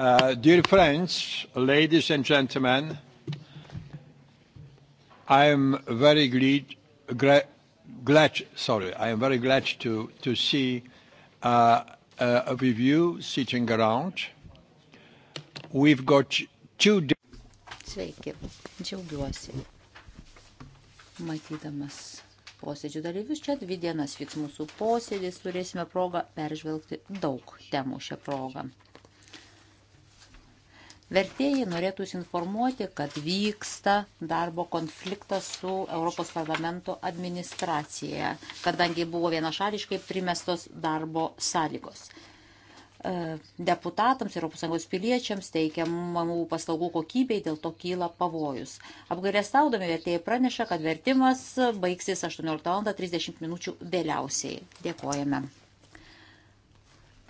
Uh, dear friends, ladies and gentlemen, I am very glad, gra- glad sorry, I am very glad to, to see uh, uh, a review sitting around. We've got two. Sveiki, džiaugiuosi matydamas posėdžių dalyvius. Čia dvi dienas vyks mūsų posėdis, turėsime progą peržvelgti daug temų šią progą. Vertėjai norėtųsi informuoti, kad vyksta darbo konfliktas su Europos parlamento administracija, kadangi buvo vienašališkai primestos darbo sąlygos. E, deputatams, ES piliečiams teikiamų paslaugų kokybei dėl to kyla pavojus. Apgailėstaudami vertėjai praneša, kad vertimas baigsis 18.30 min. vėliausiai. Dėkojame.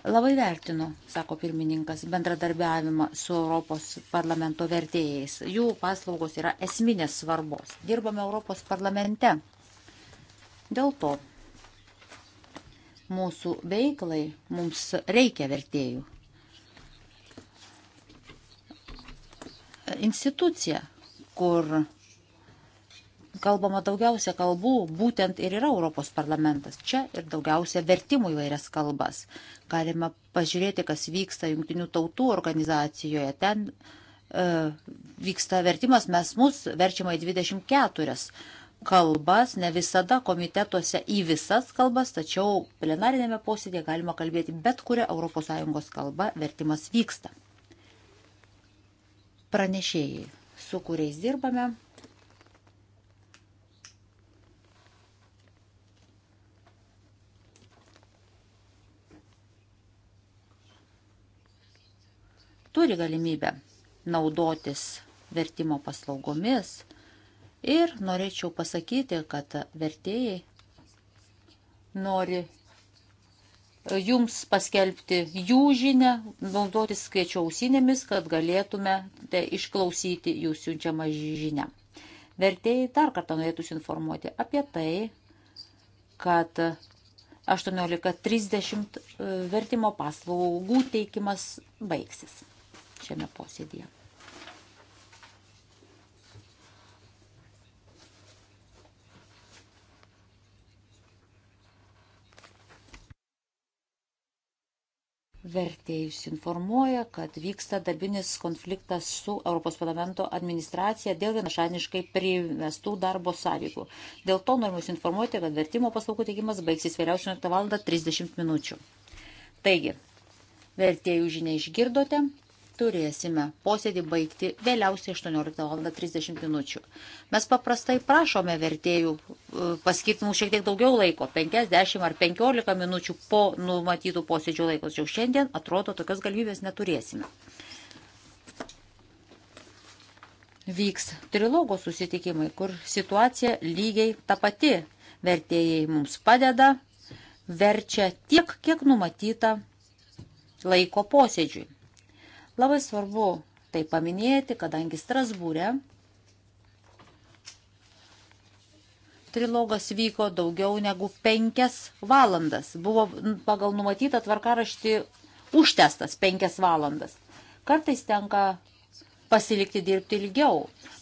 Labai vertinu, sako pirmininkas, bendradarbiavimą su Europos parlamento vertėjais. Jų paslaugos yra esminės svarbos. Dirbame Europos parlamente. Dėl to mūsų veiklai mums reikia vertėjų. Institucija, kur kalbama daugiausia kalbų, būtent ir yra Europos parlamentas. Čia ir daugiausia vertimų įvairias kalbas. Galima pažiūrėti, kas vyksta jungtinių tautų organizacijoje. Ten e, vyksta vertimas, mes mus verčiama į 24 kalbas, ne visada komitetuose į visas kalbas, tačiau plenarinėme posėdėje galima kalbėti bet kurią ES kalbą, vertimas vyksta. Pranešėjai, su kuriais dirbame, turi galimybę naudotis vertimo paslaugomis ir norėčiau pasakyti, kad vertėjai nori e, jums paskelbti jų žinę, naudotis kviečio ausinėmis, kad galėtumėte išklausyti jų siunčiamą žinę. Vertėjai dar kartą norėtų informuoti apie tai, kad 18.30 e, vertimo paslaugų teikimas baigsis šiame posėdėje. Vertėjus informuoja, kad vyksta darbinis konfliktas su Europos parlamento administracija dėl vienašališkai primestų darbo sąlygų. Dėl to norime jūs informuoti, kad vertimo paslaugų teikimas baigsis vėliausiai 11 val. 30 minučių. Taigi, vertėjų žinia išgirdote turėsime posėdį baigti vėliausiai 18.30 minučių. Mes paprastai prašome vertėjų e, paskirti mums šiek tiek daugiau laiko, 50 ar 15 minučių po numatytų posėdžių laiko, tačiau šiandien atrodo tokios galimybės neturėsime. Vyks trilogo susitikimai, kur situacija lygiai ta pati. Vertėjai mums padeda, verčia tiek, kiek numatyta laiko posėdžiui. Labai svarbu tai paminėti, kadangi Strasbūrė trilogas vyko daugiau negu penkias valandas. Buvo pagal numatytą tvarkaraštį užtestas penkias valandas. Kartais tenka pasilikti dirbti ilgiau,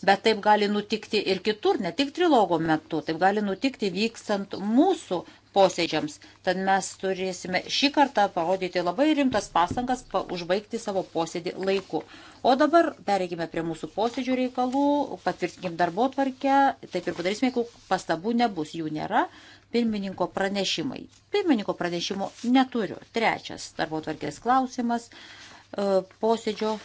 bet taip gali nutikti ir kitur, ne tik trilogo metu, taip gali nutikti vykstant mūsų posėdžiams. Tad mes turėsime šį kartą parodyti labai rimtas pastangas pa užbaigti savo posėdį laiku. O dabar pereikime prie mūsų posėdžių reikalų, patvirtinkim darbo tvarkę, taip ir padarysime, jeigu pastabų nebus, jų nėra. Pirmininko pranešimai. Pirmininko pranešimo neturiu. Trečias darbo tvarkės klausimas e, posėdžio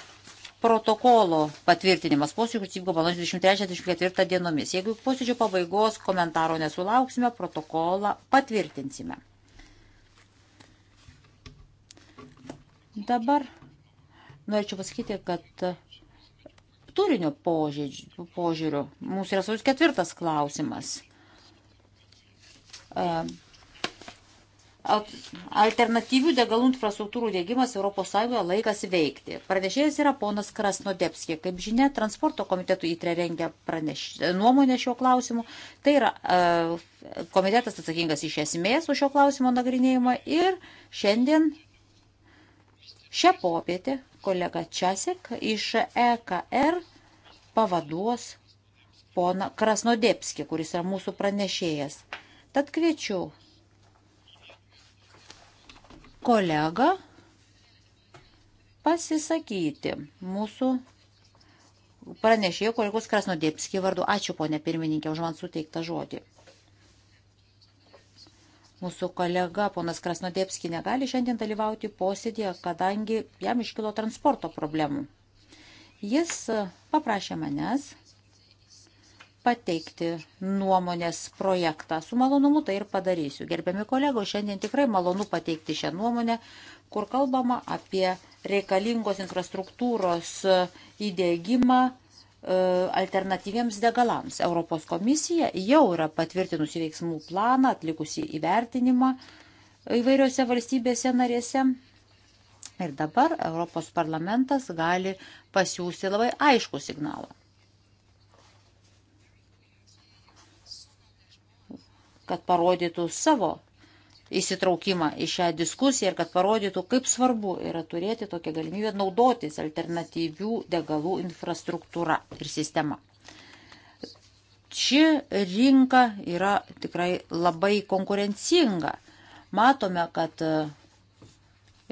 protokolo patvirtinimas posėdžių įvyko balandžio 23-24 dienomis. Jeigu posėdžio pabaigos komentaro nesulauksime, protokolą patvirtinsime. Dabar norėčiau pasakyti, kad turinio požiūrių mūsų yra svarbus ketvirtas klausimas. Alternatyvių degalų infrastruktūrų dėgymas ES laikas veikti. Pranešėjas yra ponas Krasnodepskė. Kaip žinia, transporto komitetų įtre rengia praneš... nuomonę šiuo klausimu. Tai yra e, komitetas atsakingas iš esmės už šio klausimo nagrinėjimą. Ir šiandien šią popietę kolega Časik iš EKR pavaduos poną Krasnodepskį, kuris yra mūsų pranešėjas. Tad kviečiu kolegą pasisakyti mūsų pranešėjo kolegos Krasnodėpskį vardu. Ačiū, ponė pirmininkė, už man suteiktą žodį. Mūsų kolega ponas Krasnodėpski negali šiandien dalyvauti posėdėje, kadangi jam iškilo transporto problemų. Jis paprašė manęs pateikti nuomonės projektą. Su malonumu tai ir padarysiu. Gerbiami kolegos, šiandien tikrai malonu pateikti šią nuomonę, kur kalbama apie reikalingos infrastruktūros įdėgymą e, alternatyviems degalams. Europos komisija jau yra patvirtinusi veiksmų planą, atlikusi įvertinimą įvairiose valstybėse narėse. Ir dabar Europos parlamentas gali pasiūsti labai aišku signalą. kad parodytų savo įsitraukimą į šią diskusiją ir kad parodytų, kaip svarbu yra turėti tokią galimybę naudotis alternatyvių degalų infrastruktūra ir sistema. Ši rinka yra tikrai labai konkurencinga. Matome, kad e,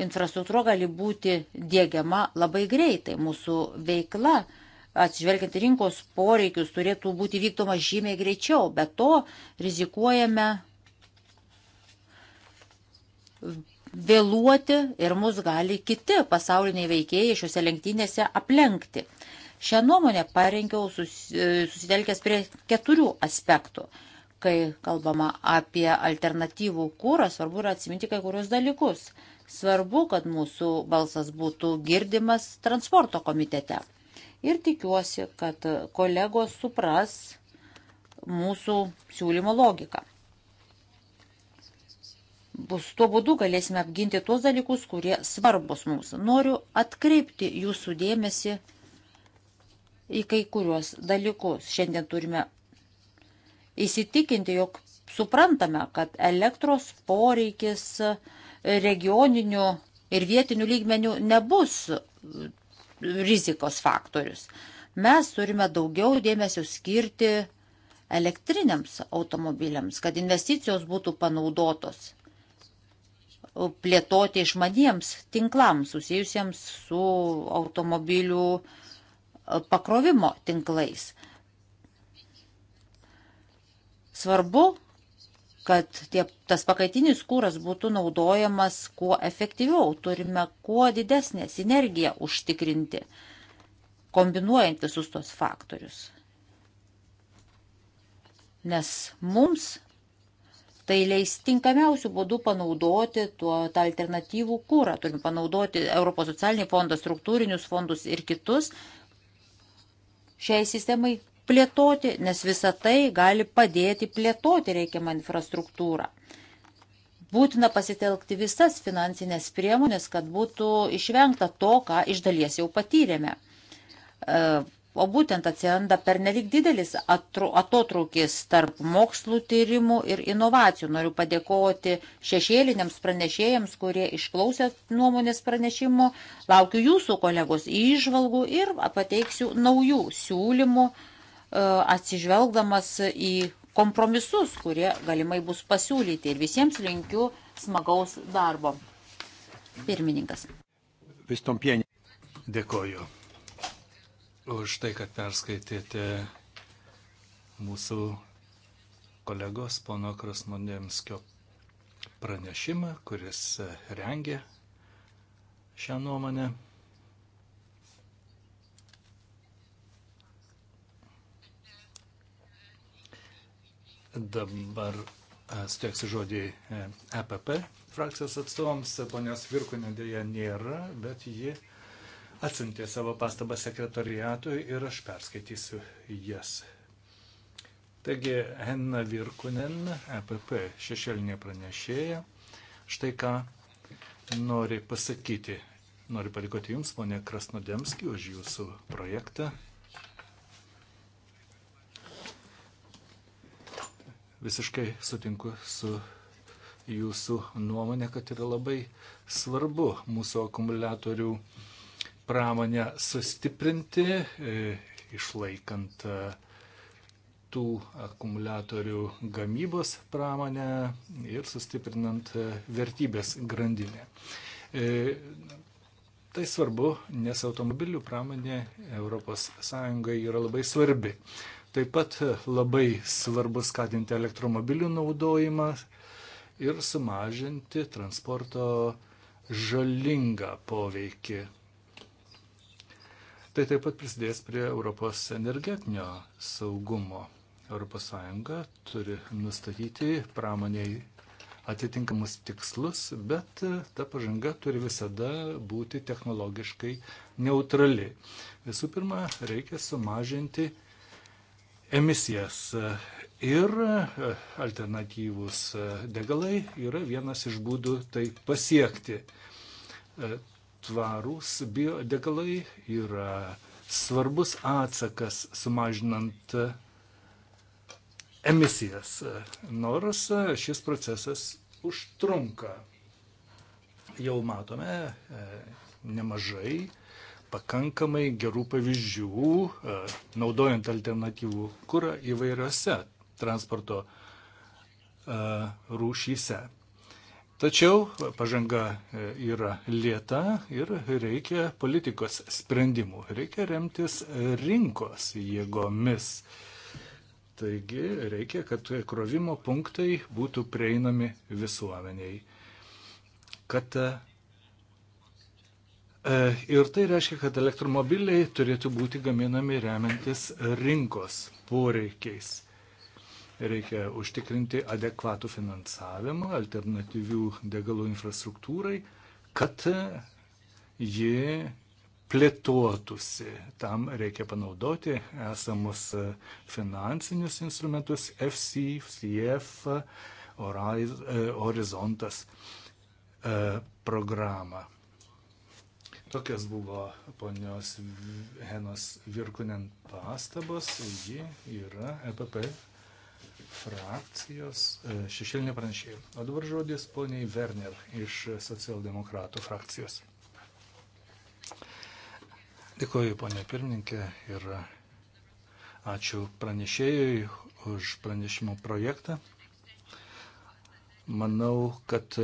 infrastruktūra gali būti dėgiama labai greitai. Mūsų veikla atsižvelgiant rinkos poreikius, turėtų būti vykdoma žymiai greičiau. Be to rizikuojame vėluoti ir mus gali kiti pasauliniai veikėjai šiuose lenktynėse aplenkti. Šią nuomonę parengiau susitelkęs prie keturių aspektų. Kai kalbama apie alternatyvų kūrą, svarbu yra atsiminti kai kurios dalykus. Svarbu, kad mūsų balsas būtų girdimas transporto komitete ir tikiuosi, kad kolegos supras mūsų siūlymo logiką. Bus tuo būdu galėsime apginti tuos dalykus, kurie svarbus mums. Noriu atkreipti jūsų dėmesį į kai kuriuos dalykus. Šiandien turime įsitikinti, jog suprantame, kad elektros poreikis regioninių ir vietinių lygmenių nebus rizikos faktorius. Mes turime daugiau dėmesio skirti elektriniams automobiliams, kad investicijos būtų panaudotos plėtoti išmaniems tinklams susijusiems su automobilių e, pakrovimo tinklais. Svarbu, kad tie, tas pakaitinis kūras būtų naudojamas kuo efektyviau. Turime kuo didesnę sinergiją užtikrinti, kombinuojant visus tos faktorius. Nes mums tai leis tinkamiausių būdų panaudoti tuo, tą alternatyvų kūrą. Turime panaudoti Europos socialinį fondą, struktūrinius fondus ir kitus šiai sistemai plėtoti, nes visa tai gali padėti plėtoti reikiamą infrastruktūrą. Būtina pasitelkti visas finansinės priemonės, kad būtų išvengta to, ką iš dalies jau patyrėme. E, o būtent atsiranda pernelik didelis atotrukis tarp mokslų tyrimų ir inovacijų. Noriu padėkoti šešėliniams pranešėjams, kurie išklausė nuomonės pranešimo. Laukiu jūsų kolegos įžvalgų ir pateiksiu naujų siūlymų E, atsižvelgdamas į kompromisus, kurie galimai bus pasiūlyti. Ir visiems linkiu smagaus darbo. Pirmininkas. Pistompienė. Dėkoju už tai, kad perskaitėte mūsų kolegos pono Krasnodėmskio pranešimą, kuris rengia šią nuomonę. Dabar e, suteiksiu žodį EPP e frakcijos atstovams. E, ponios Virkunė dėja nėra, bet ji atsintė savo pastabą sekretariatui ir aš perskaitysiu jas. Taigi, Henna Virkunen, EPP šešėlinė pranešėja, štai ką nori pasakyti. Noriu padėkoti Jums, ponė Krasnodemski, už Jūsų projektą Visiškai sutinku su jūsų nuomonė, kad yra labai svarbu mūsų akumuliatorių pramonę sustiprinti, e, išlaikant e, tų akumuliatorių gamybos pramonę ir sustiprinant e, vertybės grandinę. Tai svarbu, nes automobilių pramonė ES yra labai svarbi. Taip pat labai svarbu skatinti elektromobilių naudojimą ir sumažinti transporto žalingą poveikį. Tai taip pat prisidės prie Europos energetinio saugumo. ES turi nustatyti pramoniai atitinkamus tikslus, bet ta pažanga turi visada būti technologiškai neutrali. Visų pirma, reikia sumažinti emisijas. Ir e, alternatyvūs e, degalai yra vienas iš būdų tai pasiekti. E, tvarūs biodegalai yra svarbus atsakas sumažinant emisijas, nors šis procesas užtrunka. Jau matome nemažai pakankamai gerų pavyzdžių, e, naudojant alternatyvų kurą įvairiose transporto e, rūšyse. Tačiau pažanga e, yra lėta ir reikia politikos sprendimų, reikia remtis rinkos jėgomis. Taigi reikia, kad krovimo punktai būtų prieinami visuomeniai, kad E, ir tai reiškia, kad elektromobiliai turėtų būti gaminami remiantis rinkos poreikiais. Reikia užtikrinti adekvatų finansavimą alternatyvių degalų infrastruktūrai, kad ji plėtotųsi. Tam reikia panaudoti esamus finansinius instrumentus FC, CF, e, Horizontas e, programą. Tokios buvo ponios Henos Virkunen pastabos. Ji yra EPP frakcijos e, šešėlinė pranešėja. O dabar žodis poniai Werner iš socialdemokratų frakcijos. Dėkuoju, ponė pirmininkė, ir ačiū pranešėjui už pranešimo projektą. Manau, kad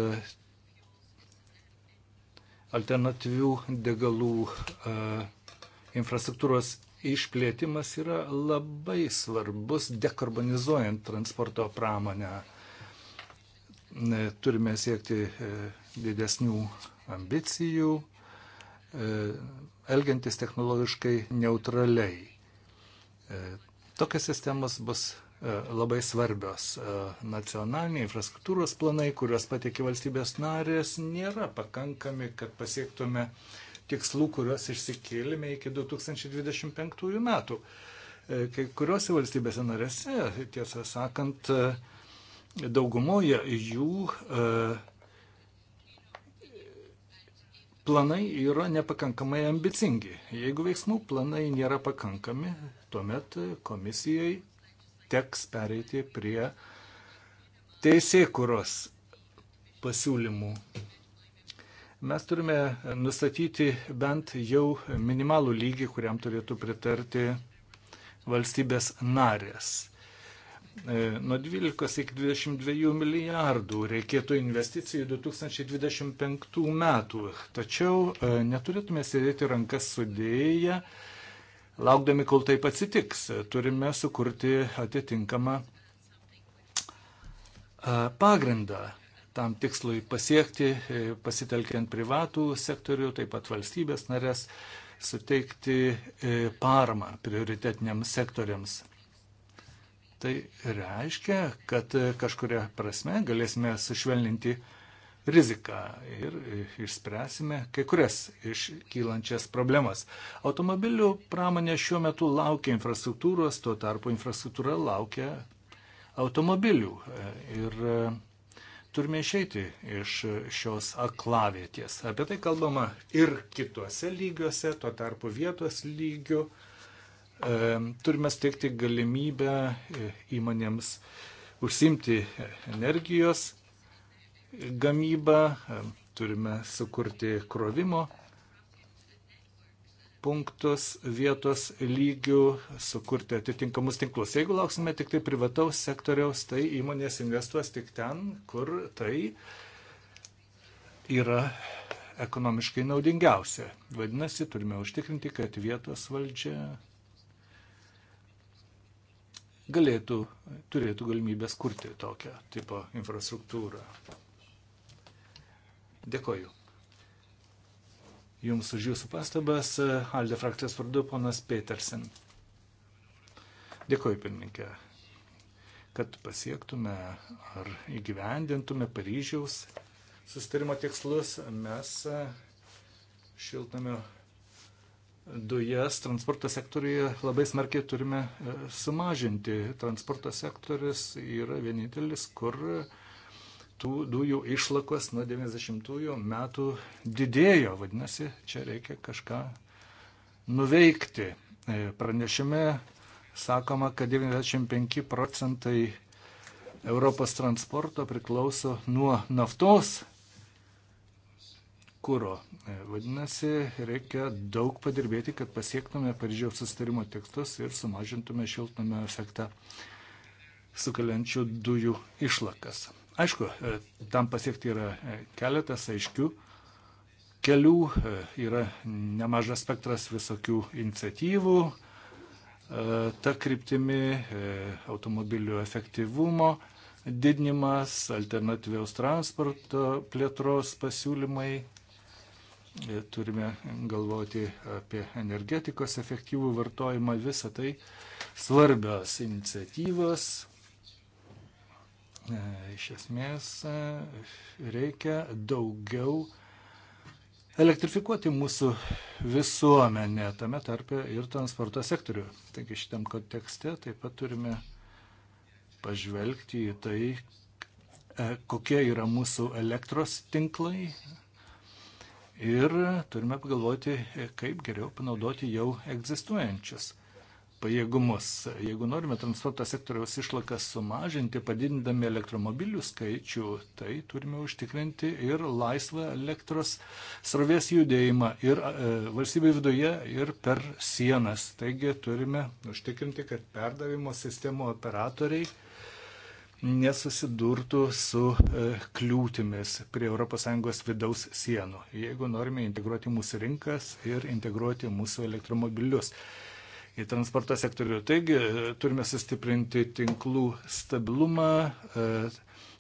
alternatyvių degalų e, infrastruktūros išplėtimas yra labai svarbus dekarbonizuojant transporto pramonę. Turime siekti e, didesnių ambicijų, e, elgiantis technologiškai neutraliai. Tokios sistemos bus E, labai svarbios. E, nacionaliniai infrastruktūros planai, kuriuos patikė valstybės narės, nėra pakankami, kad pasiektume tikslų, kuriuos išsikėlėme iki 2025 metų. E, kai kuriuose valstybėse narėse, tiesą sakant, daugumoje jų planai yra nepakankamai ambicingi. Jeigu veiksmų planai nėra pakankami, tuomet komisijai teks pereiti prie teisėkuros pasiūlymų. Mes turime nustatyti bent jau minimalų lygį, kuriam turėtų pritarti valstybės narės. E, nuo 12 iki 22 milijardų reikėtų investicijų 2025 metų. Tačiau e, neturėtume sėdėti rankas sudėję laukdami, kol taip atsitiks, turime sukurti atitinkamą e, pagrindą tam tikslui pasiekti, e, pasitelkiant privatų sektorių, taip pat valstybės narės, suteikti e, paramą prioritetiniams sektoriams. Tai reiškia, kad kažkuria prasme galėsime sušvelninti uh, riziką ir išspręsime kai kurias iškylančias problemas. Automobilių pramonė šiuo metu laukia infrastruktūros, tuo tarpu infrastruktūra laukia automobilių. Ir e, turime išeiti iš šios aklavietės. Apie tai kalbama ir kituose lygiuose, tuo tarpu vietos lygių. E, turime stikti galimybę e, įmonėms užsimti energijos gamybą, turime sukurti krovimo punktus vietos lygių, sukurti atitinkamus tinklus. Jeigu lauksime tik tai privataus sektoriaus, tai įmonės investuos tik ten, kur tai yra ekonomiškai naudingiausia. Vadinasi, turime užtikrinti, kad vietos valdžia galėtų, turėtų galimybę kurti tokią tipo infrastruktūrą. Dėkoju. Jums už jūsų pastabas, Alde frakcijos vardu, ponas Petersen. Dėkoju, pirmininkė, kad pasiektume ar įgyvendintume Paryžiaus sustarimo tikslus. Mes šiltnamio dujas transporto sektoriuje labai smarkiai turime e, sumažinti. Transporto sektorius yra vienintelis, kur uh, tų dujų išlakos nuo 90-ųjų metų didėjo, vadinasi, čia reikia kažką nuveikti. E, pranešime sakoma, kad 95 procentai Europos transporto priklauso nuo naftos kūro. E, vadinasi, reikia daug padirbėti, kad pasiektume Paryžiaus sustarimo tekstus ir sumažintume šiltnamio efektą sukeliančių dujų išlakas. Aišku, e, tam pasiekti yra e, keletas aiškių kelių, e, yra nemažas spektras visokių iniciatyvų, ta kryptimi automobilių efektyvumo didinimas, alternatyviaus transporto plėtros pasiūlymai. Turime galvoti apie energetikos efektyvų vartojimą, visą tai svarbios iniciatyvos, E, iš esmės e, reikia daugiau elektrifikuoti mūsų visuomenę, tame tarpe ir transporto sektorių. Taigi šitam kontekste taip pat turime pažvelgti į tai, e, kokie yra mūsų elektros tinklai ir turime pagalvoti, kaip geriau panaudoti jau egzistuojančius pajėgumus. Jeigu norime transporto sektoriaus išlakas sumažinti, padidindami elektromobilių skaičių, tai turime užtikrinti ir laisvą elektros srovės judėjimą ir e, valstybė viduje, ir per sienas. Taigi turime užtikrinti, kad perdavimo sistemo operatoriai nesusidurtų su e, kliūtimis prie ES vidaus sienų, jeigu norime integruoti mūsų rinkas ir integruoti mūsų elektromobilius į transporto sektorių. Taigi turime sustiprinti tinklų stabilumą, e,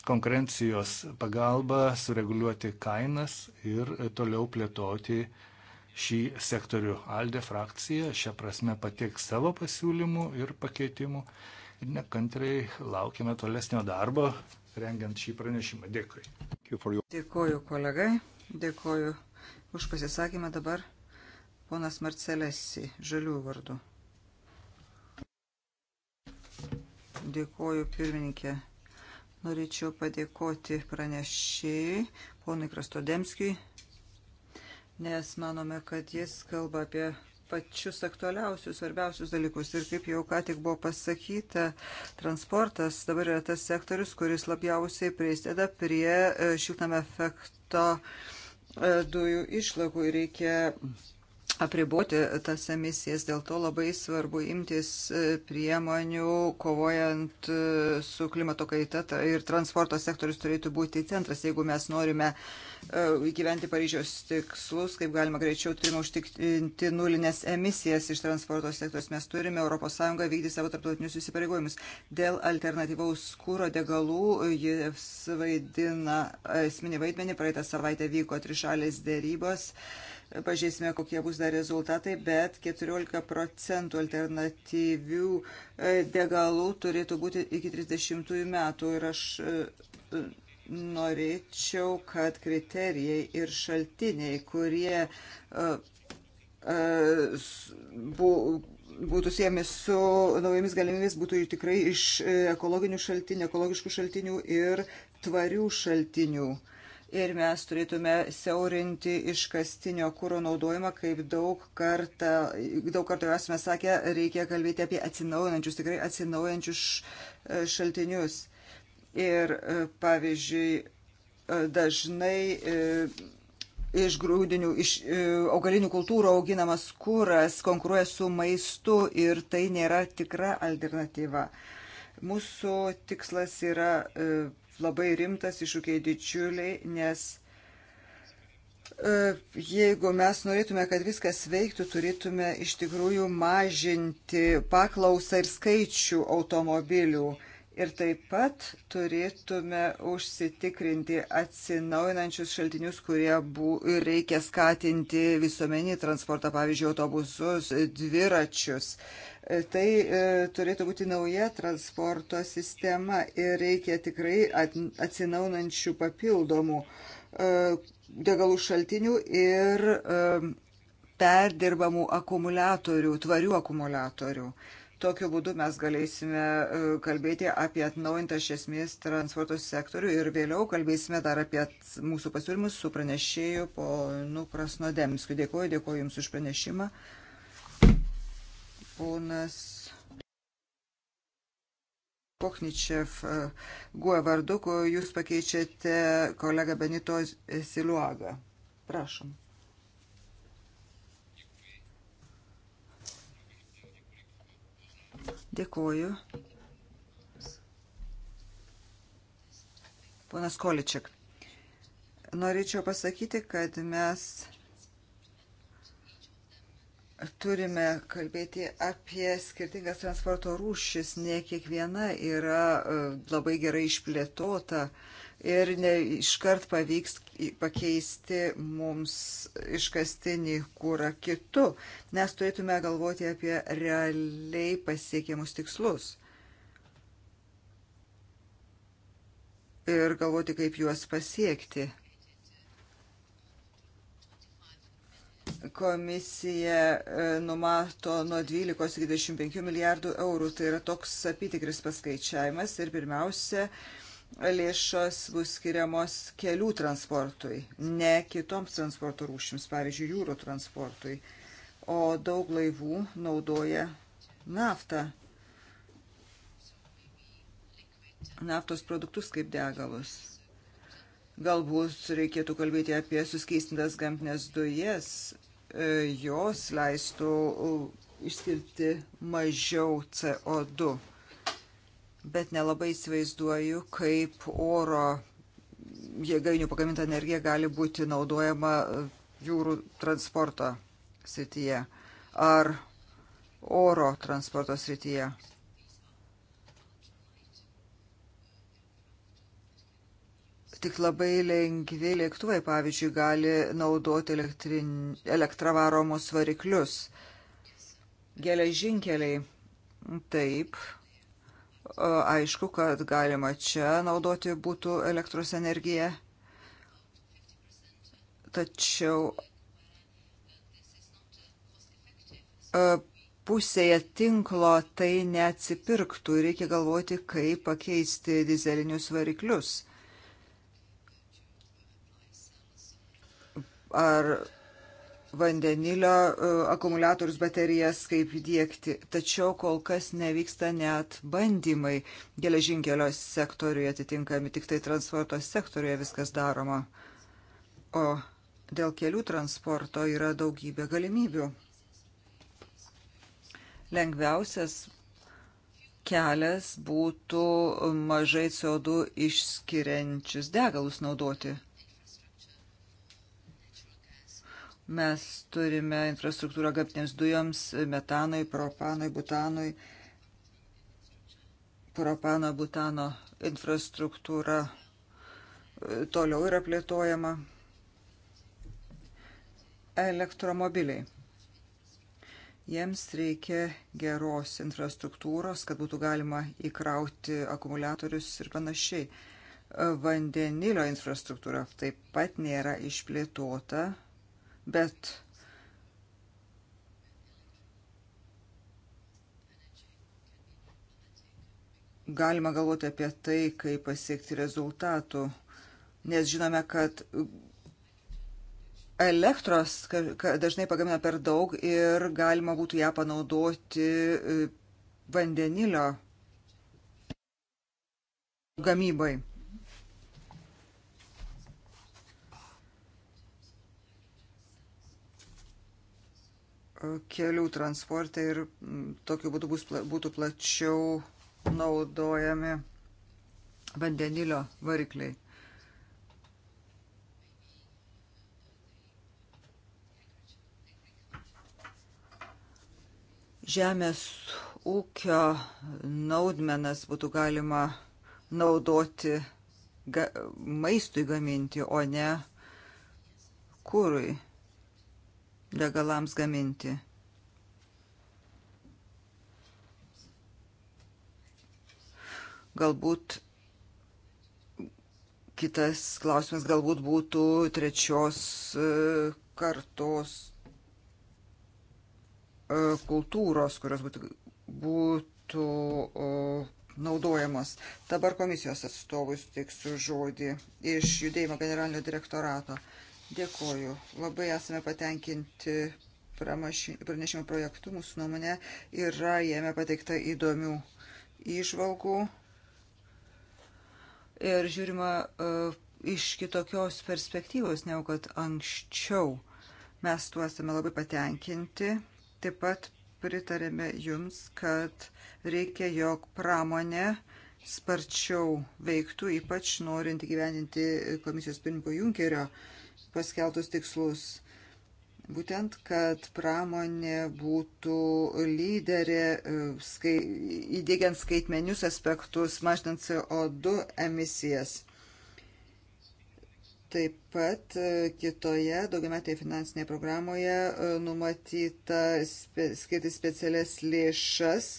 konkurencijos pagalbą, sureguliuoti kainas ir toliau plėtoti šį sektorių. Alde frakcija šią prasme pateiks savo pasiūlymų ir pakeitimų. Ir nekantriai laukiame tolesnio darbo, rengiant šį pranešimą. Dėkui. Dėkoju kolegai, dėkoju už pasisakymą dabar. Ponas Marcelesi, žalių vardu. Dėkoju pirmininkė. Norėčiau padėkoti pranešėjai, ponui Krastodemskijui, nes manome, kad jis kalba apie pačius aktualiausius, svarbiausius dalykus. Ir kaip jau ką tik buvo pasakyta, transportas dabar yra tas sektorius, kuris labiausiai prisideda prie e, šiltame efekto e, dujų išlagų. Reikia apriboti tas emisijas. Dėl to labai svarbu imtis e, priemonių, kovojant e, su klimato kaita ir transporto sektorius turėtų būti centras. Jeigu mes norime e, įgyventi Paryžiaus tikslus, kaip galima greičiau turime užtikrinti nulinės emisijas iš transporto sektorius. Mes turime ES vykdyti savo tarptautinius įsipareigojimus. Dėl alternatyvaus kūro degalų jis vaidina esminį vaidmenį. Praeitą savaitę vyko trišalės dėrybos. Uh, pažiūrėsime, kokie bus dar rezultatai, bet 14 procentų alternatyvių e, degalų turėtų būti iki 30 metų ir aš e, norėčiau, kad kriterijai ir šaltiniai, kurie e, būtų siejami su naujomis galimybėmis, būtų tikrai iš ekologinių šaltinių, ekologiškų šaltinių ir tvarių šaltinių. Uh, ir mes turėtume siaurinti iškastinio kūro naudojimą, kaip daug kartą, daug kartų esame sakę, reikia kalbėti apie atsinaujančius, tikrai atsinaujančius e, šaltinius. Ir e, pavyzdžiui, e, dažnai iš grūdinių, iš augalinių kultūrų auginamas kūras konkuruoja su maistu ir tai nėra tikra alternatyva. Mūsų tikslas yra labai rimtas, iššūkiai didžiuliai, nes e, jeigu mes norėtume, kad viskas veiktų, turėtume iš tikrųjų mažinti paklausą ir skaičių automobilių. Ir taip pat turėtume užsitikrinti atsinaujinančius šaltinius, kurie bū, reikia skatinti visuomenį transportą, pavyzdžiui, autobusus, dviračius. E, tai e, turėtų būti nauja transporto sistema ir reikia tikrai at, atsinaujinančių papildomų e, degalų šaltinių ir e, perdirbamų akumuliatorių, tvarių akumuliatorių. E, Tokiu būdu mes galėsime e, kalbėti apie atnaujintą iš esmės transporto sektorių ir vėliau kalbėsime dar apie mūsų pasiūlymus su pranešėju ponu Krasnodemskiu. Dėkuoju, dėkuoju Jums už pranešimą. Ponas Pochničev e, guoja vardu, jūs pakeičiate kolegą Benito Siluagą. Prašom. Dėkuoju. Ponas Količiak. Norėčiau pasakyti, kad mes turime kalbėti apie skirtingas transporto rūšis. Ne kiekviena yra e, labai gerai išplėtota ir ne iškart pavyks pakeisti mums iškastinį kūrą kitu. Mes turėtume galvoti apie realiai pasiekiamus tikslus. Ir galvoti, kaip juos pasiekti. komisija e, numato nuo 12 iki 25 milijardų eurų. Tai yra toks apitikris paskaičiavimas ir pirmiausia, lėšos bus skiriamos kelių transportui, ne kitoms transporto rūšims, pavyzdžiui, jūrų transportui, o daug laivų naudoja naftą, naftos produktus kaip degalus. Galbūt reikėtų kalbėti apie suskystintas gamtinės dujas, e, jos leistų išskirti mažiau CO2 bet nelabai įsivaizduoju, kaip oro jėgainių pagaminta energija gali būti naudojama jūrų transporto srityje ar oro transporto srityje. Tik labai lengvi lėktuvai, pavyzdžiui, gali naudoti elektrin... elektravaromus variklius. Geležinkeliai. Taip, aišku, kad galima čia naudoti būtų elektros energiją. Tačiau e, pusėje tinklo tai neatsipirktų. Reikia galvoti, kaip pakeisti dizelinius variklius. Ar vandenilio e, akumuliatorius baterijas, kaip dėkti. Tačiau kol kas nevyksta net bandymai geležinkelio sektoriuje atitinkami, tik tai transporto sektoriuje viskas daroma. O dėl kelių transporto yra daugybė galimybių. Lengviausias kelias būtų mažai CO2 išskiriančius degalus naudoti Mes turime infrastruktūrą gamtinėms dujoms, metanui, propanui, butanui. Propano, butano infrastruktūra e, toliau yra plėtojama. Elektromobiliai. Jiems reikia geros infrastruktūros, kad būtų galima įkrauti akumuliatorius ir panašiai. Vandenilio infrastruktūra taip pat nėra išplėtota bet galima galvoti apie tai, kaip pasiekti rezultatų, nes žinome, kad elektros dažnai pagamina per daug ir galima būtų ją panaudoti e, vandenilio gamybai. kelių transporte ir tokiu būdu bus, būtų plačiau naudojami vandenilio varikliai. Žemės ūkio naudmenas būtų galima naudoti ga, maistui gaminti, o ne kūrui degalams gaminti. Galbūt kitas klausimas galbūt būtų trečios e, kartos e, kultūros, kurios būtų, būtų naudojamos. Dabar komisijos atstovui suteiksiu žodį iš judėjimo generalinio direktorato. Uh, Dėkoju. Labai esame patenkinti pranešimo projektu. Mūsų nuomonė yra jame pateikta įdomių išvalgų ir žiūrima uh, iš kitokios perspektyvos, negu kad anksčiau. Mes tuo esame labai patenkinti. Taip pat pritarėme jums, kad reikia, jog pramonė sparčiau veiktų, ypač norint gyveninti komisijos pirmininko Junkerio uh, paskeltus tikslus. Būtent, kad pramonė būtų lyderė e, skai, įdėgiant skaitmenius aspektus, mažinant CO2 emisijas. Taip pat e, kitoje daugiametėje finansinėje programoje e, numatyta spe, skirti specialias lėšas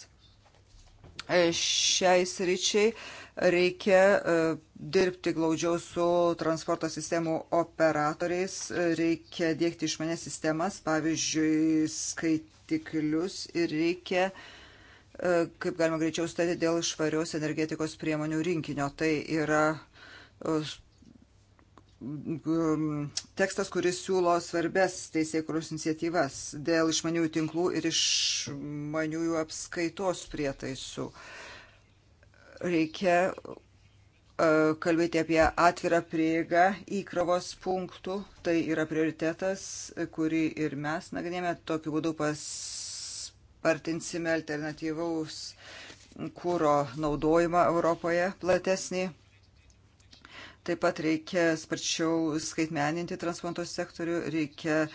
šiai sričiai Reikia e, dirbti glaudžiau su transporto sistemų operatoriais, reikia dėkti išmanės sistemas, pavyzdžiui, skaitiklius ir reikia e, kaip galima greičiau statyti dėl švarios energetikos priemonių rinkinio. Tai yra e, tekstas, kuris siūlo svarbes teisėkuros iniciatyvas dėl išmaniųjų tinklų ir išmaniųjų apskaitos prietaisų. Uh, Reikia e, kalbėti apie atvirą prieigą įkrovos punktų. Tai yra prioritetas, kurį ir mes nagrinėjame. Tokiu būdu paspartinsime alternatyvaus kūro naudojimą Europoje platesnį. Taip pat reikia sparčiau skaitmeninti transporto sektorių, reikia e,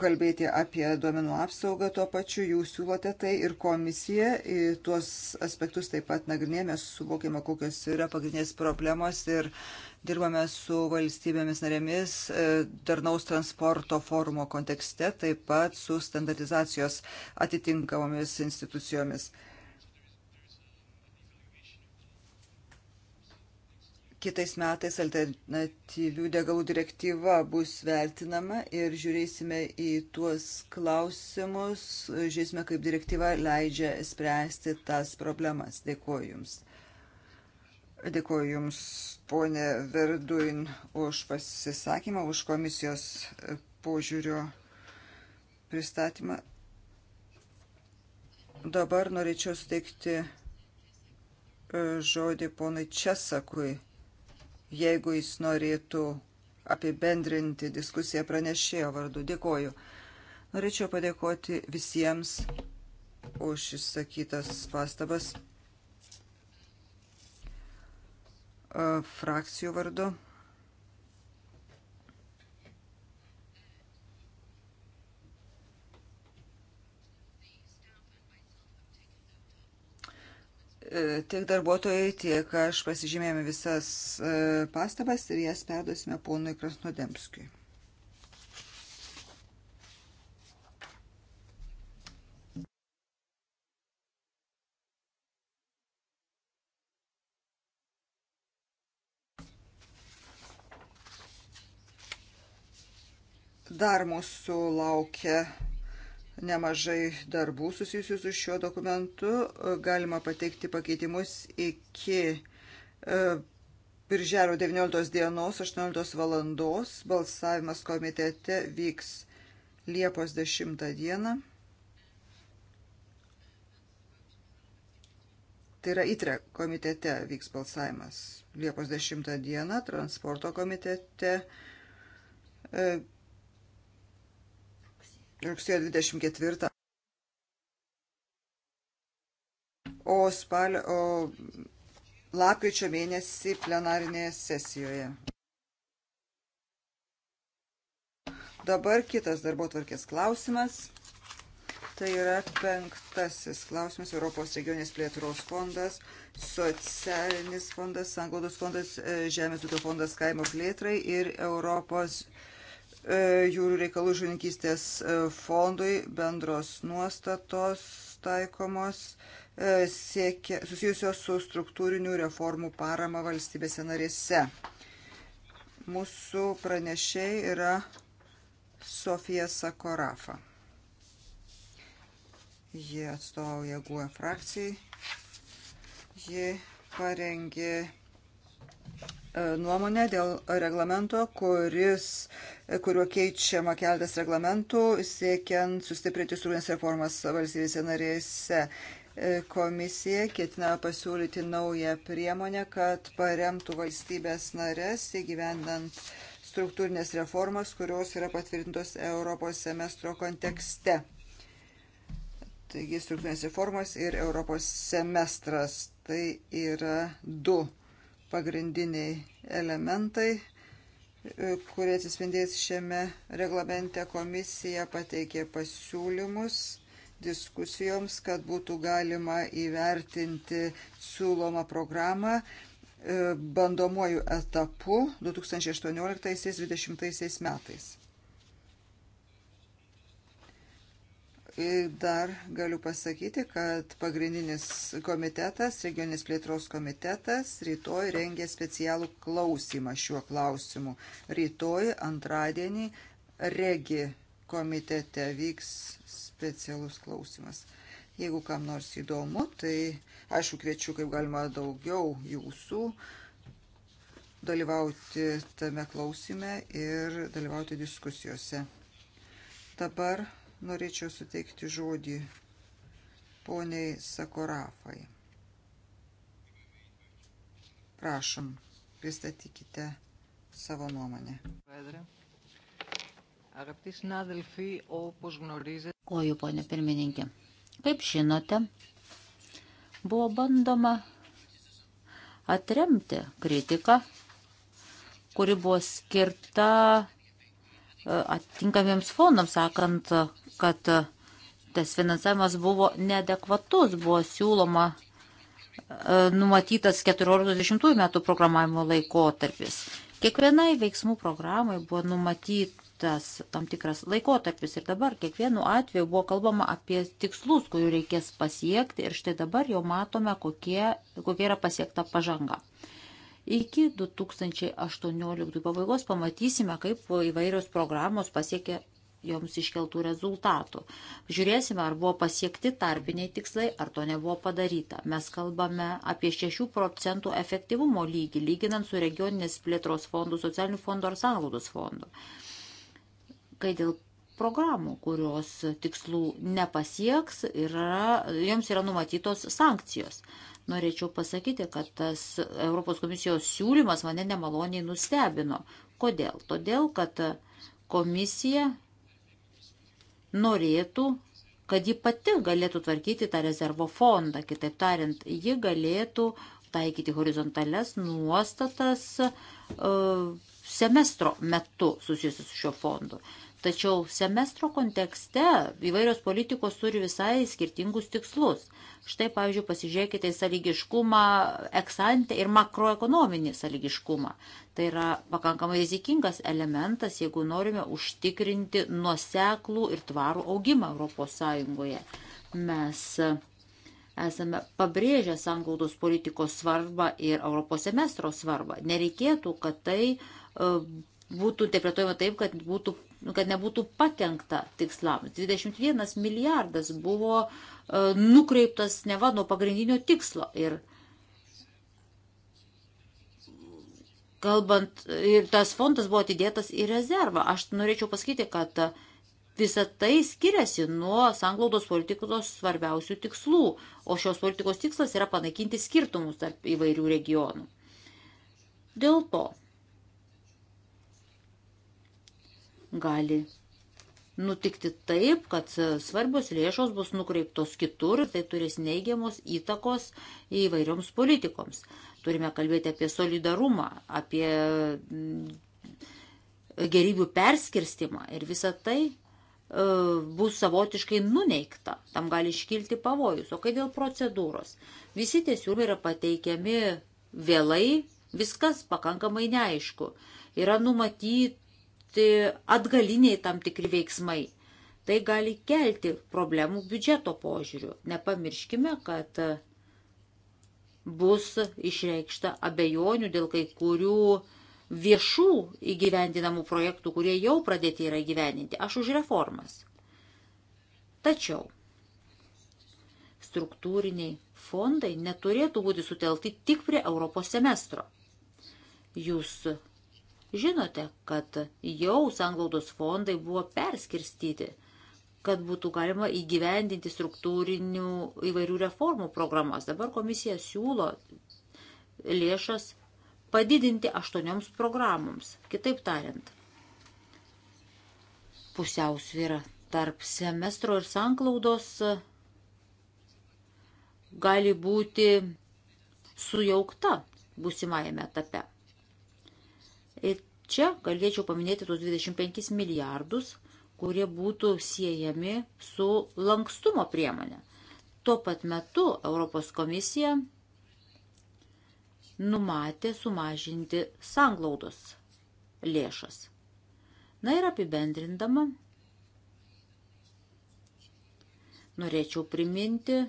kalbėti apie duomenų apsaugą tuo pačiu, jūs siūlote tai ir komisija, ir tuos aspektus taip pat nagrinėjame, suvokėme, kokios yra pagrindinės problemos ir dirbame su valstybėmis narėmis e, darnaus transporto forumo kontekste, taip pat su standartizacijos atitinkamomis institucijomis. kitais metais alternatyvių degalų direktyva bus vertinama ir žiūrėsime į tuos klausimus, žiūrėsime, kaip direktyva leidžia spręsti tas problemas. Dėkuoju Jums. Dėkuoju Jums, ponė Verduin, už pasisakymą, už komisijos požiūrio pristatymą. Dabar norėčiau steigti žodį ponui Česakui jeigu jis norėtų apibendrinti diskusiją pranešėjo vardu. Dėkoju. Norėčiau padėkoti visiems už išsakytas pastabas e, frakcijų vardu. E, tiek darbuotojai, tiek aš pasižymėjome visas e, pastabas ir jas perduosime ponui Krasnodemskiui. Dar mūsų laukia nemažai darbų susijusių su šiuo dokumentu. Galima pateikti pakeitimus iki e, birželio 19 dienos 18 valandos. Balsavimas komitete vyks Liepos 10 dieną. Tai yra ITRE komitete vyks balsavimas Liepos 10 dieną, transporto komitete e, rugsėjo 24. O, spalio, o lapkričio mėnesį plenarinėje sesijoje. Dabar kitas darbo tvarkės klausimas. Tai yra penktasis klausimas Europos regionės plėtros fondas, socialinis fondas, sanglaudos fondas, e, Žemės ūkio fondas kaimo plėtrai ir Europos E, jūrų reikalų žuvininkystės e, fondui bendros nuostatos taikomos e, siekia, susijusios su struktūrinių reformų parama valstybėse narėse. Mūsų pranešiai yra Sofija Sakorafa. Ji atstovauja GUE frakcijai. Ji parengė E, nuomonę dėl reglamento, kuris, e, kuriuo keičiama keltas reglamentų, siekiant sustiprinti struktūrinės reformas valstybėse narėse. E, komisija ketina pasiūlyti naują priemonę, kad paremtų valstybės narės įgyvendant struktūrinės reformas, kurios yra patvirtintos Europos semestro kontekste. Taigi struktūrinės reformos ir Europos semestras tai yra du pagrindiniai elementai, e, kurie atsispindės šiame reglamente. Komisija pateikė pasiūlymus diskusijoms, kad būtų galima įvertinti siūlomą programą e, bandomuoju etapu 2018-2020 metais. Dar galiu pasakyti, kad pagrindinis komitetas, regioninis plėtros komitetas, rytoj rengia specialų klausimą šiuo klausimu. Rytoj, antradienį, regi komitete vyks specialus klausimas. Jeigu kam nors įdomu, tai aišku, kviečiu kaip galima daugiau jūsų dalyvauti tame klausime ir dalyvauti diskusijose. Dabar Norėčiau suteikti žodį poniai Sakorafai. Prašom, pristatykite savo nuomonę. Koju, ponė pirmininkė. Kaip žinote, buvo bandoma atremti kritiką, kuri buvo skirta atinkamiems fondams, sakant, kad tas finansavimas buvo neadekvatus, buvo siūloma e, numatytas 14-20 metų programavimo laikotarpis. Kiekvienai veiksmų programai buvo numatytas tam tikras laikotarpis ir dabar kiekvienu atveju buvo kalbama apie tikslus, kurių reikės pasiekti ir štai dabar jau matome, kokie, kokia yra pasiekta pažanga. Iki 2018 pabaigos pamatysime, kaip įvairios programos pasiekė joms iškeltų rezultatų. Žiūrėsime, ar buvo pasiekti tarpiniai tikslai, ar to nebuvo padaryta. Mes kalbame apie 6 procentų efektyvumo lygį, lyginant su regioninės plėtros fondų, socialinių fondų ar sąnaudos fondų. Kai dėl programų, kurios tikslų nepasieks, yra, joms yra numatytos sankcijos. Norėčiau pasakyti, kad tas Europos komisijos siūlymas mane nemaloniai nustebino. Kodėl? Todėl, kad komisija norėtų, kad ji pati galėtų tvarkyti tą rezervo fondą. Kitaip tariant, ji galėtų taikyti horizontales nuostatas e, semestro metu susijusius su šiuo fondu. Tačiau semestro kontekste įvairios politikos turi visai skirtingus tikslus. Štai, pavyzdžiui, pasižiūrėkite į sąlygiškumą, eksantę ir makroekonominį sąlygiškumą. Tai yra pakankamai rizikingas elementas, jeigu norime užtikrinti nuoseklų ir tvarų augimą ES. Mes esame pabrėžę sanglaudos politikos svarbą ir Europos semestro svarbą. Nereikėtų, kad tai e, būtų interpretuojama taip, kad būtų kad nebūtų pakenkta tikslams. 21 milijardas buvo e, nukreiptas neva nuo pagrindinio tikslo. Ir kalbant, ir tas fondas buvo atidėtas į rezervą. Aš norėčiau pasakyti, kad visa tai skiriasi nuo sanglaudos politikos svarbiausių tikslų, o šios politikos tikslas yra panaikinti skirtumus tarp įvairių regionų. Dėl to gali nutikti taip, kad svarbios lėšos bus nukreiptos kitur ir tai turės neigiamos įtakos įvairioms politikoms. Turime kalbėti apie solidarumą, apie mm, gerybių perskirstimą ir visa tai e, bus savotiškai nuneikta, tam gali iškilti pavojus. O kai dėl procedūros? Visi tie siūlymai yra pateikiami vėlai, viskas pakankamai neaišku. Yra numatyta atgaliniai tam tikri veiksmai. Tai gali kelti problemų biudžeto požiūrių. Nepamirškime, kad bus išreikšta abejonių dėl kai kurių viešų įgyvendinamų projektų, kurie jau pradėti yra įgyvendinti. Aš už reformas. Tačiau struktūriniai fondai neturėtų būti sutelti tik prie Europos semestro. Jūs Žinote, kad jau sanglaudos fondai buvo perskirstyti, kad būtų galima įgyvendinti struktūrinių įvairių reformų programas. Dabar komisija siūlo lėšas padidinti aštuonioms programoms. Kitaip tariant, pusiausvyra tarp semestro ir sanklaudos gali būti sujaukta būsimajame etape. Ir čia galėčiau paminėti tuos 25 milijardus, kurie būtų siejami su lankstumo priemonė. Tuo pat metu Europos komisija numatė sumažinti sanglaudos lėšas. Na ir apibendrindama, norėčiau priminti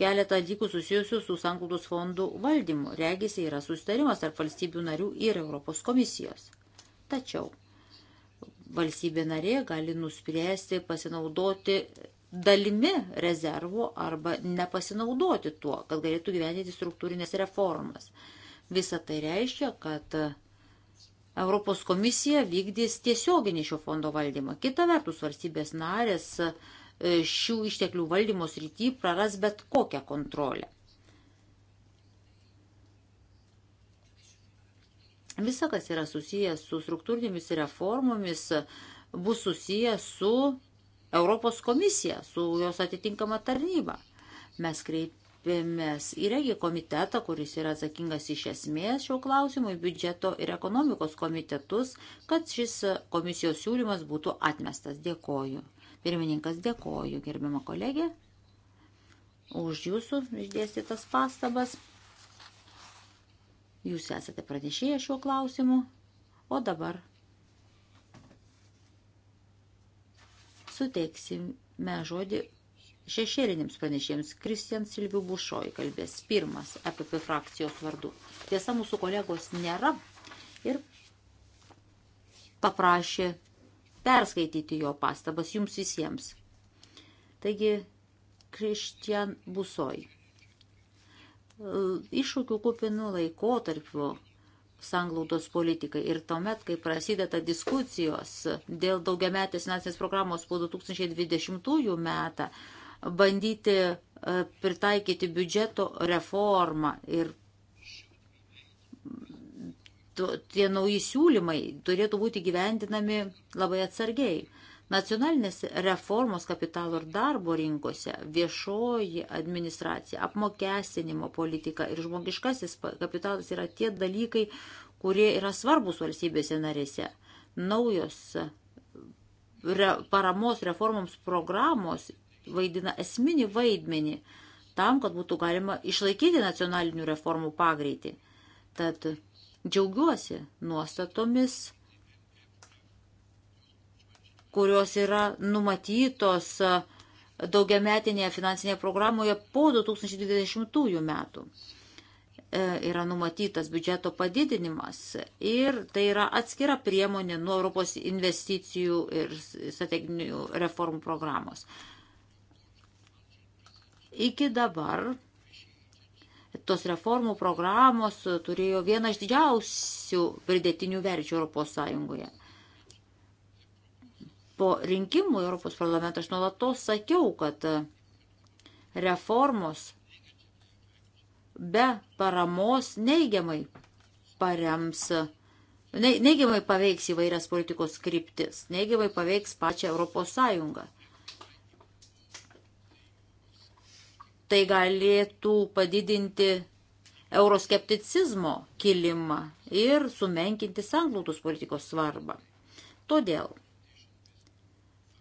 keletą dalykų susijusių su sanglaudos fondų valdymu. Regisi yra sustarimas tarp valstybių narių ir Europos komisijos. Tačiau valstybė narė gali nuspręsti pasinaudoti dalimi rezervų arba nepasinaudoti tuo, kad galėtų gyventi struktūrinės reformas. Visa tai reiškia, kad Europos komisija vykdys tiesioginį šio fondo valdymą. Kita vertus, valstybės narės uh, E, šių išteklių valdymo srity praras bet kokią kontrolę. Visa, kas yra susijęs su struktūrinėmis reformomis, bus susijęs su Europos komisija, su jos atitinkama tarnyba. Mes kreipėmės į regį komitetą, kuris yra atsakingas iš esmės šio klausimu, į biudžeto ir ekonomikos komitetus, kad šis komisijos siūlymas būtų atmestas. Dėkoju. Pirmininkas dėkoju, gerbiama kolegė, už jūsų išdėstytas pastabas. Jūs esate pranešėję šiuo klausimu, o dabar suteiksime žodį šešėlinims pranešėjams. Kristian Silvių Bušoj kalbės pirmas apie frakcijos vardu. Tiesa, mūsų kolegos nėra ir paprašė perskaityti jo pastabas jums visiems. Taigi, Kristian Busoj. Iššūkių kupinų laikotarpių sanglaudos politikai. Ir tuomet, kai prasideda diskusijos dėl daugiametės finansinės programos po 2020 metą, bandyti e, pritaikyti biudžeto reformą ir tie nauji siūlymai turėtų būti gyvendinami labai atsargiai. Nacionalinės reformos kapitalo ir darbo rinkose viešoji administracija, apmokestinimo politika ir žmogiškasis kapitalas yra tie dalykai, kurie yra svarbus valstybėse narėse. Naujos re, paramos reformoms programos vaidina esminį vaidmenį tam, kad būtų galima išlaikyti nacionalinių reformų pagreitį. Tad Džiaugiuosi nuostatomis, kurios yra numatytos daugiametinėje finansinėje programoje po 2020 metų e, yra numatytas biudžeto padidinimas ir tai yra atskira priemonė nuo Europos investicijų ir strateginių reformų programos. Iki dabar tos reformų programos turėjo vieną iš didžiausių pridėtinių verčių Europos Sąjungoje. Po rinkimų Europos parlamentą aš nuolatos sakiau, kad reformos be paramos neigiamai parems, neigiamai paveiks įvairias politikos kryptis, neigiamai paveiks pačią Europos Sąjungą. tai galėtų padidinti euroskepticizmo kilimą ir sumenkinti sanglautus politikos svarbą. Todėl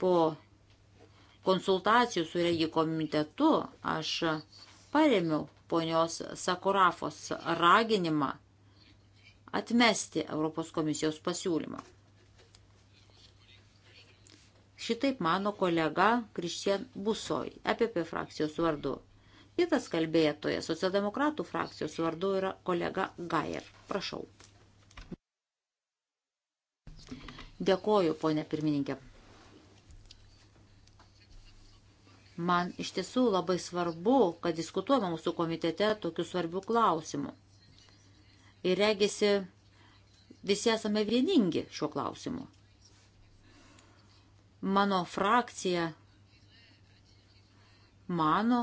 po konsultacijų su regi komitetu aš paremiau ponios Sakurafos raginimą atmesti Europos komisijos pasiūlymą. Šitaip mano kolega Kristian Busoj, EPP frakcijos vardu. Kitas kalbėtojas socialdemokratų frakcijos vardu yra kolega Gajer. Prašau. Dėkoju, ponė pirmininkė. Man iš tiesų labai svarbu, kad diskutuojama mūsų komitete tokių svarbių klausimų. Ir regisi, visi esame vieningi šiuo klausimu. Mano frakcija mano,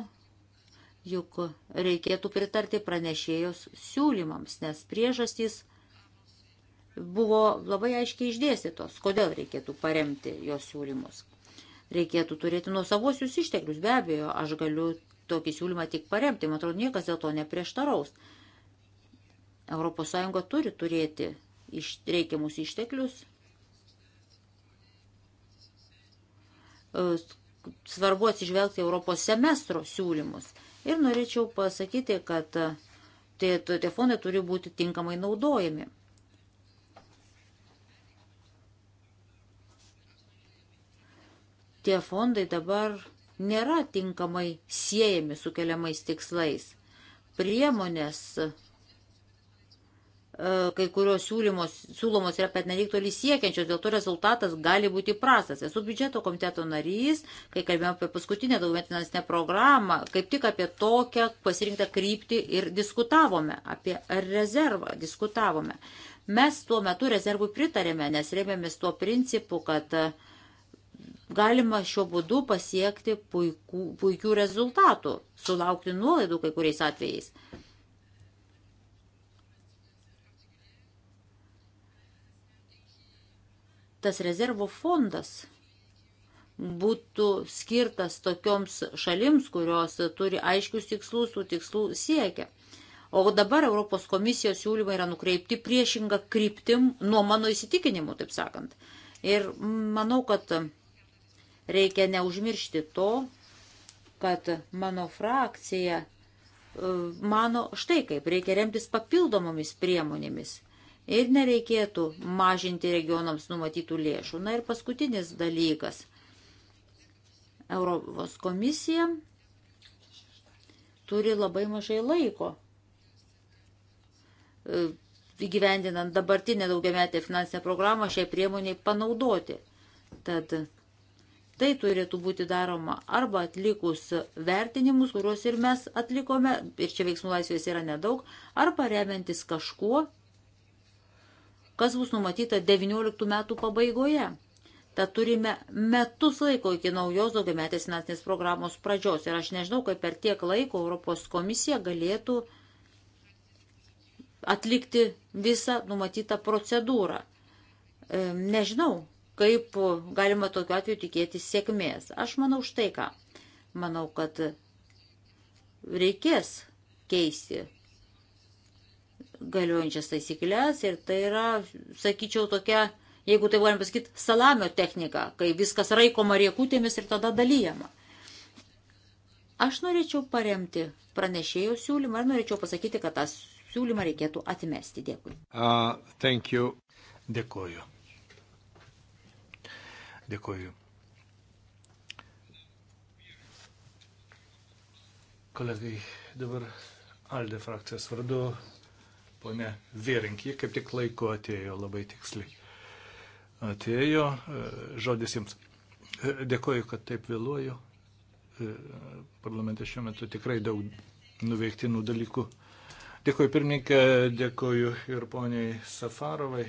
juk reikėtų pritarti pranešėjos siūlymams, nes priežastys buvo labai aiškiai išdėstytos, kodėl reikėtų paremti jos siūlymus. Reikėtų turėti nuo savosius išteklius, be abejo, aš galiu tokį siūlymą tik paremti, man atrodo, niekas dėl to neprieštaraus. ES turi turėti iš, reikiamus išteklius. Svarbu atsižvelgti Europos semestro siūlymus. Ir norėčiau pasakyti, kad e, tie, tie fondai turi būti tinkamai naudojami. Tie fondai dabar nėra tinkamai siejami su keliamais tikslais. Priemonės E, kai kurios siūlymos, siūlomos yra pernelyg toli siekiančios, dėl to rezultatas gali būti prastas. Esu biudžeto komiteto narys, kai kalbėjome apie paskutinę daugmetinę programą, kaip tik apie tokią pasirinktą kryptį ir diskutavome, apie rezervą diskutavome. Mes tuo metu rezervui pritarėme, nes rėmėmės tuo principu, kad e, galima šiuo būdu pasiekti puikų, puikių rezultatų, sulaukti nuolaidų kai kuriais atvejais. tas rezervų fondas būtų skirtas tokioms šalims, kurios turi aiškius tikslus, tų tikslų siekia. O dabar Europos komisijos siūlymai yra nukreipti priešingą kryptim nuo mano įsitikinimų, taip sakant. Ir manau, kad reikia neužmiršti to, kad mano frakcija e, mano štai kaip reikia remtis papildomomis priemonėmis ir nereikėtų mažinti regionams numatytų lėšų. Na ir paskutinis dalykas. Europos komisija turi labai mažai laiko e, įgyvendinant dabartinę daugiametę finansinę programą šiai priemoniai panaudoti. Tad tai turėtų būti daroma arba atlikus vertinimus, kuriuos ir mes atlikome, ir čia veiksmų laisvės yra nedaug, arba remiantis kažkuo, kas bus numatyta 19 metų pabaigoje. Tad turime metus laiko iki naujos daugiametės finansinės programos pradžios. Ir aš nežinau, kaip per tiek laiko Europos komisija galėtų atlikti visą numatytą procedūrą. Nežinau, kaip galima tokiu atveju tikėtis sėkmės. Aš manau štai ką. Manau, kad reikės keisti galiojančias taisyklės ir tai yra, sakyčiau, tokia, jeigu tai galim pasakyti, salamio technika, kai viskas raikoma riekutėmis ir tada dalyjama. Aš norėčiau paremti pranešėjo siūlymą ir norėčiau pasakyti, kad tą siūlymą reikėtų atmesti. Dėkui. Uh, thank you. Dėkoju. Dėkoju. Kolegai, dabar Alde frakcijos vardu Pone Vėrink, ji kaip tik laiko atėjo labai tiksliai. Atėjo, e, žodis jums. E, dėkoju, kad taip vėluoju. E, parlamente šiuo metu tikrai daug nuveiktinų dalykų. Dėkoju pirmininkė, dėkoju ir poniai Safarovai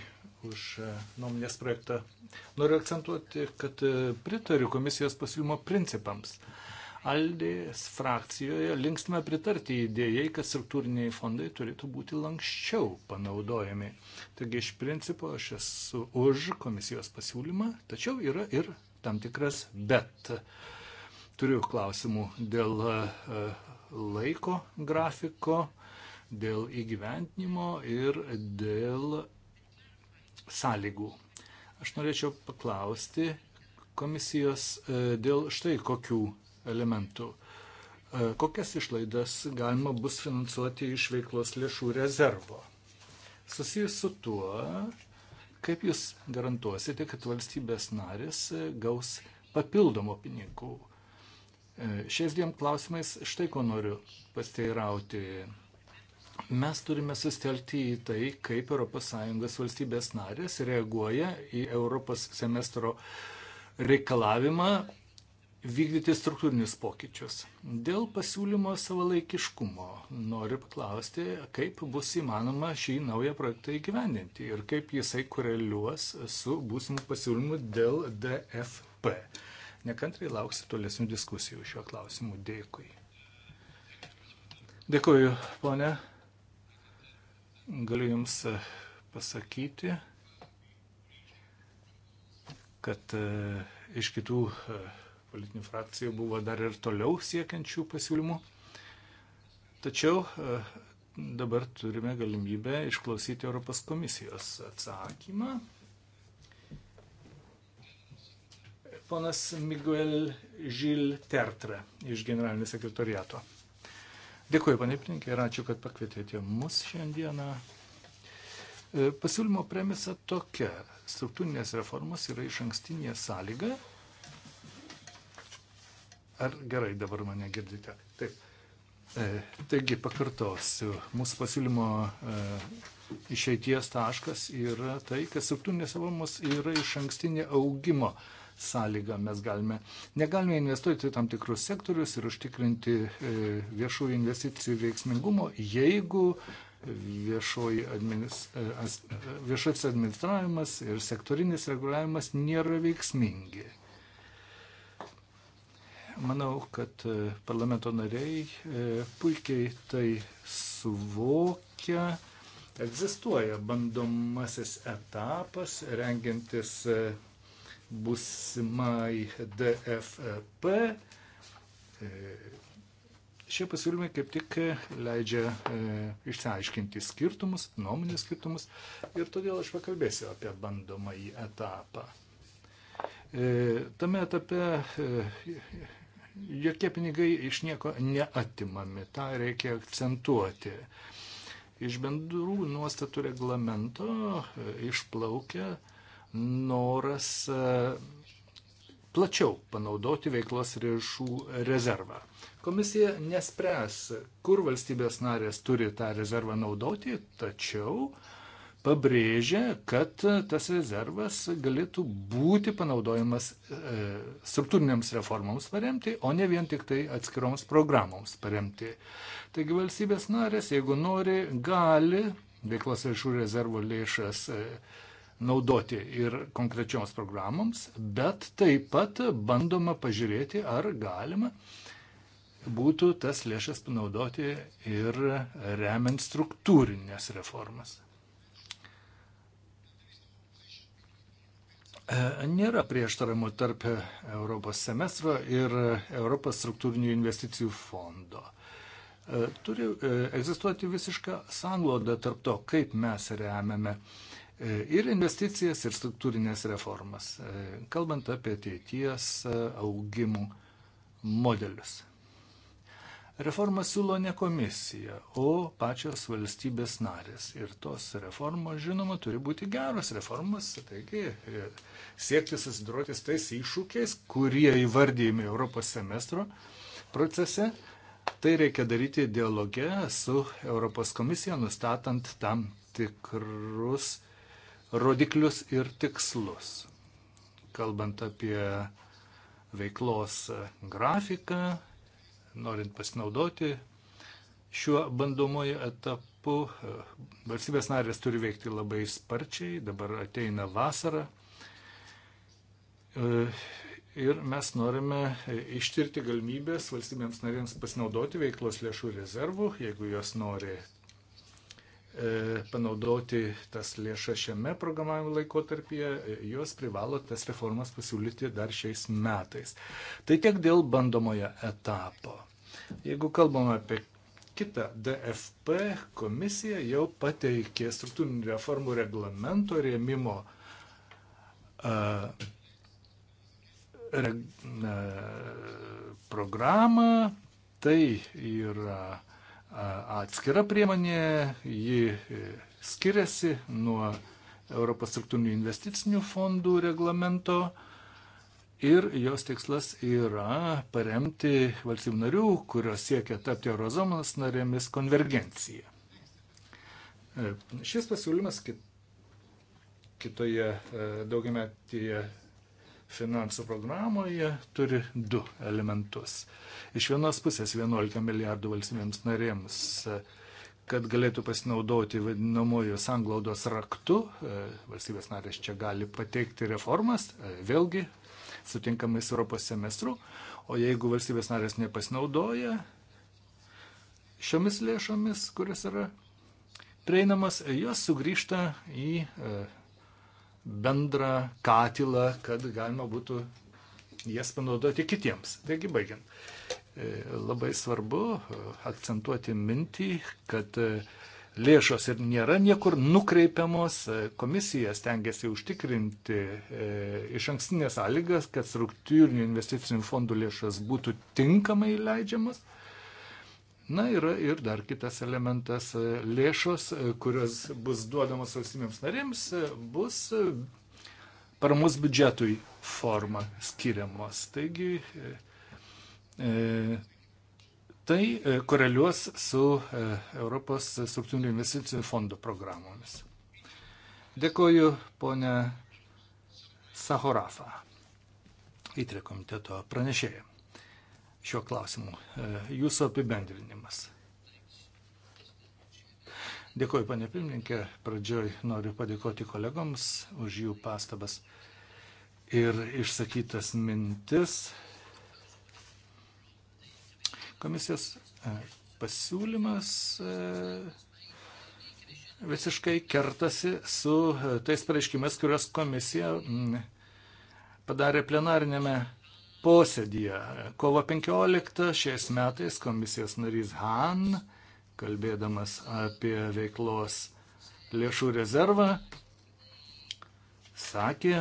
už nuomonės projektą. Noriu akcentuoti, kad pritariu komisijos pasiūlymo principams. Aldės frakcijoje linkstame pritarti idėjai, kad struktūriniai fondai turėtų būti lankščiau panaudojami. Taigi iš principo aš esu už komisijos pasiūlymą, tačiau yra ir tam tikras bet. Turiu klausimų dėl e, laiko grafiko, dėl įgyventinimo ir dėl sąlygų. Aš norėčiau paklausti komisijos e, dėl štai kokių elementų. E, kokias išlaidas galima bus finansuoti iš veiklos lėšų rezervo? Susijęs su tuo, kaip jūs garantuosite, kad valstybės narės e, gaus papildomų pinigų. E, šiais dviem klausimais štai ko noriu pasteirauti mes turime sustelti į tai, kaip ES valstybės narės reaguoja į Europos semestro reikalavimą vykdyti struktūrinius pokyčius. Dėl pasiūlymo savalaikiškumo noriu paklausti, kaip bus įmanoma šį naują projektą įgyvendinti ir kaip jisai koreliuos su būsimu pasiūlymu dėl DFP. Nekantrai lauksiu tolesnių diskusijų šiuo klausimu. Dėkui. Dėkuoju, ponė. Galiu Jums e, pasakyti, kad e, iš kitų uh, politinių frakcijų buvo dar ir toliau siekiančių pasiūlymų. Tačiau e, dabar turime galimybę išklausyti Europos komisijos atsakymą. Ponas Miguel Žil Tertra iš generalinio sekretoriato. Dėkuoju, panė Plinkė, ir ačiū, kad pakvietėte mus šiandieną. E, pasiūlymo premisa tokia. Struktūrinės reformos yra iš ankstinė sąlyga Ar gerai dabar mane girdite? Taip. E, taigi pakartosiu. Mūsų pasiūlymo e, išeities taškas yra tai, kad struktūrinės savamos yra iš ankstinė augimo sąlyga. Mes galime, negalime investuoti į tam tikrus sektorius ir užtikrinti e, viešųjų investicijų veiksmingumo, jeigu administ, e, viešasis administravimas ir sektorinis reguliavimas nėra veiksmingi. Manau, kad e, parlamento nariai e, puikiai tai suvokia. Egzistuoja bandomasis etapas, rengiantis e, busimai DFP. Šie pasiūlymai kaip tik leidžia e, išsiaiškinti skirtumus, nuomonės skirtumus ir todėl aš pakalbėsiu apie bandomąjį etapą. E, tame etape e, jokie pinigai iš nieko neatimami, tą reikia akcentuoti. Iš bendrų nuostatų reglamento išplaukia noras e, plačiau panaudoti veiklos lėšų rezervą. Komisija nespręs, kur valstybės narės turi tą rezervą naudoti, tačiau uh, pabrėžė, kad tas rezervas galėtų būti panaudojamas e, struktūriniams reformoms paremti, o ne vien tik tai atskiroms programoms paremti. Taigi valstybės narės, jeigu nori, gali veiklos lėšų rezervo lėšas e, naudoti ir konkrečioms programoms, bet taip pat bandoma pažiūrėti, ar galima būtų tas lėšas panaudoti ir remiant struktūrinės reformas. E, nėra prieštaramų tarp Europos semestro ir Europos struktūrinių investicijų fondo. E, turi e, egzistuoti visiška sangloda tarp to, kaip mes remiame ir investicijas, ir struktūrinės reformas, kalbant apie ateities augimų modelius. Reformą siūlo ne komisija, o pačios valstybės narės. Ir tos reformos, žinoma, turi būti geros reformos, taigi e, siekti susiduroti su tais iššūkiais, kurie įvardyjami Europos semestro procese. Tai reikia daryti dialoge su Europos komisija, nustatant tam tikrus rodiklius ir tikslus. Kalbant apie veiklos grafiką, norint pasinaudoti šiuo bandomuoju etapu, e, valstybės narės turi veikti labai sparčiai, dabar ateina vasara. E, ir mes norime ištirti galimybės valstybėms narėms pasinaudoti veiklos lėšų rezervų, jeigu jos nori E, panaudoti tas lėšas šiame programavimo laikotarpyje, e, juos privalo tas reformas pasiūlyti dar šiais metais. Tai tiek dėl bandomojo etapo. Jeigu kalbame apie kitą DFP, komisija jau pateikė struktūrinių reformų reglamento rėmimo uh, reg, uh, programą. Tai yra uh, atskira priemonė, ji e, skiriasi nuo Europos struktūrinių investicinių fondų reglamento ir jos tikslas yra paremti valstybių narių, kurios siekia tapti eurozonos narėmis konvergenciją. E, šis pasiūlymas kitoje e, daugiametėje finansų programoje turi du elementus. Iš vienos pusės 11 milijardų valstybėms narėms, e, kad galėtų pasinaudoti vadinamojo sanglaudos raktu, e, valstybės narės čia gali pateikti reformas, e, vėlgi sutinkamai su Europos semestru, o jeigu valstybės narės nepasinaudoja šiomis lėšomis, kuris yra prieinamas, jos sugrįžta į bendrą katilą, kad galima būtų jas panaudoti kitiems. Taigi, baigiant, e, labai svarbu e, akcentuoti mintį, kad e, lėšos ir nėra niekur nukreipiamos, komisija stengiasi užtikrinti e, iš ankstinės sąlygas, kad struktūrinių investicinių fondų lėšas būtų tinkamai leidžiamas. Na ir, ir dar kitas elementas e, - lėšos, e, kurios bus duodamos valstybėms narėms, e, bus paramos biudžetui forma skiriamos. Taigi e, tai koreliuos su Europos struktūrinių investicijų fondo programomis. Dėkoju, ponė Sahorafa, įtrė komiteto pranešėjai šiuo klausimu. E, jūsų apibendrinimas. Dėkuoju, panė pirmininkė. Pradžioj noriu padėkoti kolegoms už jų pastabas ir išsakytas mintis. Komisijos e, pasiūlymas e, visiškai kertasi su tais pareiškimais, kuriuos komisija padarė plenarinėme posėdėje. Kovo 15 šiais metais komisijos narys Han, kalbėdamas apie veiklos lėšų rezervą, sakė,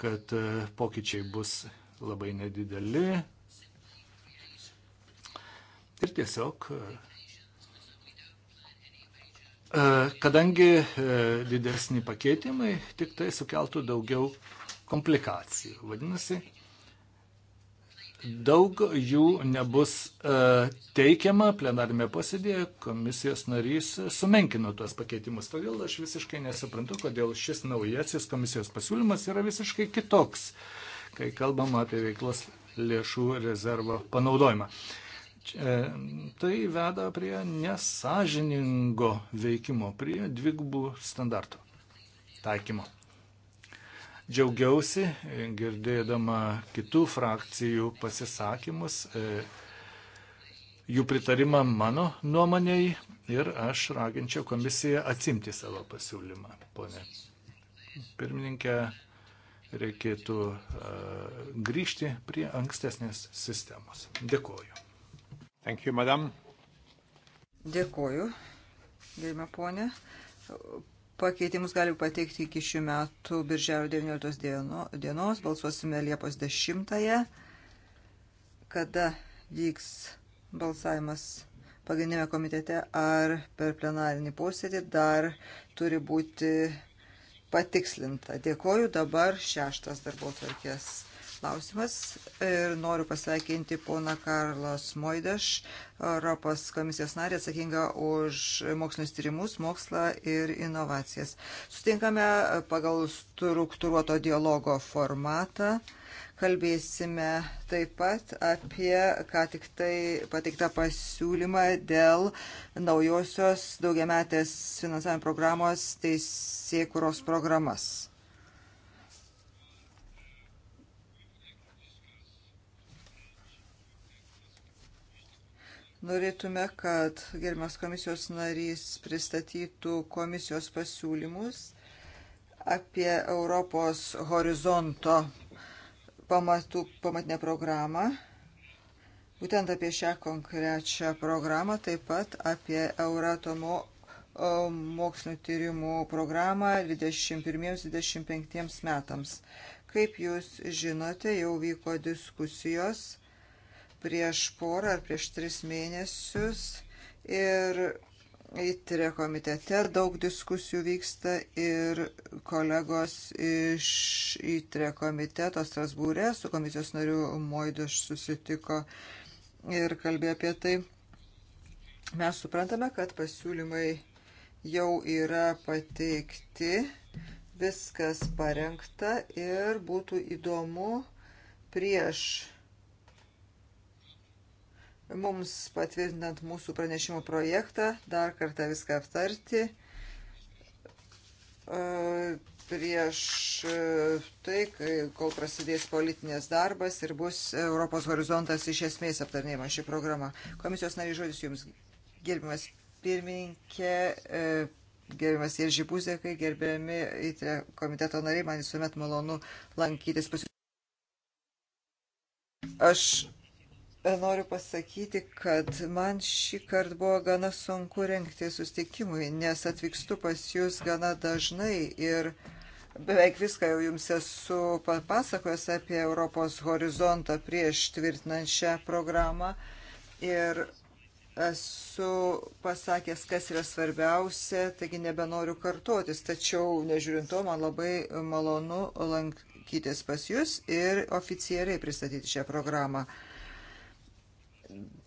kad e, pokyčiai bus labai nedideli ir tiesiog e, e, Kadangi didesni pakeitimai tik tai sukeltų daugiau komplikacijų. Vadinasi, Daug jų nebus e, teikiama plenarime posėdėje, komisijos narys sumenkino tuos pakeitimus. Todėl aš visiškai nesuprantu, kodėl šis naujasis komisijos pasiūlymas yra visiškai kitoks, kai kalbama apie veiklos lėšų rezervo panaudojimą. E, tai veda prie nesažiningo veikimo, prie dvigubų standartų taikymo. Džiaugiausi, e, girdėdama kitų frakcijų pasisakymus, e, jų pritarimą mano nuomonėjai ir aš raginčiau komisiją atsimti savo pasiūlymą, ponė. Pirmininkė, reikėtų uh, grįžti prie ankstesnės sistemos. Dėkoju. Thank you, madam. Dėkoju, gerima ponė. Pakeitimus gali pateikti iki šių metų birželio 19 dienos, balsuosime Liepos 10, kada vyks balsavimas pagrindinėme komitete ar per plenarinį posėdį dar turi būti patikslinta. Dėkoju, dabar šeštas darbo tvarkės klausimas ir noriu pasveikinti poną Karlos Moidaš, Europos komisijos narį atsakingą už mokslinius tyrimus, mokslą ir inovacijas. Sutinkame pagal struktūruoto dialogo formatą. Kalbėsime taip pat apie ką tik tai pateiktą pasiūlymą dėl naujosios daugiametės finansavimo programos teisėkuros programas Norėtume, kad gerbiamas komisijos narys pristatytų komisijos pasiūlymus apie Europos horizonto pamatų, pamatinę programą. Būtent apie šią konkrečią programą, taip pat apie Euratomo mokslinio tyrimų programą 21-25 metams. Kaip jūs žinote, jau vyko diskusijos prieš porą ar prieš tris mėnesius ir įtrė komitete daug diskusijų vyksta ir kolegos iš įtrė komiteto Strasbūrė su komisijos nariu Moiduš susitiko ir kalbėjo apie tai. Mes suprantame, kad pasiūlymai jau yra pateikti, viskas parengta ir būtų įdomu prieš mums patvirtinant mūsų pranešimo projektą, dar kartą viską aptarti. E, prieš e, tai, kol prasidės politinės darbas ir bus Europos horizontas iš esmės aptarnėjama ši programa. Komisijos nariai žodis jums, gerbimas pirmininkė, e, gerbiamas Irži Buzekai, gerbiami komiteto nariai, man visuomet malonu lankytis pas Aš noriu pasakyti, kad man šį kartą buvo gana sunku renkti sustikimui, nes atvykstu pas jūs gana dažnai ir beveik viską jau jums esu papasakojęs apie Europos horizontą prieš tvirtinant šią programą. Ir esu pasakęs, kas yra svarbiausia, taigi nebenoriu kartotis, tačiau nežiūrint to, man labai malonu lankytis pas jūs ir oficialiai pristatyti šią programą.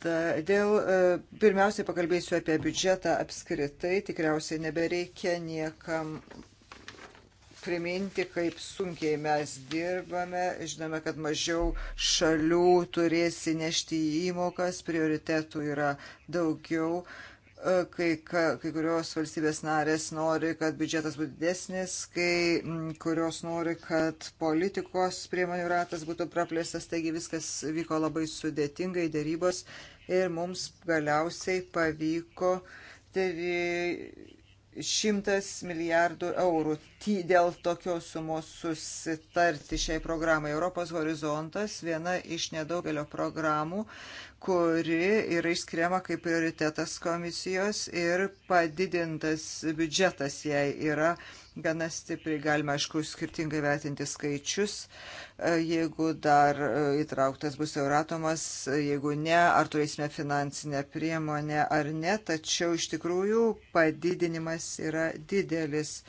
Dėl, e, pirmiausiai pakalbėsiu apie biudžetą apskritai, tikriausiai nebereikia niekam priminti, kaip sunkiai mes dirbame. Žinome, kad mažiau šalių turės įnešti įmokas, prioritetų yra daugiau kai, ka, kai kurios valstybės narės nori, kad biudžetas būtų didesnis, kai m, kurios nori, kad politikos priemonių ratas būtų praplėstas, taigi viskas vyko labai sudėtingai dėrybos ir mums galiausiai pavyko 100 milijardų eurų Ty, dėl tokios sumos susitarti šiai programai. Europos horizontas viena iš nedaugelio programų, kuri yra išskiriama kaip prioritetas komisijos ir padidintas biudžetas jai yra gana stipriai. Galima, aišku, skirtingai vertinti skaičius, jeigu dar įtrauktas bus euratomas, jeigu ne, ar turėsime finansinę priemonę ar ne, tačiau iš tikrųjų padidinimas yra didelis.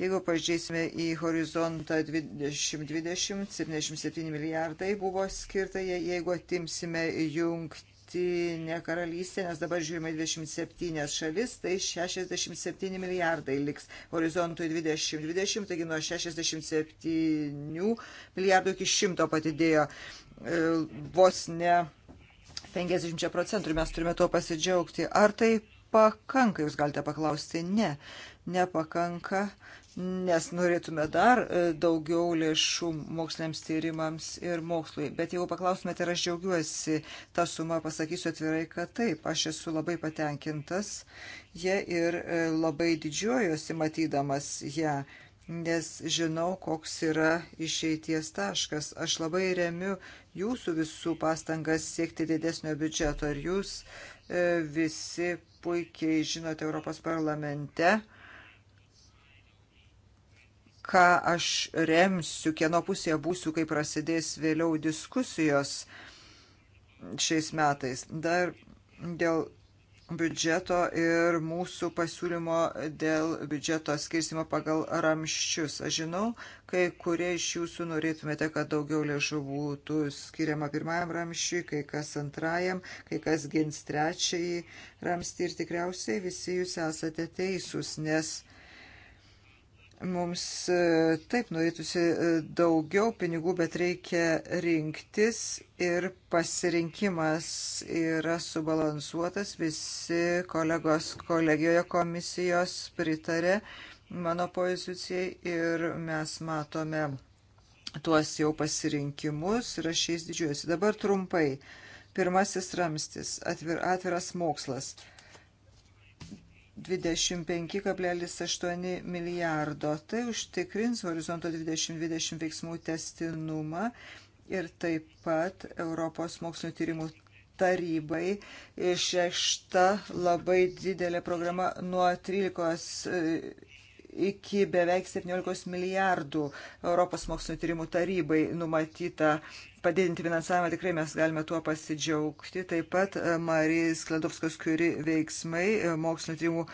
Jeigu pažiūrėsime į horizontą 2020, 77 milijardai buvo skirta, jeigu atimsime jungtinę karalystę, nes dabar žiūrime 27 šalis, tai 67 milijardai liks horizontui 2020, taigi nuo 67 milijardų iki 100 patidėjo e, vos ne 50 procentų ir mes turime tuo pasidžiaugti. Ar tai pakanka, jūs galite paklausti, ne, nepakanka nes norėtume dar e, daugiau lėšų moksliniams tyrimams ir mokslui. Bet jeigu paklausumėte, ar aš džiaugiuosi tą sumą, pasakysiu atvirai, kad taip, aš esu labai patenkintas ją ir e, labai didžiuojosi matydamas ją, nes žinau, koks yra išeities taškas. Aš labai remiu jūsų visų pastangas siekti didesnio biudžeto. Ar jūs e, visi puikiai žinote Europos parlamente? ką aš remsiu, kieno pusėje būsiu, kai prasidės vėliau diskusijos šiais metais. Dar dėl biudžeto ir mūsų pasiūlymo dėl biudžeto skirstimo pagal ramščius. Aš žinau, kai kurie iš jūsų norėtumėte, kad daugiau lėšų būtų skiriama pirmajam ramščiui, kai kas antrajam, kai kas gins trečiai ramstį ir tikriausiai visi jūs esate teisūs, nes Mums e, taip norėtųsi e, daugiau pinigų, bet reikia rinktis ir pasirinkimas yra subalansuotas. Visi kolegos kolegijoje komisijos pritarė mano pozicijai ir mes matome tuos jau pasirinkimus ir aš jais didžiuojuosi. Dabar trumpai. Pirmasis ramstis atvir, - atviras mokslas. 25,8 milijardo. Tai užtikrins horizonto 2020 veiksmų testinumą ir taip pat Europos mokslinio tyrimų tarybai išreikšta labai didelė programa nuo 13 iki beveik 17 milijardų Europos mokslinio tyrimų tarybai numatyta padidinti finansavimą, tikrai mes galime tuo pasidžiaugti. Taip pat e, Marijas Kledovskos kuri veiksmai e, mokslinio tyrimų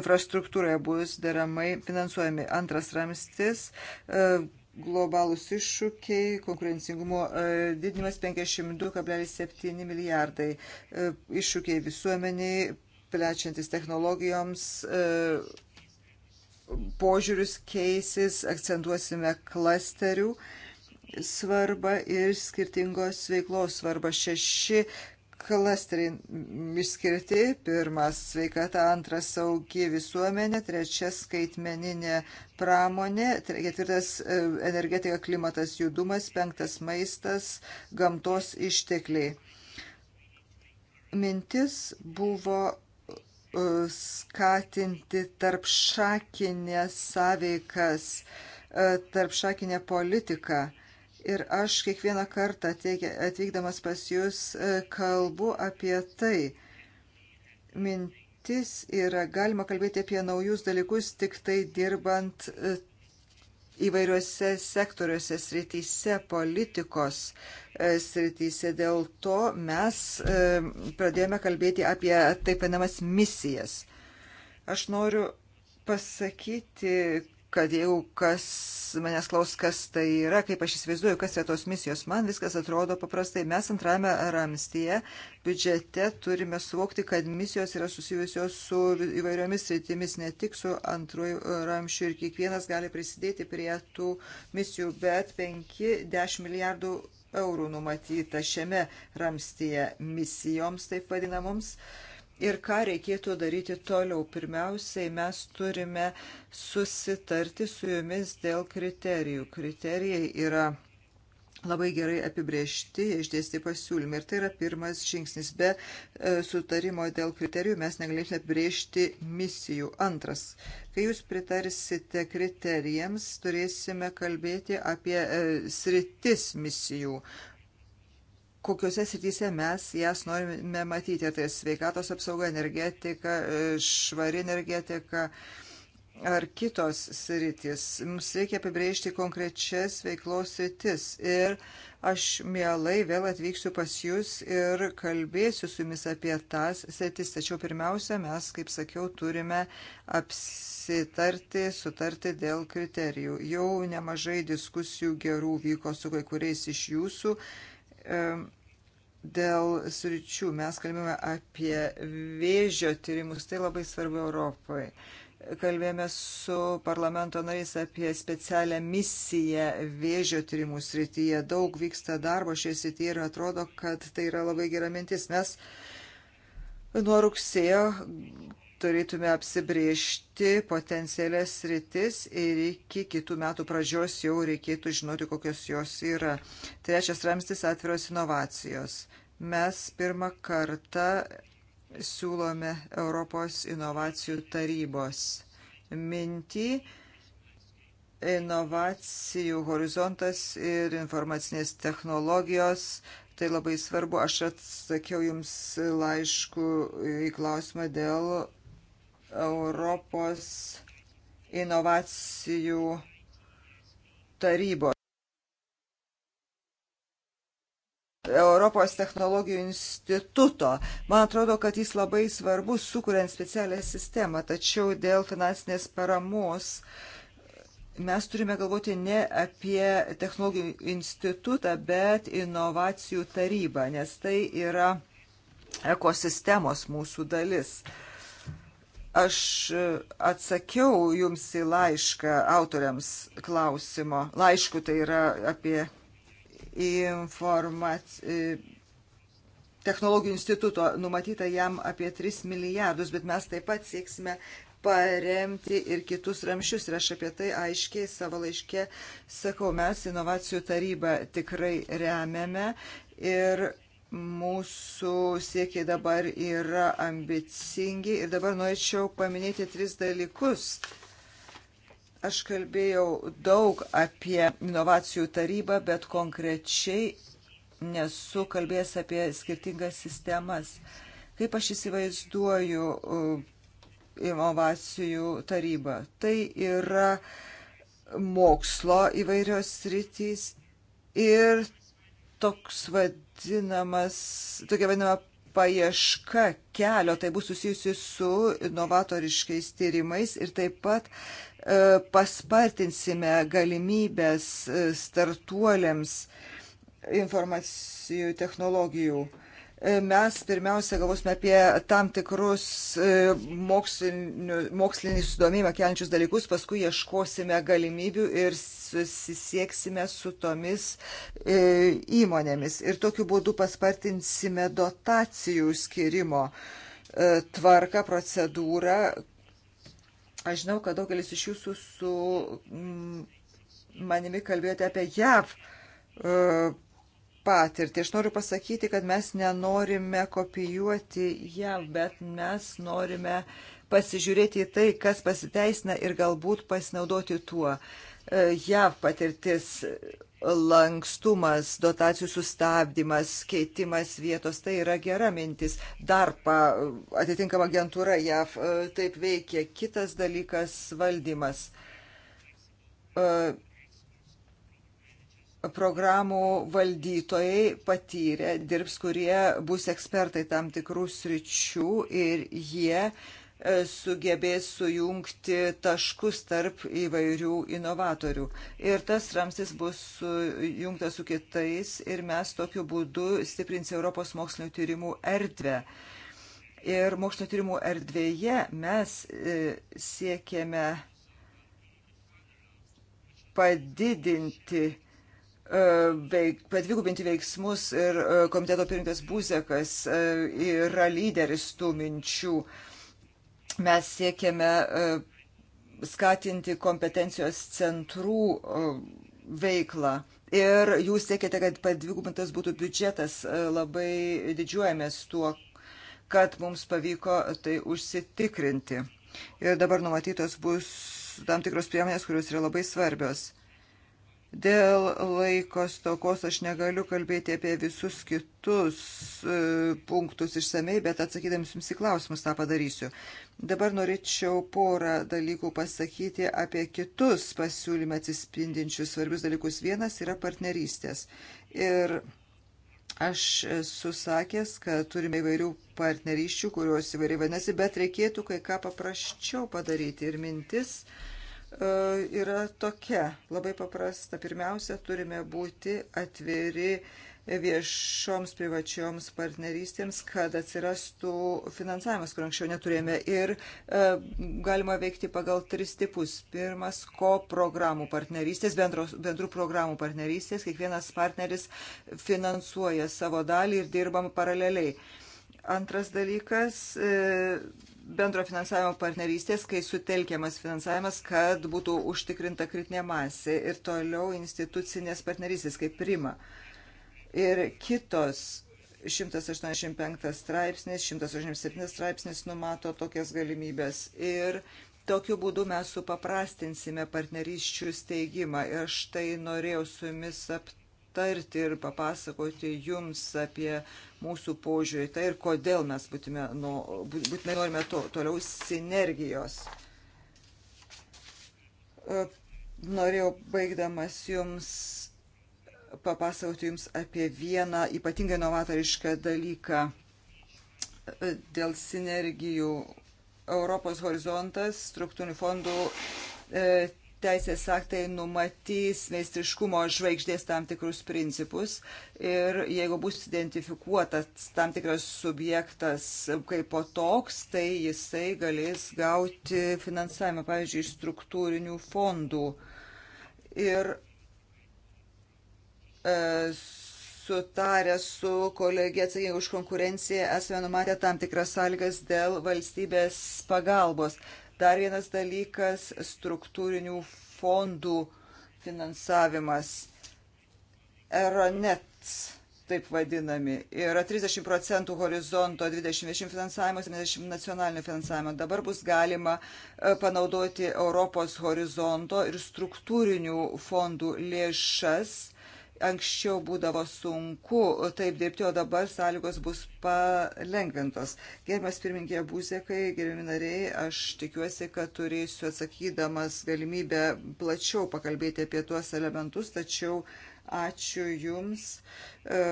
infrastruktūroje bus deramai finansuojami. Antras ramstis e, globalūs iššūkiai, konkurencingumo didinimas 52,7 milijardai, iššūkiai visuomeniai, plečiantis technologijoms, požiūrius keisis, akcentuosime klasterių svarbą ir skirtingos veiklos svarbą. Šeši klasteriai išskirti. Pirmas - sveikata, antras - saugi visuomenė, trečias - skaitmeninė pramonė, ketvirtas - energetika, klimatas, judumas, penktas - maistas, gamtos ištekliai. Mintis buvo skatinti tarp šakinės sąveikas, e, tarp šakinę politiką. Ir aš kiekvieną kartą atvykdamas pas jūs e, kalbu apie tai. Mintis yra, galima kalbėti apie naujus dalykus tik tai dirbant e, įvairiuose sektoriuose, srityse, politikos e, srityse. Dėl to mes e, pradėjome kalbėti apie taip vadinamas misijas. Aš noriu pasakyti, kad jeigu kas manęs klaus, kas tai yra, kaip aš įsivaizduoju, kas yra tos misijos, man viskas atrodo paprastai. Mes antrame ramstyje biudžete turime suvokti, kad misijos yra susijusios su įvairiomis sritimis, ne tik su antruoju ramščiu ir kiekvienas gali prisidėti prie tų misijų, bet 5-10 milijardų eurų numatyta šiame ramstyje misijoms, taip vadinamoms. Uh, ir ką reikėtų daryti toliau. Pirmiausiai mes turime susitarti su jumis dėl kriterijų. Kriterijai yra labai gerai apibriežti, išdėsti pasiūlymai ir tai yra pirmas žingsnis. Be e, sutarimo dėl kriterijų mes negalėsime apibriežti misijų. Antras, kai jūs pritarsite kriterijams, turėsime kalbėti apie e, sritis misijų kokiuose srityse mes jas norime matyti. Ar tai sveikatos apsauga, energetika, e, švari energetika ar kitos sritis. Mums reikia apibrėžti konkrečias veiklos sritis. Ir aš mielai vėl atvyksiu pas jūs ir kalbėsiu su jumis apie tas sritis. Tačiau pirmiausia, mes, kaip sakiau, turime apsitarti, sutarti dėl kriterijų. Jau nemažai diskusijų gerų vyko su kai kuriais iš jūsų dėl sričių. Mes kalbėjome apie vėžio tyrimus, tai labai svarbu Europai. Kalbėjome su parlamento nariais apie specialią misiją vėžio tyrimų srityje. Daug vyksta darbo šioje srityje ir atrodo, kad tai yra labai gera mintis. Mes nuo rugsėjo turėtume apsibriežti potencialias sritis ir iki kitų metų pradžios jau reikėtų žinoti, kokios jos yra. Trečias ramstis - atviros inovacijos. Mes pirmą kartą siūlome Europos inovacijų tarybos mintį inovacijų horizontas ir informacinės technologijos tai labai svarbu. Aš atsakiau Jums laišku į klausimą dėl Europos inovacijų tarybos. Europos technologijų instituto. Man atrodo, kad jis labai svarbus, sukuriant specialią sistemą, tačiau dėl finansinės paramos mes turime galvoti ne apie technologijų institutą, bet inovacijų tarybą, nes tai yra ekosistemos mūsų dalis. Uh, Aš e, atsakiau jums į laišką autoriams klausimo. Laišku tai yra apie informaciją. E, technologijų instituto numatyta jam apie 3 milijardus, bet mes taip pat sieksime paremti ir kitus ramšius. Ir aš apie tai aiškiai savo laiške sakau, mes inovacijų tarybą tikrai remiame ir mūsų siekiai dabar yra ambicingi ir dabar norėčiau paminėti tris dalykus. Aš kalbėjau daug apie inovacijų tarybą, bet konkrečiai nesu kalbėjęs apie skirtingas sistemas. Kaip aš įsivaizduoju uh, inovacijų tarybą? Tai yra mokslo įvairios sritys ir toks vadinamas, tokia vadinama paieška kelio, tai bus susijusi su inovatoriškais tyrimais ir taip pat e, paspartinsime galimybės e, startuoliams informacijų technologijų. E, mes pirmiausia galvosime apie tam tikrus e, mokslinį sudomėjimą keliančius dalykus, paskui ieškosime galimybių ir susisieksime su tomis e, įmonėmis ir tokiu būdu paspartinsime dotacijų skirimo e, tvarką, procedūrą. Aš žinau, kad daugelis iš jūsų su m, mm, manimi kalbėjote apie JAV. E, patirtį. Aš noriu pasakyti, kad mes nenorime kopijuoti jav, bet mes norime pasižiūrėti į tai, kas pasiteisina ir galbūt pasinaudoti tuo. Uh, JAV patirtis, lankstumas, dotacijų sustabdymas, keitimas vietos, tai yra gera mintis. DARPA, atitinkama agentūra JAV, e, taip veikia. Kitas dalykas - valdymas. E, programų valdytojai patyrę dirbs, kurie bus ekspertai tam tikrų sričių ir jie uh, E, sugebės sujungti taškus tarp įvairių inovatorių. Ir tas ramstis bus sujungtas su kitais ir mes tokiu būdu stiprins Europos mokslinio tyrimų erdvę. Ir mokslinio tyrimų erdvėje mes e, siekiame padidinti e, veik, padvigubinti veiksmus ir komiteto pirmininkas Būzekas yra lyderis tų minčių. Mes siekiame e, skatinti kompetencijos centrų e, veiklą. Ir jūs siekite, kad padvigubintas būtų biudžetas. E, labai didžiuojamės tuo, kad mums pavyko tai užsitikrinti. Ir dabar numatytos bus tam tikros priemonės, kurios yra labai svarbios. Dėl laikos tokos aš negaliu kalbėti apie visus kitus e, punktus išsamei, bet atsakydamas jums į klausimus tą padarysiu. Dabar norėčiau porą dalykų pasakyti apie kitus pasiūlymą atsispindinčius svarbius dalykus. Vienas yra partnerystės. Ir Aš esu sakęs, kad turime įvairių partnerysčių, kurios įvairiai vadinasi, bet reikėtų kai ką paprasčiau padaryti. Ir mintis E, yra tokia, labai paprasta. Pirmiausia, turime būti atviri viešoms privačioms partnerystėms, kad atsirastų finansavimas, kur anksčiau neturėjome. Ir e, galima veikti pagal tris tipus. Pirmas - ko programų partnerystės, bendros, bendrų programų partnerystės. Kiekvienas partneris finansuoja savo dalį ir dirbam paraleliai. Antras dalykas e, bendro finansavimo partnerystės, kai sutelkiamas finansavimas, kad būtų užtikrinta kritinė masė ir toliau institucinės partnerystės, kaip prima. Ir kitos 185 straipsnis, 187 straipsnis numato tokias galimybės. Ir tokiu būdu mes supaprastinsime partnerysčių steigimą. Ir aš tai norėjau su jumis aptarti aptarti ir papasakoti jums apie mūsų požiūrį tai ir kodėl mes būtume, nu, būtume norime to, toliau sinergijos. E, norėjau baigdamas jums papasakoti jums apie vieną ypatingai novatorišką dalyką e, dėl sinergijų Europos horizontas, struktūrinių fondų e, teisės aktai numatys meistriškumo žvaigždės tam tikrus principus ir jeigu bus identifikuotas tam tikras subjektas kaip po toks, tai jisai galės gauti finansavimą, pavyzdžiui, iš struktūrinių fondų. Ir e, sutarę su kolegė atsakinga už konkurenciją esame numatę tam tikras sąlygas dėl valstybės pagalbos. Dar vienas dalykas - struktūrinių fondų finansavimas. Eronets, taip vadinami, yra 30 procentų horizonto 2020 finansavimo, 70 nacionalinio finansavimo. Dabar bus galima e, panaudoti Europos horizonto ir struktūrinių fondų lėšas Anksčiau būdavo sunku taip dirbti, o dabar sąlygos bus palengvintos. Gerbiamas pirmininkė Būzekai, gerbiami nariai, aš tikiuosi, kad turėsiu atsakydamas galimybę plačiau pakalbėti apie tuos elementus, tačiau Ačiū Jums. E,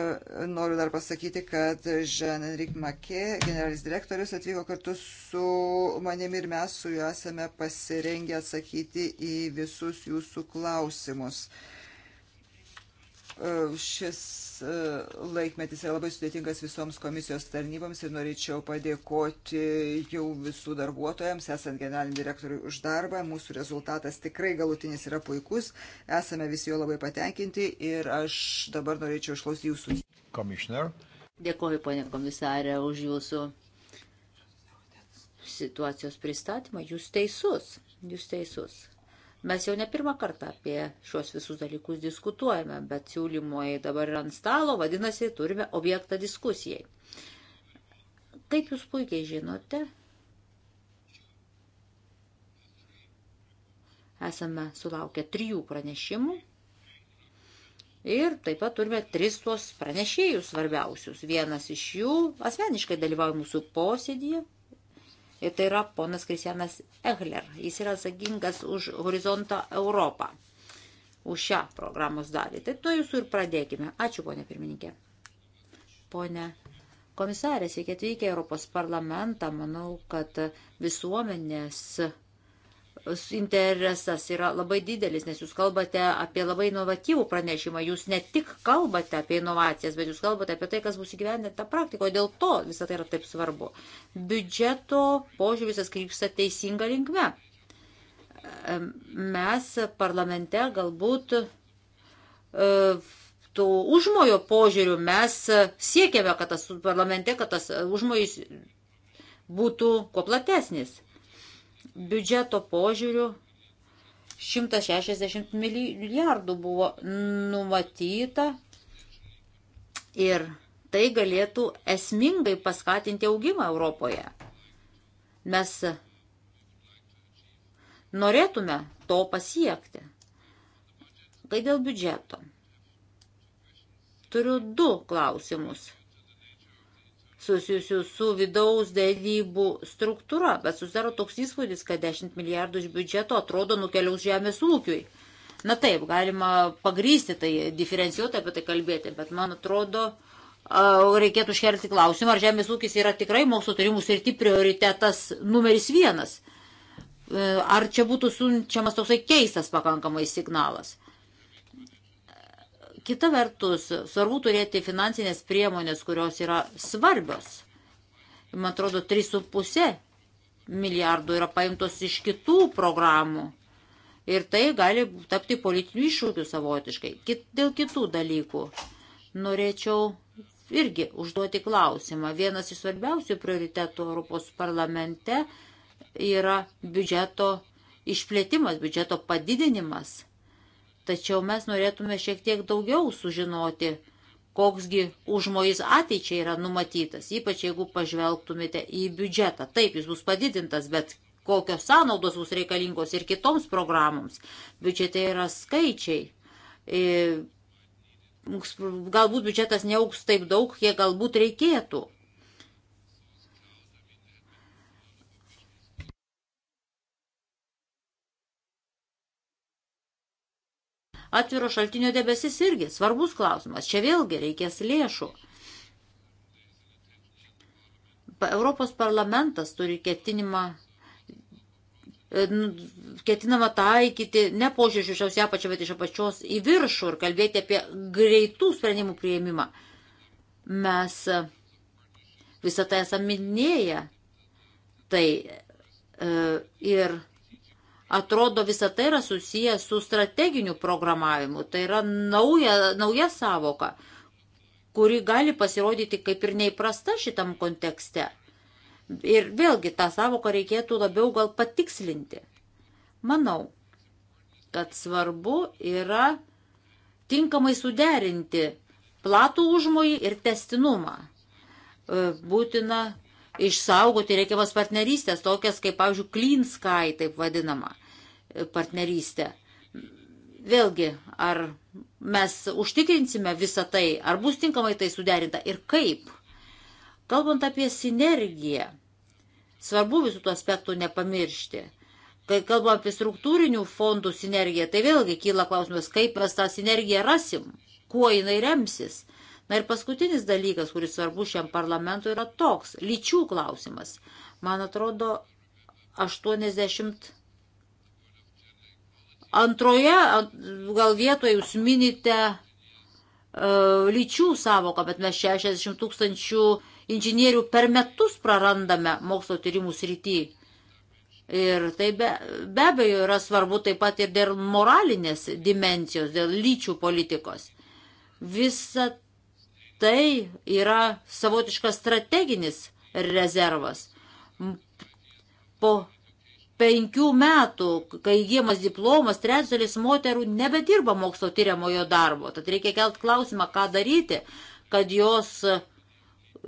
noriu dar pasakyti, kad Jean-Enric Makė, generalinis direktorius, atvyko kartu su manimi ir mes su juo esame pasirengę atsakyti į visus Jūsų klausimus. E, šis e, laikmetis yra labai sudėtingas visoms komisijos tarnyboms ir norėčiau padėkoti jau visų darbuotojams, esant generaliniam direktoriui už darbą. Mūsų rezultatas tikrai galutinis yra puikus, esame visi jo labai patenkinti ir aš dabar norėčiau išklausyti jūsų. Komisioner. Dėkoju, ponė komisarė, už jūsų situacijos pristatymą. Jūs teisus, jūs teisus. Mes jau ne pirmą kartą apie šios visus dalykus diskutuojame, bet siūlymai dabar yra ant stalo, vadinasi, turime objektą diskusijai. Kaip jūs puikiai žinote, esame sulaukę trijų pranešimų Ir taip pat turime tris tuos pranešėjus svarbiausius. Vienas iš jų asmeniškai dalyvauja mūsų posėdėje, Ir tai yra ponas Kristianas Egler. Jis yra atsakingas už Horizontą Europą, už šią programos dalį. Tai nuo jūsų ir pradėkime. Ačiū, ponė pirmininkė. Pone komisarė, sveiki atvykę Europos parlamentą. Manau, kad visuomenės interesas yra labai didelis, nes jūs kalbate apie labai inovatyvų pranešimą, jūs ne tik kalbate apie inovacijas, bet jūs kalbate apie tai, kas bus įgyvendinta praktikoje, dėl to visą tai yra taip svarbu. Biudžeto požiūris krypsta teisinga linkme. Mes parlamente galbūt e, tų užmojo požiūrių mes siekiame, kad tas parlamente, kad tas užmojis būtų kuo platesnis Biudžeto požiūriu 160 milijardų buvo numatyta ir tai galėtų esmingai paskatinti augimą Europoje. Mes norėtume to pasiekti. Tai dėl biudžeto. Turiu du klausimus susijusių su vidaus dėrybų struktūra, bet susidaro toks įspūdis, kad 10 milijardų iš biudžeto atrodo nukeliaus žemės ūkiui. Na taip, galima pagrysti tai, diferencijuotai apie tai kalbėti, bet man atrodo, reikėtų iškelti klausimą, ar žemės ūkis yra tikrai mokslo tyrimų srity prioritetas numeris vienas. E, ar čia būtų sunčiamas toksai keistas pakankamai signalas. Kita vertus, svarbu turėti finansinės priemonės, kurios yra svarbios. Man atrodo, 3,5 milijardų yra paimtos iš kitų programų. Ir tai gali tapti politinių iššūkių savotiškai. Kit, dėl kitų dalykų norėčiau irgi užduoti klausimą. Vienas iš svarbiausių prioritetų Europos parlamente yra biudžeto išplėtimas, biudžeto padidinimas Tačiau mes norėtume šiek tiek daugiau sužinoti, koksgi užmojais ateičiai yra numatytas, ypač jeigu pažvelgtumėte į biudžetą. Taip, jis bus padidintas, bet kokios sąnaudos bus reikalingos ir kitoms programoms. Biudžete yra skaičiai. E, galbūt biudžetas neauks taip daug, kiek galbūt reikėtų. Atviro šaltinio debesis irgi svarbus klausimas. Čia vėlgi reikės lėšų. Europos parlamentas turi ketinimą e, ketinama taikyti ne požiūrį iš apačios, apačio, bet iš apačios į viršų ir kalbėti apie greitų sprendimų prieimimą. Mes e, visą tai esame minėję. Tai e, ir Atrodo, visa tai yra susiję su strateginiu programavimu. Tai yra nauja, nauja savoka, kuri gali pasirodyti kaip ir neįprasta šitam kontekste. Ir vėlgi tą savoką reikėtų labiau gal patikslinti. Manau, kad svarbu yra tinkamai suderinti platų užmojį ir testinumą. E, būtina išsaugoti reikiamas partnerystės, tokias kaip, pavyzdžiui, Clean Sky, taip vadinama e, partnerystė. Vėlgi, ar mes užtikrinsime visą tai, ar bus tinkamai tai suderinta ir kaip. Kalbant apie sinergiją, svarbu visų tų aspektų nepamiršti. Kai kalbam apie struktūrinių fondų sinergiją, tai vėlgi kyla klausimas, kaip mes tą sinergiją rasim, kuo jinai remsis. Na ir paskutinis dalykas, kuris svarbu šiam parlamentui, yra toks - lyčių klausimas. Man atrodo, 80. Antroje, gal vietoje jūs minite uh, lyčių savoką, bet mes 60 tūkstančių inžinierių per metus prarandame mokslo tyrimų srity. Ir tai be, be abejo yra svarbu taip pat ir dėl moralinės dimencijos, dėl lyčių politikos. Visa tai yra savotiškas strateginis rezervas. Po penkių metų, kai įgymas diplomas, trečdalis moterų nebedirba mokslo tyriamojo darbo. Tad reikia kelt klausimą, ką daryti, kad jos uh,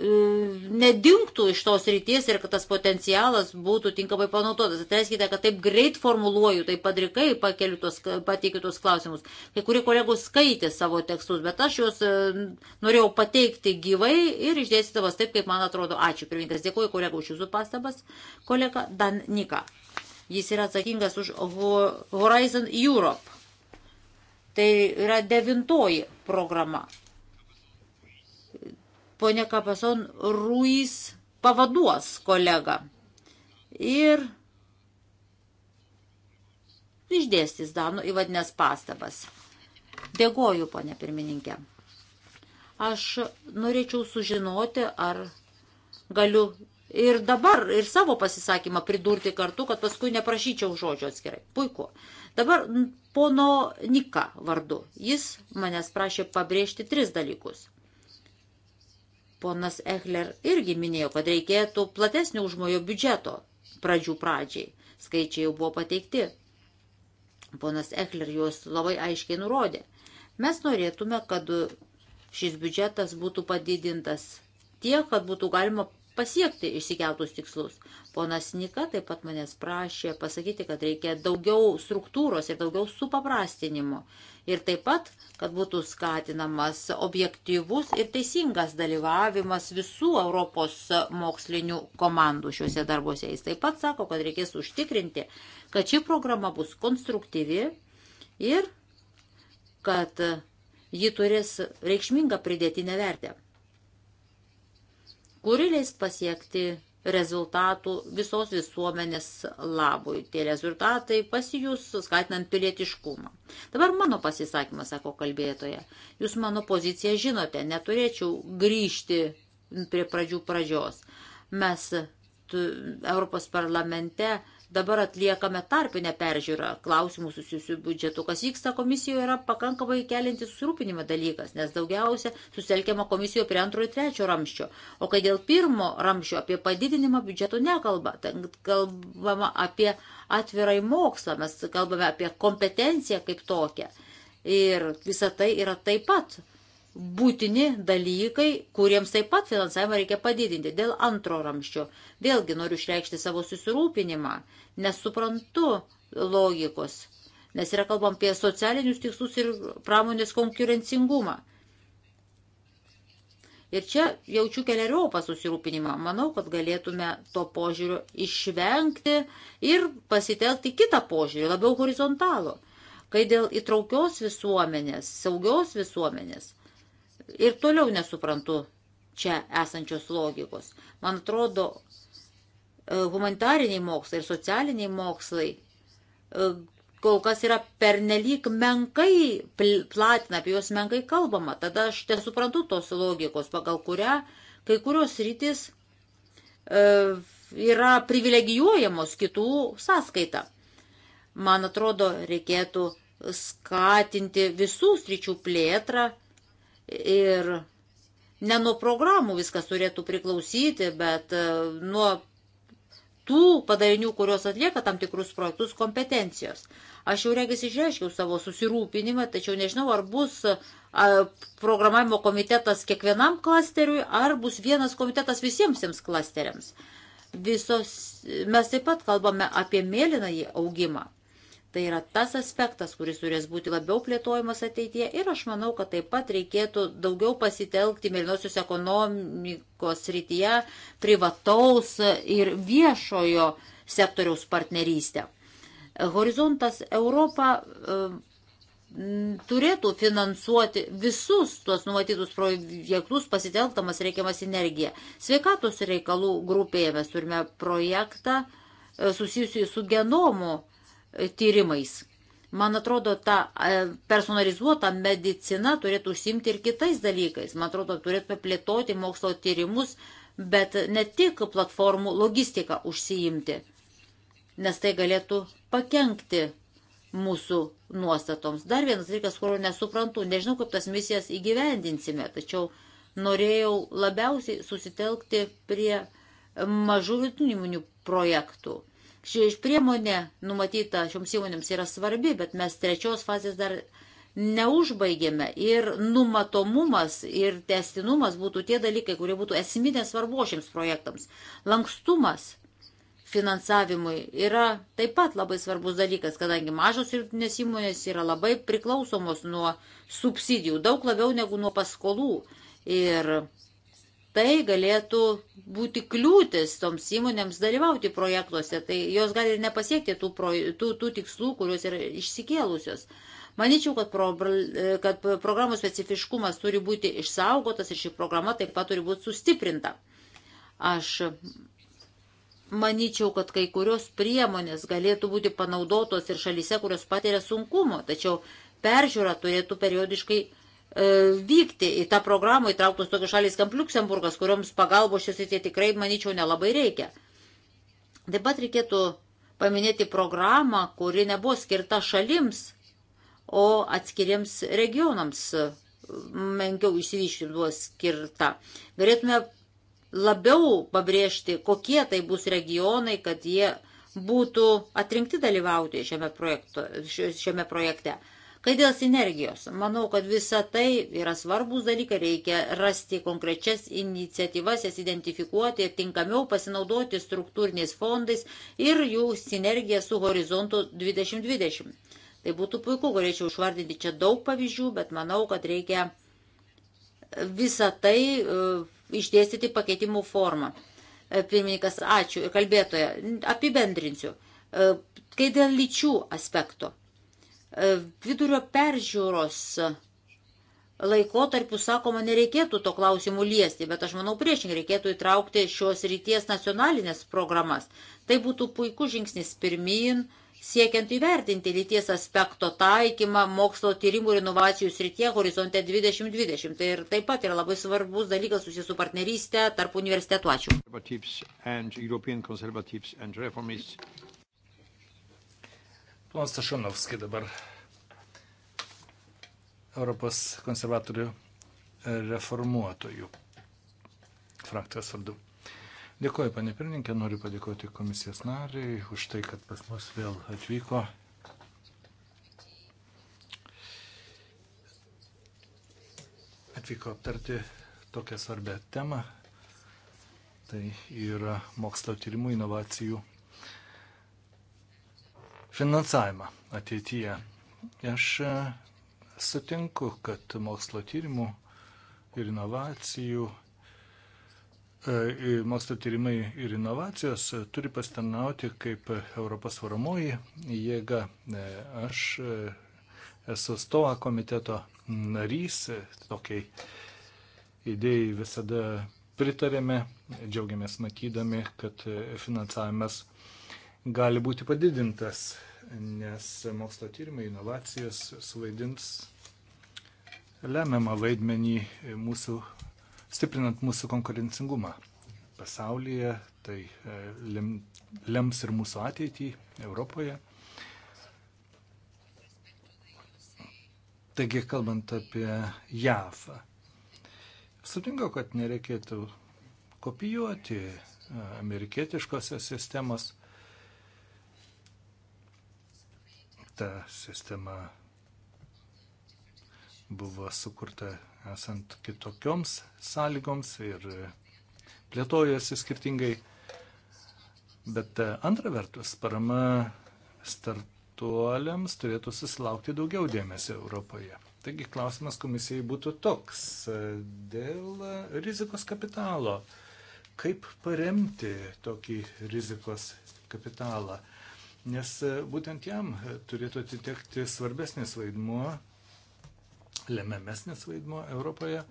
Mm, nedingtų iš tos ryties ir kad tas potencialas būtų tinkamai panaudotas. Atleiskite, tai kad taip greit formuluoju, taip padrikai pateikiu tos klausimus. Kai kurie kolegos skaitė savo tekstus, bet aš juos mm, norėjau pateikti gyvai ir išdėstytavas taip, kaip man atrodo. Ačiū, pirmininkas, dėkuoju kolegų už jūsų pastabas. Kolega Danika. Jis yra atsakingas už Horizon Europe. Tai yra devintoji programa ponė Kapason Ruiz pavaduos kolegą ir išdėstys Danų įvadinės pastabas. Dėkoju, ponė pirmininkė. Aš norėčiau sužinoti, ar galiu ir dabar, ir savo pasisakymą pridurti kartu, kad paskui neprašyčiau žodžio atskirai. Puiku. Dabar pono Nika vardu. Jis manęs prašė pabrėžti tris dalykus. Ponas Echler irgi minėjo, kad reikėtų platesnio užmojo biudžeto pradžių pradžiai. Skaičiai jau buvo pateikti. Ponas Echler juos labai aiškiai nurodė. Mes norėtume, kad šis biudžetas būtų padidintas tiek, kad būtų galima pasiekti išsikeltus tikslus. Ponas Nika taip pat manęs prašė pasakyti, kad reikia daugiau struktūros ir daugiau supaprastinimo. Ir taip pat, kad būtų skatinamas objektyvus ir teisingas dalyvavimas visų Europos mokslinių komandų šiuose darbuose. Jis taip pat sako, kad reikės užtikrinti, kad ši programa bus konstruktyvi ir kad ji turės reikšmingą pridėtinę vertę kuri leis pasiekti rezultatų visos visuomenės labui. Tie rezultatai pasijus, skatinant pilietiškumą. Dabar mano pasisakymas, sako kalbėtoja. Jūs mano poziciją žinote, neturėčiau grįžti prie pradžių pradžios. Mes tu, Europos parlamente Dabar atliekame tarpinę peržiūrą klausimų susijusių biudžetu. Kas vyksta komisijoje yra pakankamai kelintis susirūpinimą dalykas, nes daugiausia susitelkiama komisijoje prie antro ir trečio ramščio. O kai dėl pirmo ramščio apie padidinimą biudžeto nekalba, ten kalbama apie atvirai mokslą, mes kalbame apie kompetenciją kaip tokią. Ir visa tai yra taip pat būtini dalykai, kuriems taip pat finansavimą reikia padidinti. Dėl antro ramščio vėlgi noriu išreikšti savo susirūpinimą, nes suprantu logikos, nes yra kalbam apie socialinius tikslus ir pramonės konkurencingumą. Ir čia jaučiu keliariopą susirūpinimą. Manau, kad galėtume to požiūrio išvengti ir pasitelkti kitą požiūrį, labiau horizontalų. Kai dėl įtraukios visuomenės, saugios visuomenės, ir toliau nesuprantu čia esančios logikos. Man atrodo, e, humanitariniai mokslai ir socialiniai mokslai e, kol kas yra pernelyg menkai platina, apie juos menkai kalbama. Tada aš nesuprantu tos logikos, pagal kurią kai kurios rytis e, yra privilegijuojamos kitų sąskaita. Man atrodo, reikėtų skatinti visų sričių plėtrą Ir ne nuo programų viskas turėtų priklausyti, bet e, nuo tų padarinių, kurios atlieka tam tikrus projektus kompetencijos. Aš jau regis išreiškiau savo susirūpinimą, tačiau nežinau, ar bus e, programavimo komitetas kiekvienam klasteriui, ar bus vienas komitetas visiems tiems klasteriams. Visos, mes taip pat kalbame apie mėlynąjį augimą. Tai yra tas aspektas, kuris turės būti labiau plėtojamas ateityje ir aš manau, kad taip pat reikėtų daugiau pasitelkti mėlynosios ekonomikos rytyje privataus ir viešojo sektoriaus partnerystę. Horizontas Europa e, turėtų finansuoti visus tuos numatytus projektus pasitelktamas reikiamas energiją. Sveikatos reikalų grupėje mes turime projektą e, susijusiu su genomu tyrimais. Man atrodo, ta e, personalizuota medicina turėtų užsimti ir kitais dalykais. Man atrodo, turėtume plėtoti mokslo tyrimus, bet ne tik platformų logistiką užsiimti, nes tai galėtų pakengti mūsų nuostatoms. Dar vienas dalykas, kurio nesuprantu, nežinau, kaip tas misijas įgyvendinsime, tačiau norėjau labiausiai susitelkti prie mažų vidutinių projektų. Ši priemonė numatyta šioms įmonėms yra svarbi, bet mes trečios fazės dar neužbaigėme ir numatomumas ir testinumas būtų tie dalykai, kurie būtų esminės svarbo šiems projektams. Lankstumas finansavimui yra taip pat labai svarbus dalykas, kadangi mažos ir nes įmonės yra labai priklausomos nuo subsidijų, daug labiau negu nuo paskolų. Ir tai galėtų būti kliūtis toms įmonėms dalyvauti projektuose, tai jos gali ir nepasiekti tų, pro, tų, tų tikslų, kurios yra išsikėlusios. Maničiau, kad, pro, kad programų specifiškumas turi būti išsaugotas ir ši programa taip pat turi būti sustiprinta. Aš manyčiau, kad kai kurios priemonės galėtų būti panaudotos ir šalyse, kurios patiria sunkumo, tačiau peržiūra turėtų periodiškai E, vykti į tą programą įtrauktos tokios šalys kaip Luxemburgas, kurioms pagalbos šios įtie tikrai, manyčiau, nelabai reikia. Taip pat reikėtų paminėti programą, kuri nebuvo skirta šalims, o atskiriems regionams menkiau išsivyščių buvo skirta. Galėtume labiau pabrėžti, kokie tai bus regionai, kad jie būtų atrinkti dalyvauti šiame, projekto, šiame projekte. Kai dėl sinergijos, manau, kad visa tai yra svarbus dalykai, reikia rasti konkrečias iniciatyvas, jas identifikuoti ir tinkamiau pasinaudoti struktūriniais fondais ir jų sinergiją su horizontu 2020. Tai būtų puiku, galėčiau išvardinti čia daug pavyzdžių, bet manau, kad reikia visą tai e, išdėstyti pakeitimų formą. E, pirmininkas, ačiū ir kalbėtoja, apibendrinsiu. E, kai dėl lyčių aspekto E, vidurio peržiūros laikotarpiu, sakoma, nereikėtų to klausimų liesti, bet aš manau priešingai reikėtų įtraukti šios ryties nacionalinės programas. Tai būtų puikus žingsnis pirmin, siekiant įvertinti lyties aspekto taikymą mokslo tyrimų ir inovacijų srityje horizonte 2020. Tai ir taip pat yra labai svarbus dalykas susijęs su partnerystė tarp universitetų. Ačiū. Ponas Tašanovski dabar Europos konservatorių e, reformuotojų frakcijos vardu. Dėkuoju, panė pirmininkė, noriu padėkoti komisijos nariai už tai, kad pas mus vėl atvyko. Atvyko aptarti tokią svarbę temą. Tai yra mokslo tyrimų inovacijų finansavimą ateityje. Aš e, sutinku, kad mokslo tyrimų ir inovacijų, e, mokslo tyrimai ir inovacijos e, turi pasitarnauti kaip Europos varomoji jėga. Aš esu stoa komiteto narys, tokiai idėjai visada pritarėme, džiaugiamės matydami, kad finansavimas uh, gali būti padidintas, nes mokslo tyrimai, inovacijas suvaidins lemiamą vaidmenį mūsų, stiprinant mūsų konkurencingumą pasaulyje, tai e, lem, lems ir mūsų ateitį Europoje. Taigi, kalbant apie JAV, sutinku, kad nereikėtų kopijuoti e, amerikietiškosios sistemos. ta sistema buvo sukurta esant kitokioms sąlygoms ir plėtojosi skirtingai. Bet e, antra vertus, parama startuoliams turėtų susilaukti daugiau dėmesio Europoje. Taigi klausimas komisijai būtų toks e, dėl rizikos kapitalo. Kaip paremti tokį rizikos kapitalą? nes e, būtent jam e, turėtų atitekti svarbesnis vaidmuo, lememesnis vaidmuo Europoje.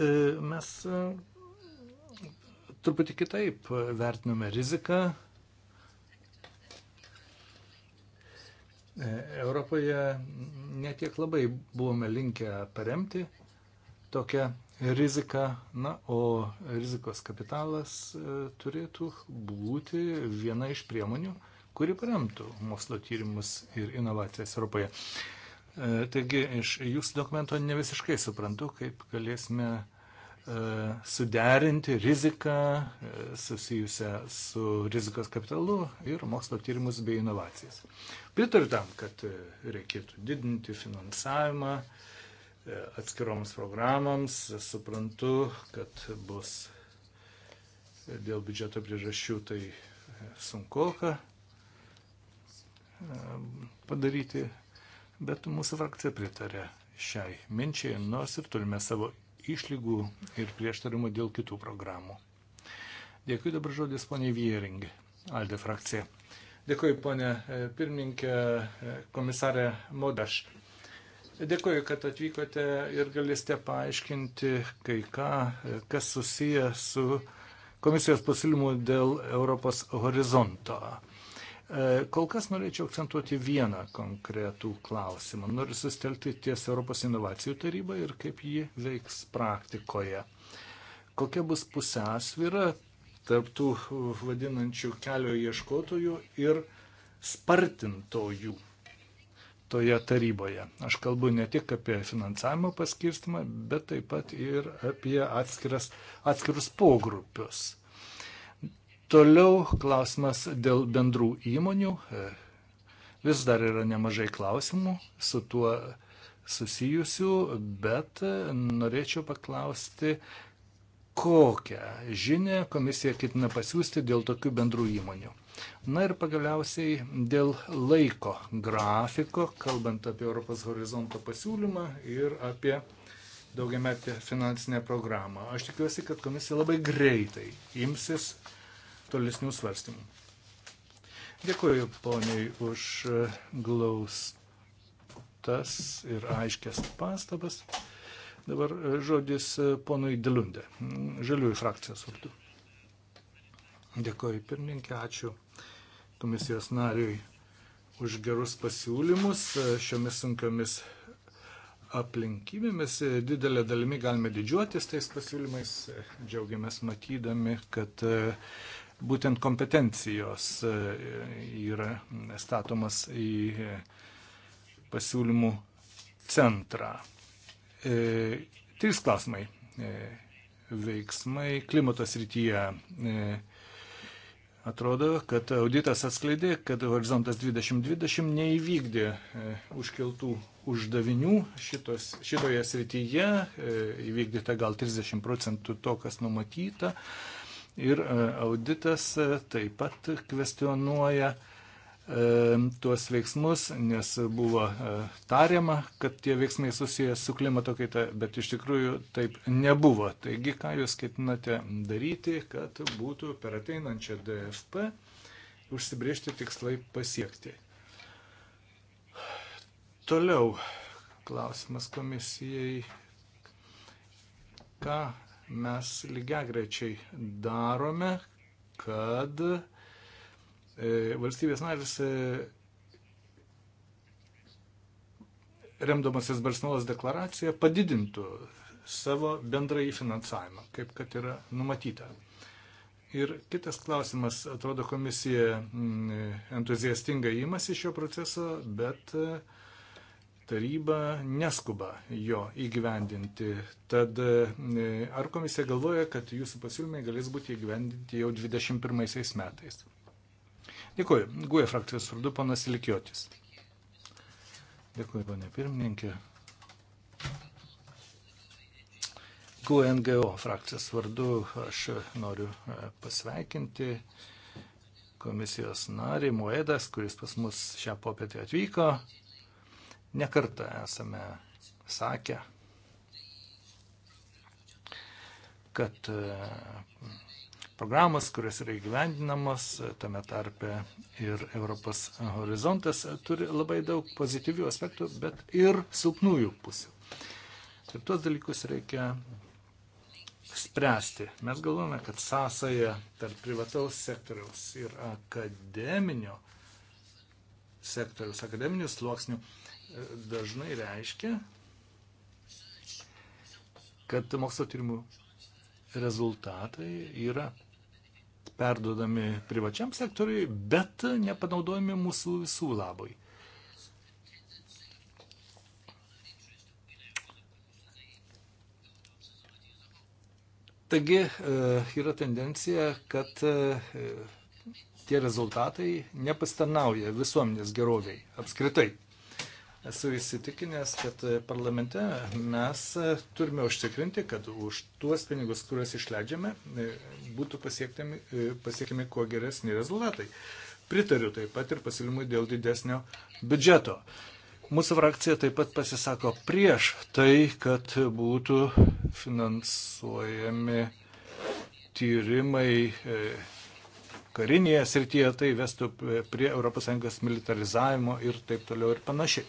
E, mes truputį kitaip vertiname riziką. Europoje netiek labai buvome linkę paremti tokią riziką, na, o rizikos kapitalas e, turėtų būti viena iš priemonių, kuri paremtų mokslo tyrimus ir inovacijas Europoje. E, taigi iš jūsų dokumento ne visiškai suprantu, kaip galėsime e, suderinti riziką susijusią su rizikos kapitalu ir mokslo tyrimus bei inovacijas. Pritariu tam, kad reikėtų didinti finansavimą uh, atskiroms programams. Suprantu, kad bus dėl biudžeto priežasčių tai sunku ką e, padaryti, bet mūsų frakcija pritarė šiai minčiai, nors ir turime savo išlygų ir prieštarimų dėl kitų programų. Dėkui dabar žodis poniai Viering, Alde frakcija. Dėkui, ponė e, pirmininkė, e, komisarė Modaš. Dėkuoju, kad atvykote ir galėsite paaiškinti kai ką, kas susiję su komisijos pasiūlymu dėl Europos horizonto. E, kol kas norėčiau akcentuoti vieną konkretų klausimą. Noriu sustelti ties Europos inovacijų taryba ir kaip ji veiks praktikoje. Kokia bus pusiausvyra tarptų vadinančių kelio ieškotojų ir spartintojų toje taryboje. Aš kalbu ne tik apie finansavimo paskirstimą, bet taip pat ir apie atskiras, atskirus pogrupius. Toliau klausimas dėl bendrų įmonių. E, vis dar yra nemažai klausimų su tuo susijusių, bet e, norėčiau paklausti, kokią žinę komisija ketina pasiūsti dėl tokių bendrų įmonių. Na ir pagaliausiai dėl laiko grafiko, kalbant apie Europos horizonto pasiūlymą ir apie daugiametę finansinę programą. Aš tikiuosi, kad komisija labai greitai imsis tolesnių svarstymų. Dėkuoju poniai už glaustas ir aiškias pastabas. Dabar žodis ponui Dilundė, žaliųjų frakcijos vardu. Dėkoju pirmininkė, ačiū komisijos nariui už gerus pasiūlymus šiomis sunkiomis aplinkybėmis. Didelė dalimi galime didžiuotis tais pasiūlymais, džiaugiamės matydami, kad e, būtent kompetencijos e, yra statomas į e, pasiūlymų centrą. Trys klausimai. Veiksmai klimatos rytyje Atrodo, kad auditas atskleidė, kad Horizontas 2020 neįvykdė e, užkeltų uždavinių šitos, šitoje srityje, e, įvykdyta gal 30 procentų to, kas numatyta. Ir e, auditas taip pat kvestionuoja E, tuos veiksmus, nes buvo e, tariama, kad tie veiksmai susijęs su klimato kaita, bet iš tikrųjų taip nebuvo. Taigi, ką jūs ketinate daryti, kad būtų per ateinančią DFP užsibriežti tikslai pasiekti? Toliau klausimas komisijai, ką mes lygiagrečiai darome, kad uh, E, valstybės narės e, remdamasis Barcelonos deklaracija padidintų savo bendrąjį finansavimą, kaip kad yra numatyta. Ir kitas klausimas, atrodo, komisija mm, entuziastingai įmasi šio proceso, bet e, taryba neskuba jo įgyvendinti. Tad ar komisija galvoja, kad jūsų pasiūlymai galės būti įgyvendinti jau 2021 metais? Dėkuoju. Guoja frakcijos vardu panas Ilikiotis. Dėkuoju, ponė pirmininkė. Guoja NGO frakcijos vardu aš noriu e, pasveikinti komisijos narį Moedas, kuris pas mus šią popietę atvyko. Nekartą esame sakę, kad e, programos, kurios yra įgyvendinamos, tame tarpe ir Europos horizontas turi labai daug pozityvių aspektų, bet ir silpnųjų pusių. Ir tuos dalykus reikia spręsti. Mes galvome, kad sąsaja tarp privataus sektoriaus ir akademinio sektoriaus, akademinių sluoksnių e, dažnai reiškia, kad mokslo tyrimų rezultatai yra perduodami privačiam sektoriui, bet nepanaudojami mūsų visų labui. Taigi e, yra tendencija, kad e, tie rezultatai nepastarnauja visuomenės geroviai apskritai. Esu įsitikinęs, kad parlamente mes turime užtikrinti, kad už tuos pinigus, kuriuos išleidžiame, būtų pasiekiami kuo geresni rezultatai. Pritariu taip pat ir pasiūlymui dėl didesnio biudžeto. Mūsų frakcija taip pat pasisako prieš tai, kad būtų finansuojami tyrimai e, karinėje srityje, tai vestų prie ES militarizavimo ir taip toliau ir panašiai.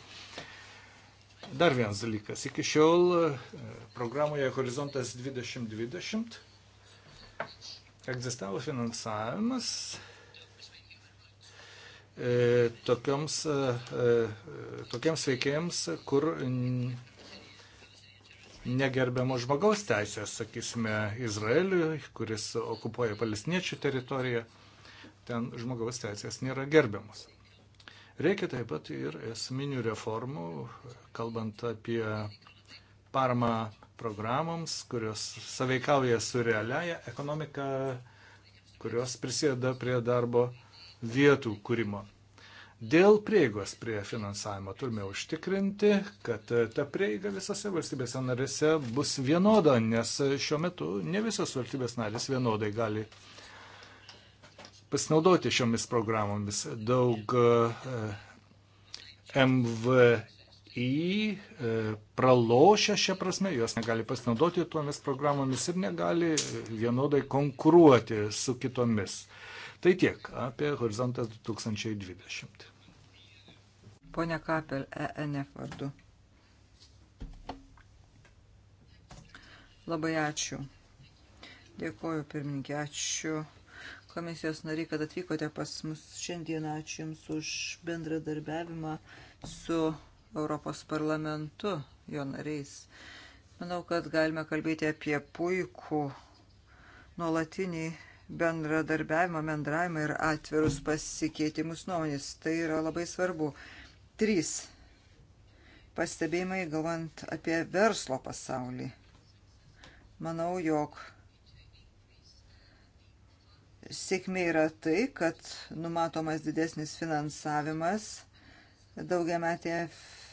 Dar vienas dalykas. Iki šiol e, programoje Horizontas 2020 egzistavo finansavimas e, tokioms, e, e tokiems veikėjams, kur negerbiamo žmogaus teisės, sakysime, Izraeliui, kuris okupuoja palestiniečių teritoriją, ten žmogaus teisės nėra gerbiamas. Reikia taip pat ir esminių reformų, kalbant apie paramą programoms, kurios saveikauja su realiaja ekonomika, kurios prisėda prie darbo vietų kūrimo. Dėl prieigos prie finansavimo turime užtikrinti, kad ta prieiga visose valstybėse narėse bus vienoda, nes šiuo metu ne visos valstybės narės vienodai gali pasinaudoti šiomis programomis. Daug e, MVI e, pralošia šią prasme, jos negali pasinaudoti tomis programomis ir negali vienodai konkuruoti su kitomis. Tai tiek apie Horizontas 2020. Pone Kapel, ENF vardu. Labai ačiū. Dėkoju pirmininkė, ačiū komisijos nariai, kad atvykote pas mus šiandieną. Ačiū Jums už bendradarbiavimą su Europos parlamentu, jo nariais. Manau, kad galime kalbėti apie puikų nuolatinį bendradarbiavimą, bendravimą ir atvirus pasikeitimus nuomonės. Tai yra labai svarbu. Trys pastebėjimai galvant apie verslo pasaulį. Manau, jog sėkmė yra tai, kad numatomas didesnis finansavimas daugiametėje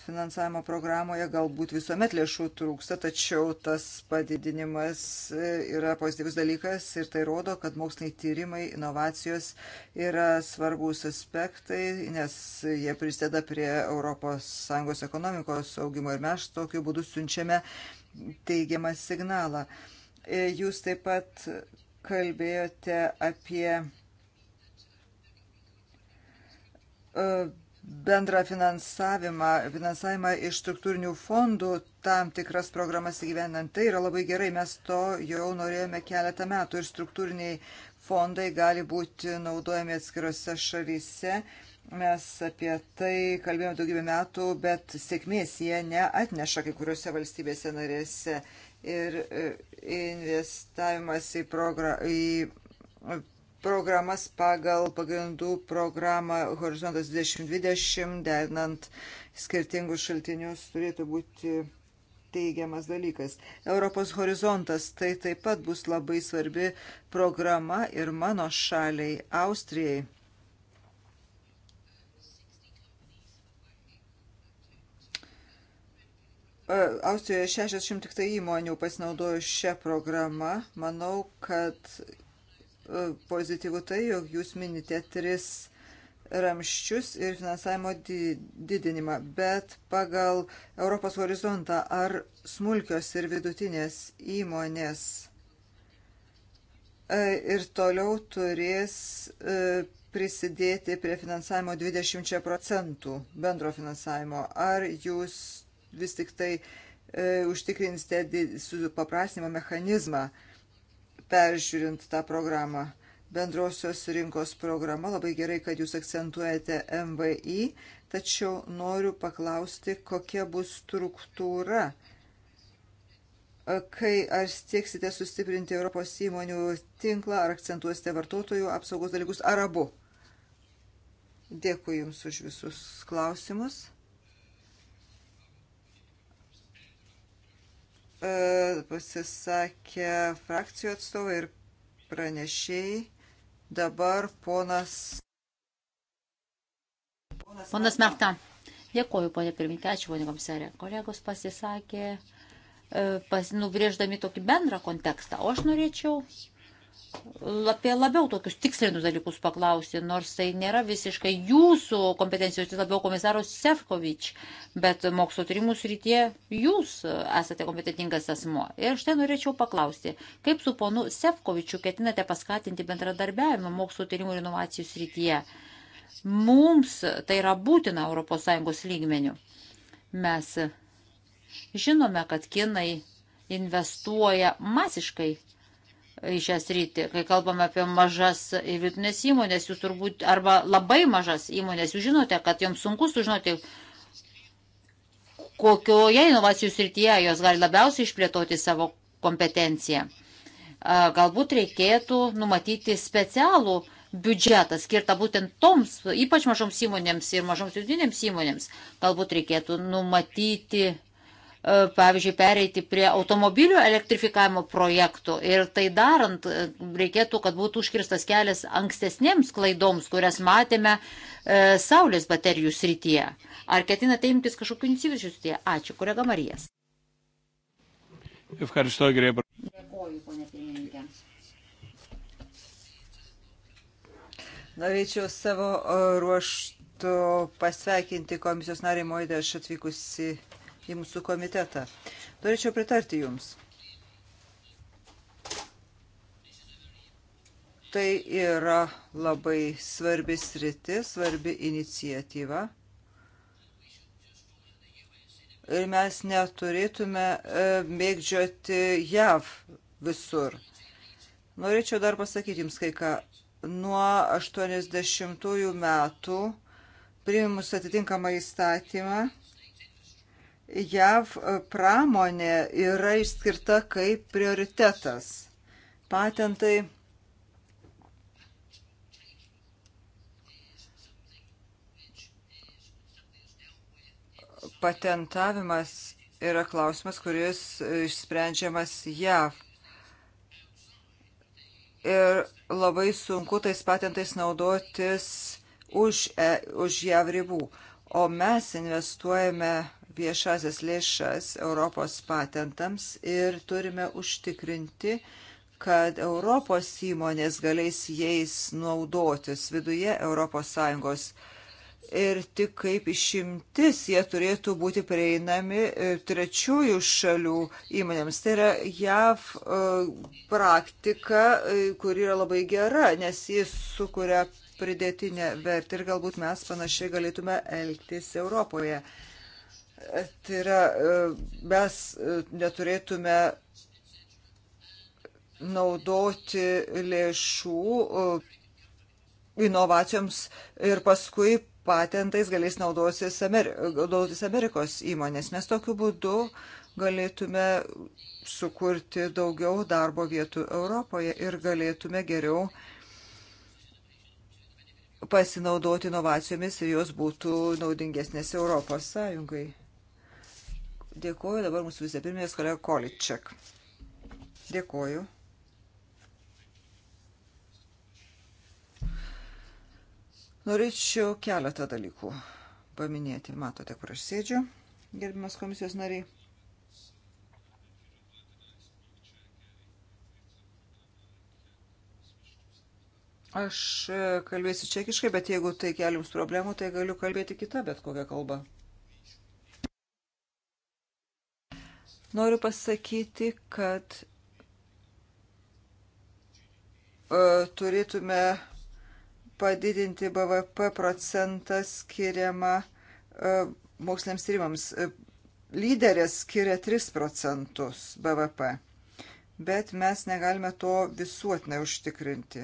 finansavimo programoje galbūt visuomet lėšų trūksta, tačiau tas padidinimas e, yra pozityvus dalykas ir tai rodo, kad moksliniai tyrimai, inovacijos yra svarbus aspektai, nes jie prisideda prie ES ekonomikos augimo ir mes tokiu būdu siunčiame teigiamą signalą. E, jūs taip pat kalbėjote apie e, bendrą finansavimą, finansavimą iš struktūrinių fondų tam tikras programas įgyvendant. Tai yra labai gerai, mes to jau norėjome keletą metų ir struktūriniai fondai gali būti naudojami atskirose šalyse. Mes apie tai kalbėjome daugybę metų, bet sėkmės jie neatneša kai kuriuose valstybėse narėse. Uh, ir e, investavimas į, progra į programas pagal pagrindų programą Horizontas 2020, derinant skirtingus šaltinius, turėtų būti teigiamas dalykas. Europos horizontas tai taip pat bus labai svarbi programa ir mano šaliai, Austrijai Austrijoje 60 tik tai įmonių pasinaudojo šią programą. Manau, kad pozityvų tai, jog jūs minite tris ramščius ir finansavimo didinimą, bet pagal Europos horizontą ar smulkios ir vidutinės įmonės ir toliau turės prisidėti prie finansavimo 20 procentų bendro finansavimo. Ar jūs vis tik tai e, užtikrinsite supaprastinimo mechanizmą, peržiūrint tą programą. Bendrosios rinkos programa, labai gerai, kad jūs akcentuojate MVI, tačiau noriu paklausti, kokia bus struktūra kai ar sieksite sustiprinti Europos įmonių tinklą, ar akcentuosite vartotojų apsaugos dalykus, ar abu. Dėkui Jums už visus klausimus. E, pasisakė frakcijų atstovai ir pranešėjai. Dabar ponas. Ponas Mertan. Dėkoju, ponė pirmininkė, ačiū, ponė komisarė. Kolegos pasisakė, e, pas, nubrėždami tokį bendrą kontekstą. O aš norėčiau apie labiau tokius tikslinius dalykus paklausti, nors tai nėra visiškai jūsų kompetencijos, tai labiau komisaros Sefkovič, bet mokslo tyrimų srityje jūs esate kompetentingas asmo. Ir štai norėčiau paklausti, kaip su ponu Sefkovičiu ketinate paskatinti bendradarbiavimą mokslo tyrimų ir inovacijų srityje? Mums tai yra būtina ES lygmenių. Mes žinome, kad kinai investuoja masiškai į šią sritį. Kai kalbame apie mažas ir vidutinės įmonės, jūs turbūt, arba labai mažas įmonės, jūs žinote, kad joms sunku sužinoti, kokioje inovacijų srityje jos gali labiausiai išplėtoti savo kompetenciją. Galbūt reikėtų numatyti specialų biudžetą skirtą būtent toms, ypač mažoms įmonėms ir mažoms vidutinėms įmonėms. Galbūt reikėtų numatyti uh, pavyzdžiui, pereiti prie automobilių elektrifikavimo projektų ir tai darant reikėtų, kad būtų užkirstas kelias ankstesnėms klaidoms, kurias matėme e, saulės baterijų srityje. Ar ketinate imtis kažkokių iniciatyvų srityje? Ačiū, kolega Marijas. Dėkoju, ponė pirmininkė. Norėčiau savo e, ruoštų pasveikinti komisijos narį Moidą, aš atvykusi į mūsų komitetą. Norėčiau pritarti Jums. Tai yra labai svarbi sritis, svarbi inicijatyva ir mes neturėtume mėgdžioti e, JAV visur. Norėčiau dar pasakyti jums kai ką. Nuo 80 metų priimus atitinkamą įstatymą JAV pramonė yra išskirta kaip prioritetas. Patentai patentavimas yra klausimas, kuris išsprendžiamas JAV. Ir labai sunku tais patentais naudotis už, e, už JAV ribų. O mes investuojame viešasias lėšas Europos patentams ir turime užtikrinti, kad Europos įmonės galės jais naudotis viduje ES. Ir tik kaip išimtis jie turėtų būti prieinami e, trečiųjų šalių įmonėms. Tai yra JAV e, praktika, e, kuri yra labai gera, nes jis sukuria pridėtinę vertę ir galbūt mes panašiai galėtume elgtis Europoje. Tai yra, e, mes e, neturėtume naudoti lėšų e, inovacijoms ir paskui patentais galės naudotis, Ameri naudotis Amerikos įmonės. Mes tokiu būdu galėtume sukurti daugiau darbo vietų Europoje ir galėtume geriau pasinaudoti inovacijomis ir jos būtų naudingesnės Europos Sąjungai. Dėkuoju dabar mūsų vicepirmės kolega Količek. Dėkuoju. Norėčiau keletą dalykų paminėti. Matote, kur aš sėdžiu, gerbimas komisijos nariai. Aš kalbėsiu čekiškai, bet jeigu tai keliams problemų, tai galiu kalbėti kitą bet kokią kalbą. Noriu pasakyti, kad e, turėtume padidinti BVP procentą skiriamą e, moksliniams tyrimams. E, lyderės skiria 3 procentus BVP, bet mes negalime to visuotinai užtikrinti.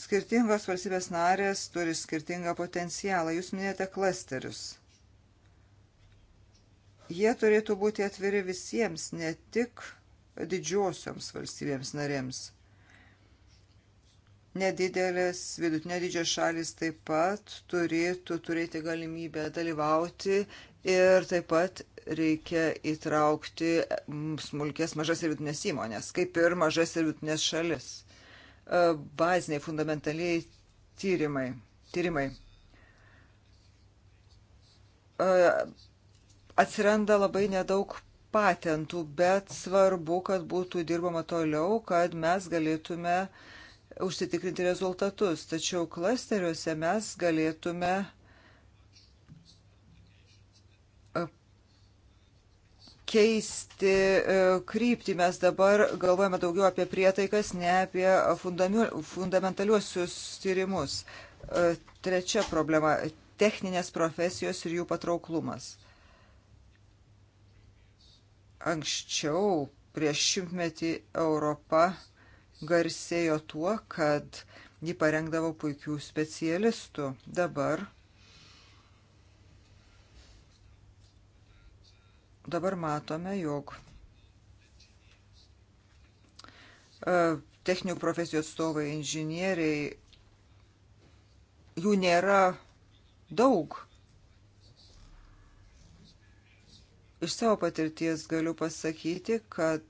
Skirtingos valstybės narės turi skirtingą potencialą. Jūs minėjote klasterius. Jie turėtų būti atviri visiems, ne tik didžiosioms valstybėms narėms. Nedidelės vidutinio dydžio šalis taip pat turėtų turėti galimybę dalyvauti ir taip pat reikia įtraukti smulkės mažas ir vidutinės įmonės, kaip ir mažas ir vidutinės šalis. E, baziniai, fundamentaliai tyrimai. tyrimai e, atsiranda labai nedaug patentų, bet svarbu, kad būtų dirbama toliau, kad mes galėtume užsitikrinti rezultatus. Tačiau klasteriuose mes galėtume e, keisti e, kryptį. Mes dabar galvojame daugiau apie prietaikas, ne apie fundamentaliuosius tyrimus. E, trečia problema - techninės profesijos ir jų patrauklumas anksčiau, prieš šimtmetį, Europa garsėjo tuo, kad ji parengdavo puikių specialistų. Dabar, dabar matome, jog e, techninių profesijų atstovai, inžinieriai, jų nėra daug Iš savo patirties galiu pasakyti, kad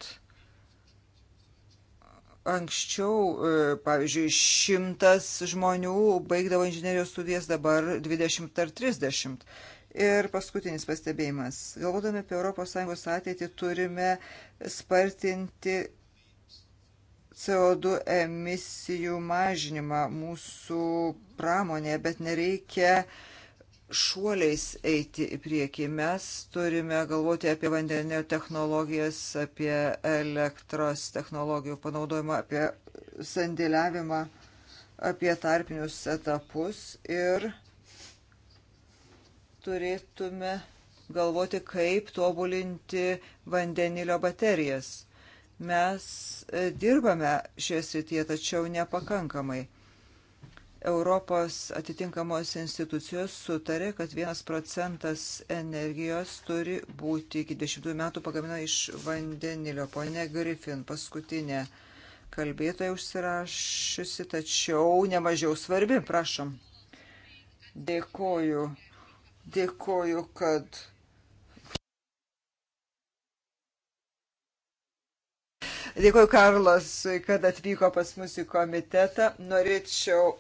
anksčiau, e, pavyzdžiui, šimtas žmonių baigdavo inžinierijos studijas, dabar 20 ar 30. Ir paskutinis pastebėjimas. Galvodami apie ES ateitį turime spartinti CO2 emisijų mažinimą mūsų pramonėje, bet nereikia uh, šuoliais eiti į priekį. Mes turime galvoti apie vandenio technologijas, apie elektros technologijų panaudojimą, apie sandėliavimą, apie tarpinius etapus ir turėtume galvoti, kaip tobulinti vandenilio baterijas. Mes dirbame šioje srityje, tačiau nepakankamai. Europos atitinkamos institucijos sutarė, kad vienas procentas energijos turi būti iki dešimtųjų metų pagamina iš vandenilio. Pone Griffin, paskutinė kalbėtoja užsirašiusi, tačiau nemažiau svarbi, prašom. Dėkoju, dėkoju, kad. Dėkoju Karlos, kad atvyko pas mus į komitetą. Norėčiau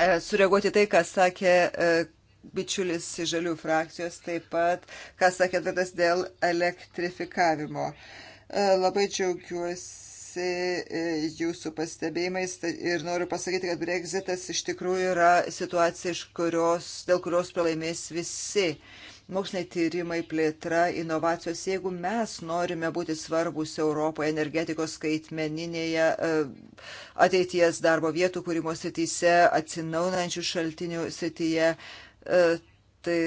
E, sureaguoti tai, ką sakė e, bičiulis iš žalių frakcijos, taip pat, ką sakė Dadas dėl elektrifikavimo. E, labai džiaugiuosi jūsų pastebėjimais tai ir noriu pasakyti, kad Brexitas iš tikrųjų yra situacija, kurios, dėl kurios pralaimės visi. Uh, moksliniai tyrimai, plėtra, inovacijos. Jeigu mes norime būti svarbus Europoje energetikos skaitmeninėje e, ateities darbo vietų kūrimo srityse, atsinaunančių šaltinių srityje, e, tai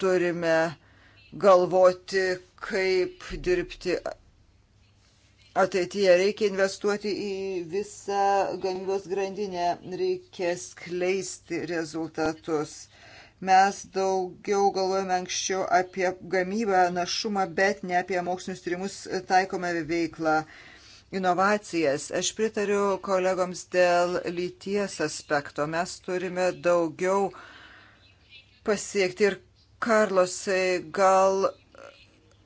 turime galvoti, kaip dirbti ateityje. Reikia investuoti į visą gamybos grandinę, reikia skleisti rezultatus. Mes daugiau galvojame anksčiau apie gamybą, našumą, bet ne apie mokslinius tyrimus taikomą veiklą, inovacijas. Aš pritariu kolegoms dėl lyties aspekto. Mes turime daugiau pasiekti ir Karlosai, gal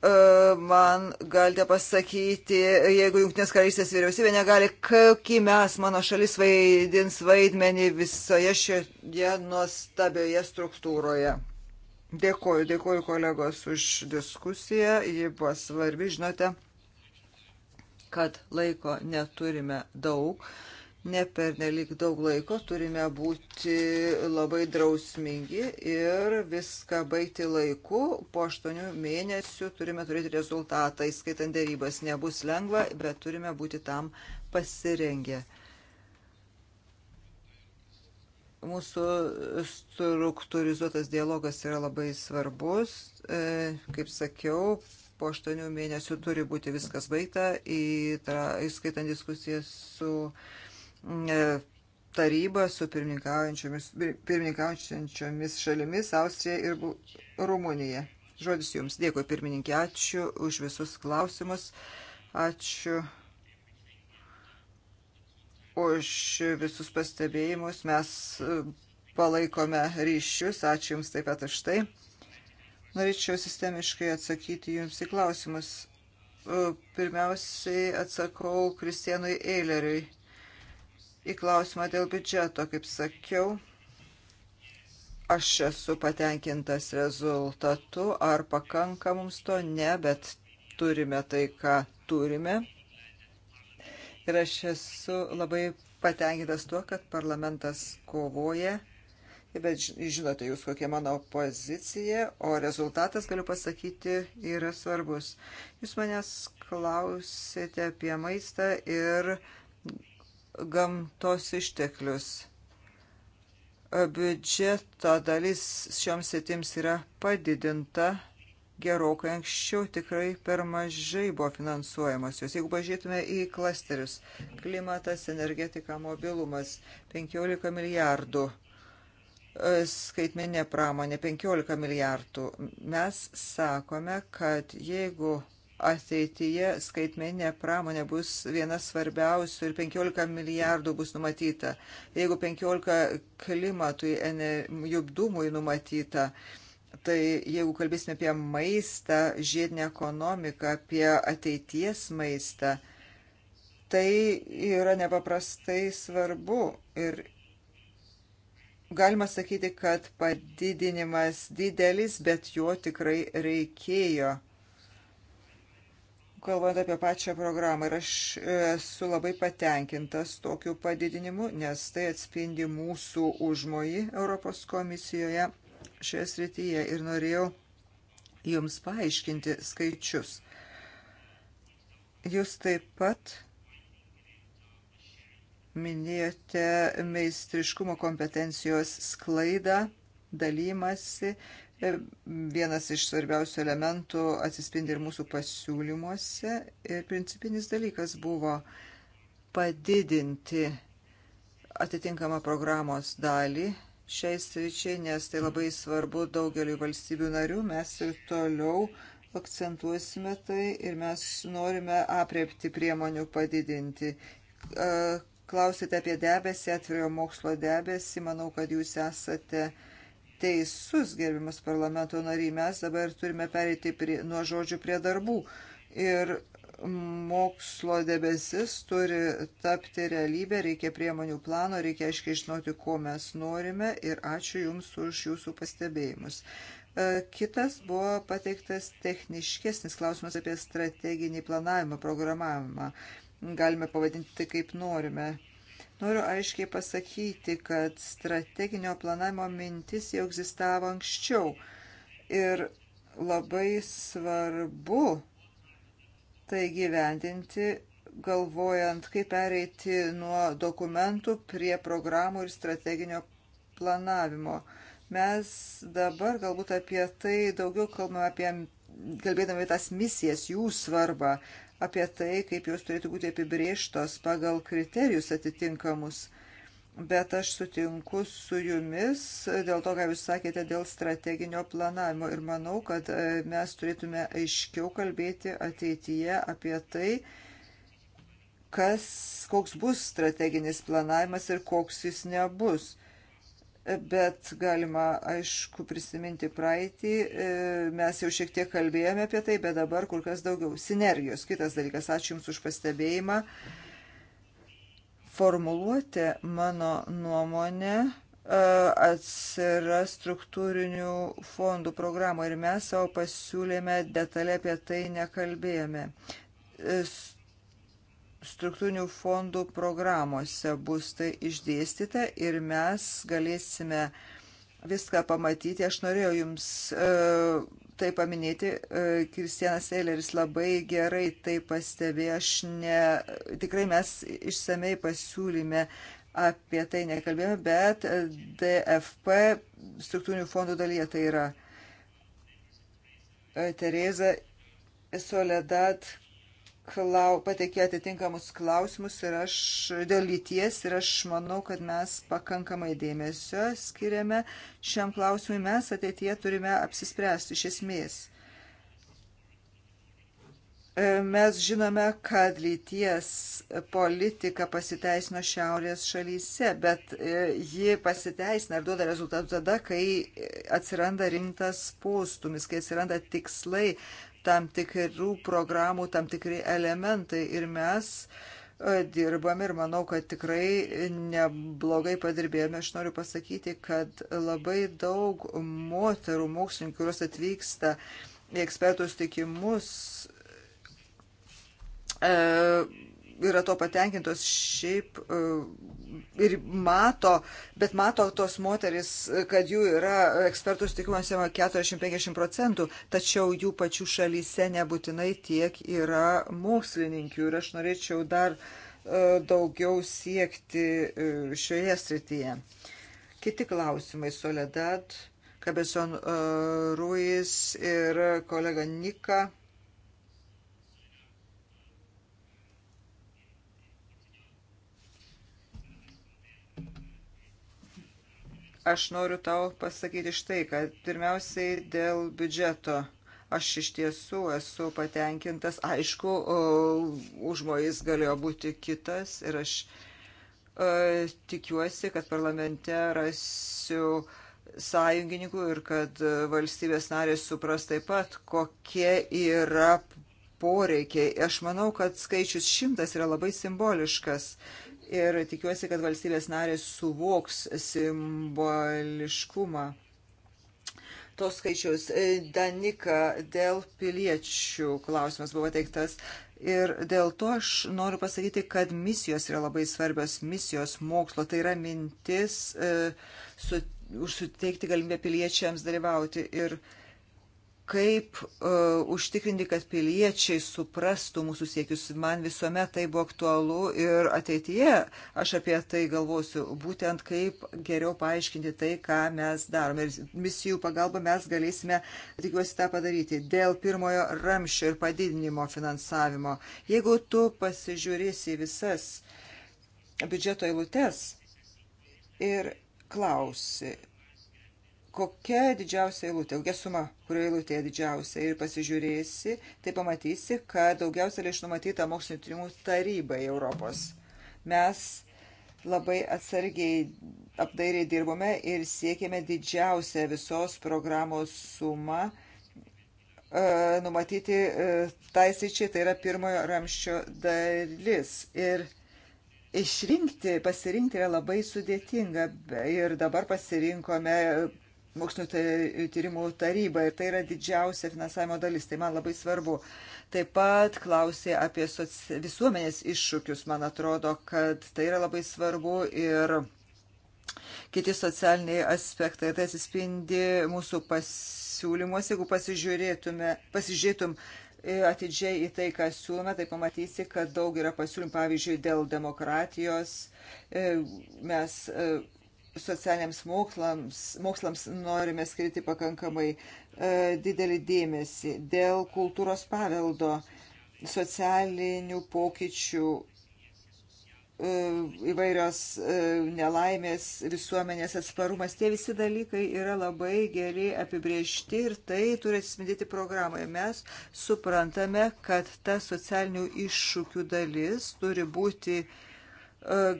E, man galite pasakyti, jeigu Junktinės karalystės vyriausybė negali, kokį mes, mano šalis, vaidins vaidmenį visoje šioje nuostabioje struktūroje. Dėkoju, dėkoju kolegos už diskusiją, ji buvo svarbi, žinote, kad laiko neturime daug ne per nelik daug laiko, turime būti labai drausmingi ir viską baigti laiku. Po aštuonių mėnesių turime turėti rezultatą, įskaitant dėrybas. Nebus lengva, bet turime būti tam pasirengę. Mūsų struktūrizuotas dialogas yra labai svarbus. E, kaip sakiau, po aštuonių mėnesių turi būti viskas baigta, įskaitant diskusijas su uh, E, taryba su pirmininkaujančiomis šalimis Austrija ir Rumunija. Žodis Jums. Dėkui pirmininkė, ačiū už visus klausimus. Ačiū už visus pastebėjimus. Mes e, palaikome ryšius. Ačiū Jums taip pat už tai. Norėčiau sistemiškai atsakyti Jums į klausimus. E, pirmiausiai atsakau Kristienui Eileriui į klausimą dėl biudžeto, kaip sakiau, aš esu patenkintas rezultatu, ar pakanka mums to, ne, bet turime tai, ką turime. Ir aš esu labai patenkintas tuo, kad parlamentas kovoja bet žinote jūs, kokia mano pozicija, o rezultatas, galiu pasakyti, yra svarbus. Jūs manęs klausėte apie maistą ir gamtos išteklius. E, biudžeto dalis šioms sėtims yra padidinta gerokai anksčiau, tikrai per mažai buvo finansuojamas jos. Jeigu pažiūrėtume į klasterius - klimatas, energetika, mobilumas - 15 milijardų e, skaitmenė pramonė 15 milijardų. Mes sakome, kad jeigu ateityje skaitmeninė pramonė bus viena svarbiausių ir 15 milijardų bus numatyta. Jeigu 15 klimatui, jubdumui numatyta, tai jeigu kalbėsime apie maistą, žiedinę ekonomiką, apie ateities maistą, tai yra nepaprastai svarbu ir galima sakyti, kad padidinimas didelis, bet jo tikrai reikėjo kalbant apie pačią programą. Ir aš esu labai patenkintas tokiu padidinimu, nes tai atspindi mūsų užmojį Europos komisijoje šioje srityje. Ir norėjau Jums paaiškinti skaičius. Jūs taip pat minėjote meistriškumo kompetencijos sklaidą, dalymasi Vienas iš svarbiausių elementų atsispindi ir mūsų pasiūlymuose. Ir principinis dalykas buvo padidinti atitinkamą programos dalį šiai sričiai, nes tai labai svarbu daugeliu valstybių narių. Mes ir toliau akcentuosime tai ir mes norime apriepti priemonių padidinti. Klausite apie debesį, atvirojo mokslo debesį. Manau, kad jūs esate uh, teisus, gerbimas parlamento nariai. Mes dabar turime pereiti prie, nuo žodžių prie darbų. Ir mokslo debesis turi tapti realybę, reikia priemonių plano, reikia aiškiai žinoti, ko mes norime ir ačiū Jums už Jūsų pastebėjimus. E, kitas buvo pateiktas techniškesnis klausimas apie strateginį planavimą, programavimą. Galime pavadinti tai kaip norime. Noriu aiškiai pasakyti, kad strateginio planavimo mintis jau egzistavo anksčiau ir labai svarbu tai gyvendinti, galvojant, kaip pereiti nuo dokumentų prie programų ir strateginio planavimo. Mes dabar galbūt apie tai daugiau kalbame apie, kalbėdami tas misijas, jų svarbą, apie tai, kaip jos turėtų būti apibrieštos pagal kriterijus atitinkamus. Bet aš sutinku su jumis dėl to, ką jūs sakėte, dėl strateginio planavimo ir manau, kad e, mes turėtume aiškiau kalbėti ateityje apie tai, kas, koks bus strateginis planavimas ir koks jis nebus bet galima, aišku, prisiminti praeitį. E, mes jau šiek tiek kalbėjome apie tai, bet dabar kur kas daugiau. Sinergijos. Kitas dalykas. Ačiū Jums už pastebėjimą. Formuluoti mano nuomonę e, atsiras struktūrinių fondų programų ir mes savo pasiūlėme detalė apie tai nekalbėjome. E, struktūrinių fondų programuose bus tai išdėstyta ir mes galėsime viską pamatyti. Aš norėjau Jums e, tai paminėti. E, Kristianas Eileris labai gerai tai pastebėjo. Aš ne, tikrai mes išsamei pasiūlyme apie tai nekalbėjome, bet DFP struktūrinių fondų dalyje tai yra e, Tereza Soledad klau, pateikė atitinkamus klausimus ir aš dėl lyties ir aš manau, kad mes pakankamai dėmesio skiriame šiam klausimui. Mes ateityje turime apsispręsti iš esmės. E, mes žinome, kad lyties politika pasiteisino šiaurės šalyse, bet e, ji pasiteisina ir duoda rezultatų tada, kai atsiranda rimtas postumis, kai atsiranda tikslai, tam tikrų programų, tam tikri elementai ir mes e, dirbam ir manau, kad tikrai neblogai padirbėjome. Aš noriu pasakyti, kad labai daug moterų mokslininkų, kurios atvyksta į ekspertų stikimus, e, yra to patenkintos šiaip e, ir mato, bet mato tos moteris, kad jų yra ekspertų sutikimuose 40-50 procentų, tačiau jų pačių šalyse nebūtinai tiek yra mokslininkių ir aš norėčiau dar e, daugiau siekti e, šioje srityje. Kiti klausimai, Soledad, Kabeson Ruiz ir kolega Nika Aš noriu tau pasakyti štai, kad pirmiausiai dėl biudžeto. Aš iš tiesų esu patenkintas. Aišku, užmojais galėjo būti kitas ir aš e, tikiuosi, kad parlamente rasiu sąjungininkų ir kad valstybės narės supras taip pat, kokie yra poreikiai. Aš manau, kad skaičius šimtas yra labai simboliškas ir tikiuosi, kad valstybės narės suvoks simboliškumą. Tos skaičiaus e, Danika dėl piliečių klausimas buvo teiktas. Ir dėl to aš noriu pasakyti, kad misijos yra labai svarbios, misijos mokslo, tai yra mintis e, su, suteikti galimybę piliečiams dalyvauti. Ir e, kaip uh, užtikrinti, kad piliečiai suprastų mūsų siekius. Man visuomet tai buvo aktualu ir ateityje aš apie tai galvosiu, būtent kaip geriau paaiškinti tai, ką mes darome. Ir misijų pagalba mes galėsime, tikiuosi, tą padaryti dėl pirmojo ramščio ir padidinimo finansavimo. Jeigu tu pasižiūrėsi visas biudžeto eilutes ir klausi, kokia didžiausia eilutė, kokia suma, kurioje eilutėje didžiausia ir pasižiūrėsi, tai pamatysi, kad daugiausia lėšų numatyta mokslinio tyrimų tarybai Europos. Mes labai atsargiai apdairiai dirbome ir siekėme didžiausią visos programos sumą e, numatyti e, taisyčiai, tai yra pirmojo ramščio dalis. Ir išrinkti, pasirinkti yra labai sudėtinga ir dabar pasirinkome mokslinio tai, tyrimų taryba ir tai yra didžiausia finansavimo dalis, tai man labai svarbu. Taip pat klausė apie soci... visuomenės iššūkius, man atrodo, kad tai yra labai svarbu ir kiti socialiniai aspektai. Tai atsispindi mūsų pasiūlymuose, jeigu pasižiūrėtum e, atidžiai į tai, ką siūlome, tai pamatysi, kad daug yra pasiūlymų, pavyzdžiui, dėl demokratijos. E, mes e, socialiniams mokslams, mokslams norime skirti pakankamai e, didelį dėmesį. Dėl kultūros paveldo socialinių pokyčių e, įvairios e, nelaimės, visuomenės atsparumas, tie visi dalykai yra labai gerai apibriežti ir tai turi atsispindėti programoje. Mes suprantame, kad ta socialinių iššūkių dalis turi būti uh,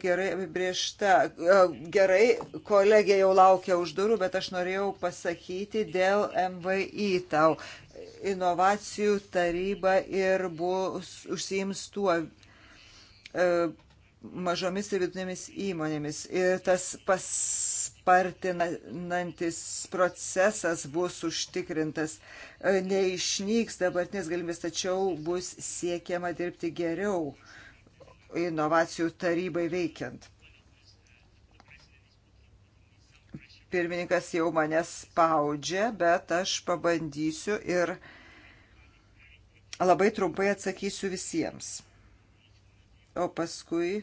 gerai apibriešta. E, gerai, kolegė jau laukia už durų, bet aš norėjau pasakyti dėl MVI tau. Inovacijų taryba ir bus užsiims tuo e, mažomis ir vidutinėmis įmonėmis. Ir tas paspartinantis procesas bus užtikrintas. E, neišnyks dabartinės galimybės, tačiau bus siekiama dirbti geriau. Uh, inovacijų tarybai veikiant. Pirmininkas jau mane spaudžia, bet aš pabandysiu ir labai trumpai atsakysiu visiems. O paskui e,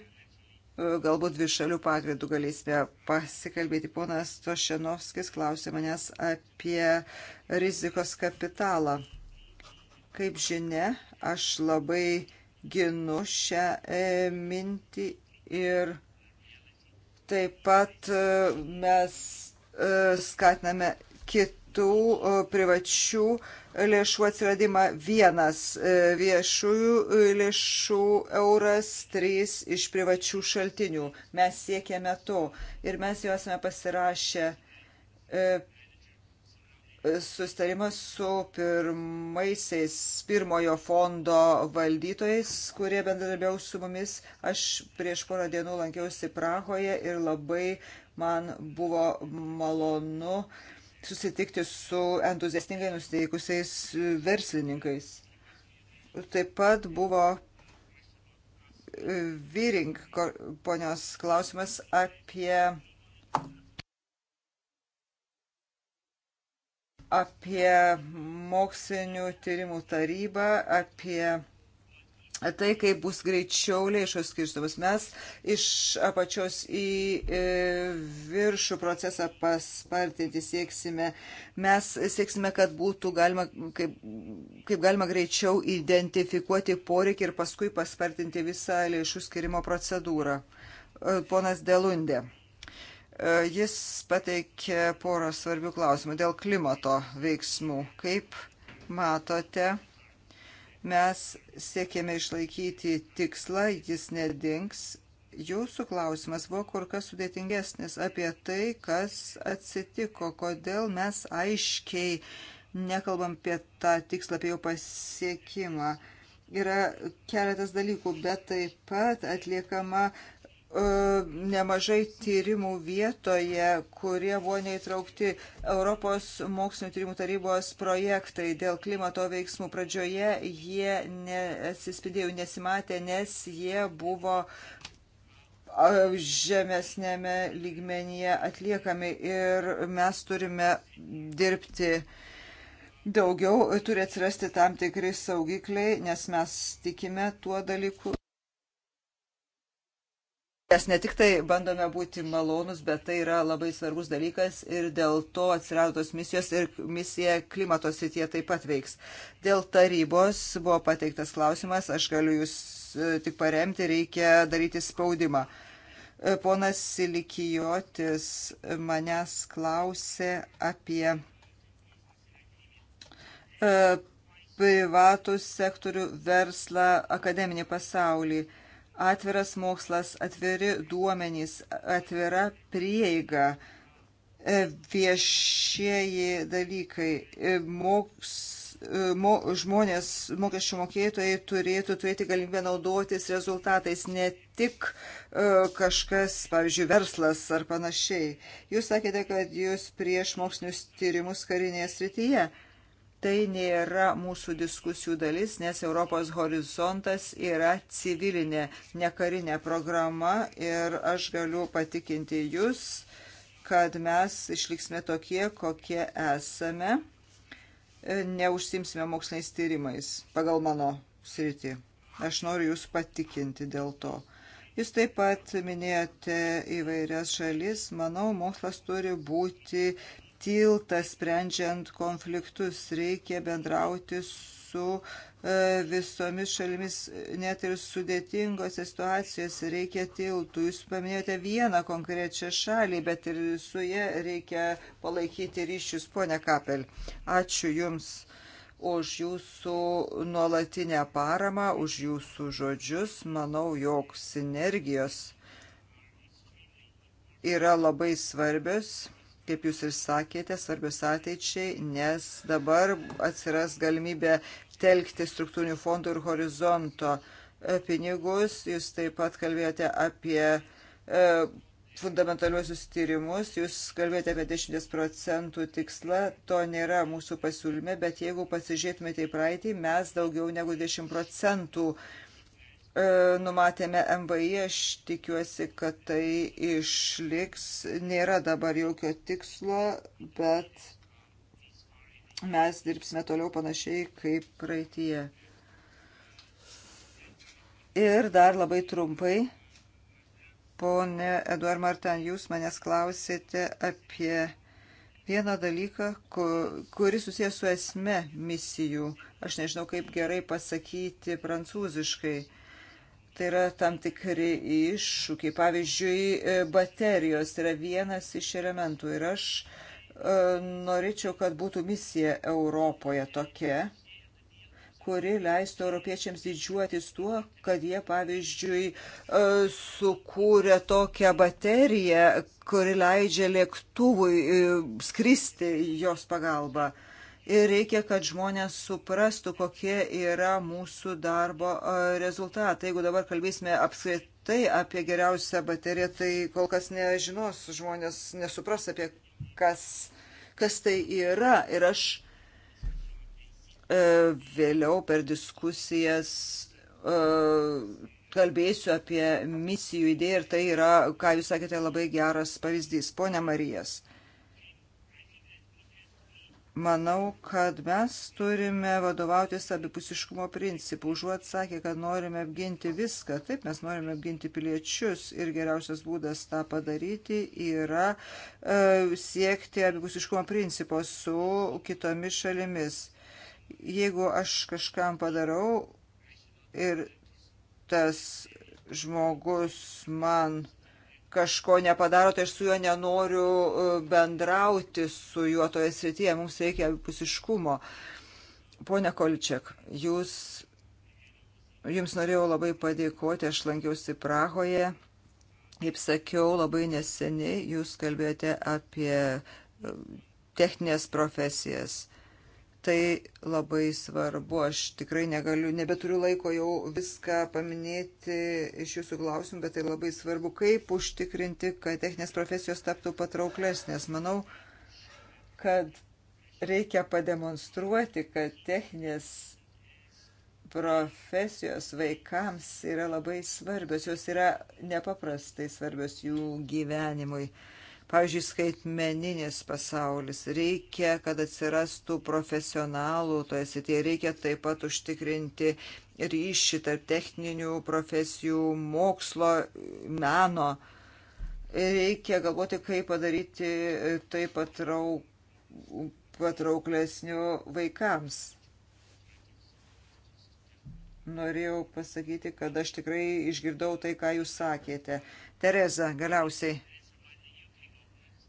galbūt dvišalių pagrindų galėsime pasikalbėti. Ponas Tošenovskis klausė manęs apie rizikos kapitalą. Kaip žinia, aš labai ginu šią e, mintį ir taip pat e, mes e, skatiname kitų privačių lėšų atsiradimą. Vienas viešųjų lėšų euras, trys iš privačių šaltinių. Mes siekiame to ir mes jau esame pasirašę sustarimas su pirmaisiais pirmojo fondo valdytojais, kurie bendradarbiaus su mumis. Aš prieš porą dienų lankiausi Prahoje ir labai man buvo malonu susitikti su entuziastingai nusteikusiais verslininkais. Taip pat buvo e, Vyring ponios klausimas apie apie mokslinių tyrimų tarybą, apie tai, kaip bus greičiau lėšos skirstumas. Mes iš apačios į e, viršų procesą paspartinti sieksime. Mes sieksime, kad būtų galima, kaip, kaip galima greičiau identifikuoti poreikį ir paskui paspartinti visą lėšų skirimo procedūrą. E, ponas Delundė. Jis pateikė porą svarbių klausimų dėl klimato veiksmų. Kaip matote, mes siekėme išlaikyti tikslą, jis nedings. Jūsų klausimas buvo kur kas sudėtingesnis apie tai, kas atsitiko, kodėl mes aiškiai nekalbam apie tą tikslą, apie jo pasiekimą yra keletas dalykų, bet taip pat atliekama E, nemažai tyrimų vietoje, kurie buvo neįtraukti Europos mokslinio tyrimų tarybos projektai dėl klimato veiksmų. Pradžioje jie neatsispindėjo, nesimatė, nes jie buvo e, žemesnėme lygmenyje atliekami ir mes turime dirbti daugiau, turi atsirasti tam tikri saugikliai, nes mes tikime tuo dalyku. Mes ne tik tai bandome būti malonus, bet tai yra labai svarbus dalykas ir dėl to atsirado tos misijos ir misija klimato sitie taip pat veiks. Dėl tarybos buvo pateiktas klausimas, aš galiu jūs e, tik paremti, reikia daryti spaudimą. E, ponas Silikijotis manęs klausė apie e, privatų sektorių, verslą, akademinį pasaulį atviras mokslas, atviri duomenys, atvira prieiga, e, viešieji dalykai, e, moks, e, mo, žmonės, mokesčių mokėtojai turėtų turėti galimybę naudotis rezultatais, ne tik kažkas, pavyzdžiui, verslas ar panašiai. Jūs sakėte, kad jūs prieš mokslinius tyrimus karinėje srityje. Tai nėra mūsų diskusijų dalis, nes Europos horizontas yra civilinė, nekarinė programa ir aš galiu patikinti jūs, kad mes išliksime tokie, kokie esame, neužsimsime moksliniais tyrimais pagal mano sritį. Aš noriu Jūs patikinti dėl to. Jūs taip pat minėjote įvairias šalis. Manau, mokslas turi būti tiltą sprendžiant konfliktus, reikia bendrauti su e, visomis šalimis, net ir sudėtingose situacijose reikia tiltų. Jūs paminėjote vieną konkrečią šalį, bet ir su jie reikia palaikyti ryšius, ponia Kapel. Ačiū Jums už jūsų nuolatinę paramą, už jūsų žodžius. Manau, jog sinergijos yra labai svarbios kaip jūs ir sakėte, svarbios ateičiai, nes dabar atsiras galimybė telkti struktūrinių fondų ir horizonto e, pinigus. Jūs taip pat kalbėjote apie e, fundamentaliuosius tyrimus, jūs kalbėjote apie 10 procentų tikslą, to nėra mūsų pasiūlyme, bet jeigu pasižiūrėtumėte į praeitį, mes daugiau negu 10 procentų e, E, numatėme MVI, aš tikiuosi, kad tai išliks. Nėra dabar jokio tikslo, bet mes dirbsime toliau panašiai kaip praeitie. Ir dar labai trumpai. Pone Eduard Martin, jūs manęs klausėte apie vieną dalyką, kuris susijęs su esme misijų. Aš nežinau, kaip gerai pasakyti prancūziškai Tai yra tam tikri iššūkiai. Pavyzdžiui, e, baterijos yra vienas iš elementų ir aš e, norėčiau, kad būtų misija Europoje tokia, kuri leistų europiečiams didžiuotis tuo, kad jie, pavyzdžiui, e, sukūrė tokią bateriją, kuri leidžia lėktuvui skristi jos pagalba ir reikia, kad žmonės suprastų, kokie yra mūsų darbo rezultatai. Jeigu dabar kalbėsime apskritai apie geriausią bateriją, tai kol kas nežinos žmonės, nesupras apie kas, kas tai yra. Ir aš e, vėliau per diskusijas e, kalbėsiu apie misijų idėją ir tai yra, ką jūs sakėte, labai geras pavyzdys. Pone Marijas. Manau, kad mes turime vadovautis abipusiškumo principu. Užuot sakė, kad norime apginti viską, taip mes norime apginti piliečius ir geriausias būdas tą padaryti yra e, siekti abipusiškumo principo su kitomis šalimis. Jeigu aš kažkam padarau ir tas žmogus man kažko nepadaro, tai aš su juo nenoriu e, bendrauti su juo toje srityje. Mums reikia abipusiškumo. Pone Kolčiak, jūs, jums norėjau labai padėkoti, aš lankiausi Prahoje. Kaip sakiau, labai neseniai jūs kalbėjote apie e, techninės profesijas tai labai svarbu. Aš tikrai negaliu, nebeturiu laiko jau viską paminėti iš jūsų klausimų, bet tai labai svarbu, kaip užtikrinti, kad techninės profesijos taptų patrauklesnės. Manau, kad reikia pademonstruoti, kad techninės profesijos vaikams yra labai svarbios, jos yra nepaprastai svarbios jų gyvenimui. Uh, Pavyzdžiui, skaitmeninis pasaulis. Reikia, kad atsirastų profesionalų toje srityje. Reikia taip pat užtikrinti ryšį tarp techninių profesijų, mokslo, meno. Reikia galvoti, kaip padaryti tai patrauk, patrauklesniu vaikams norėjau pasakyti, kad aš tikrai išgirdau tai, ką jūs sakėte. Tereza, galiausiai.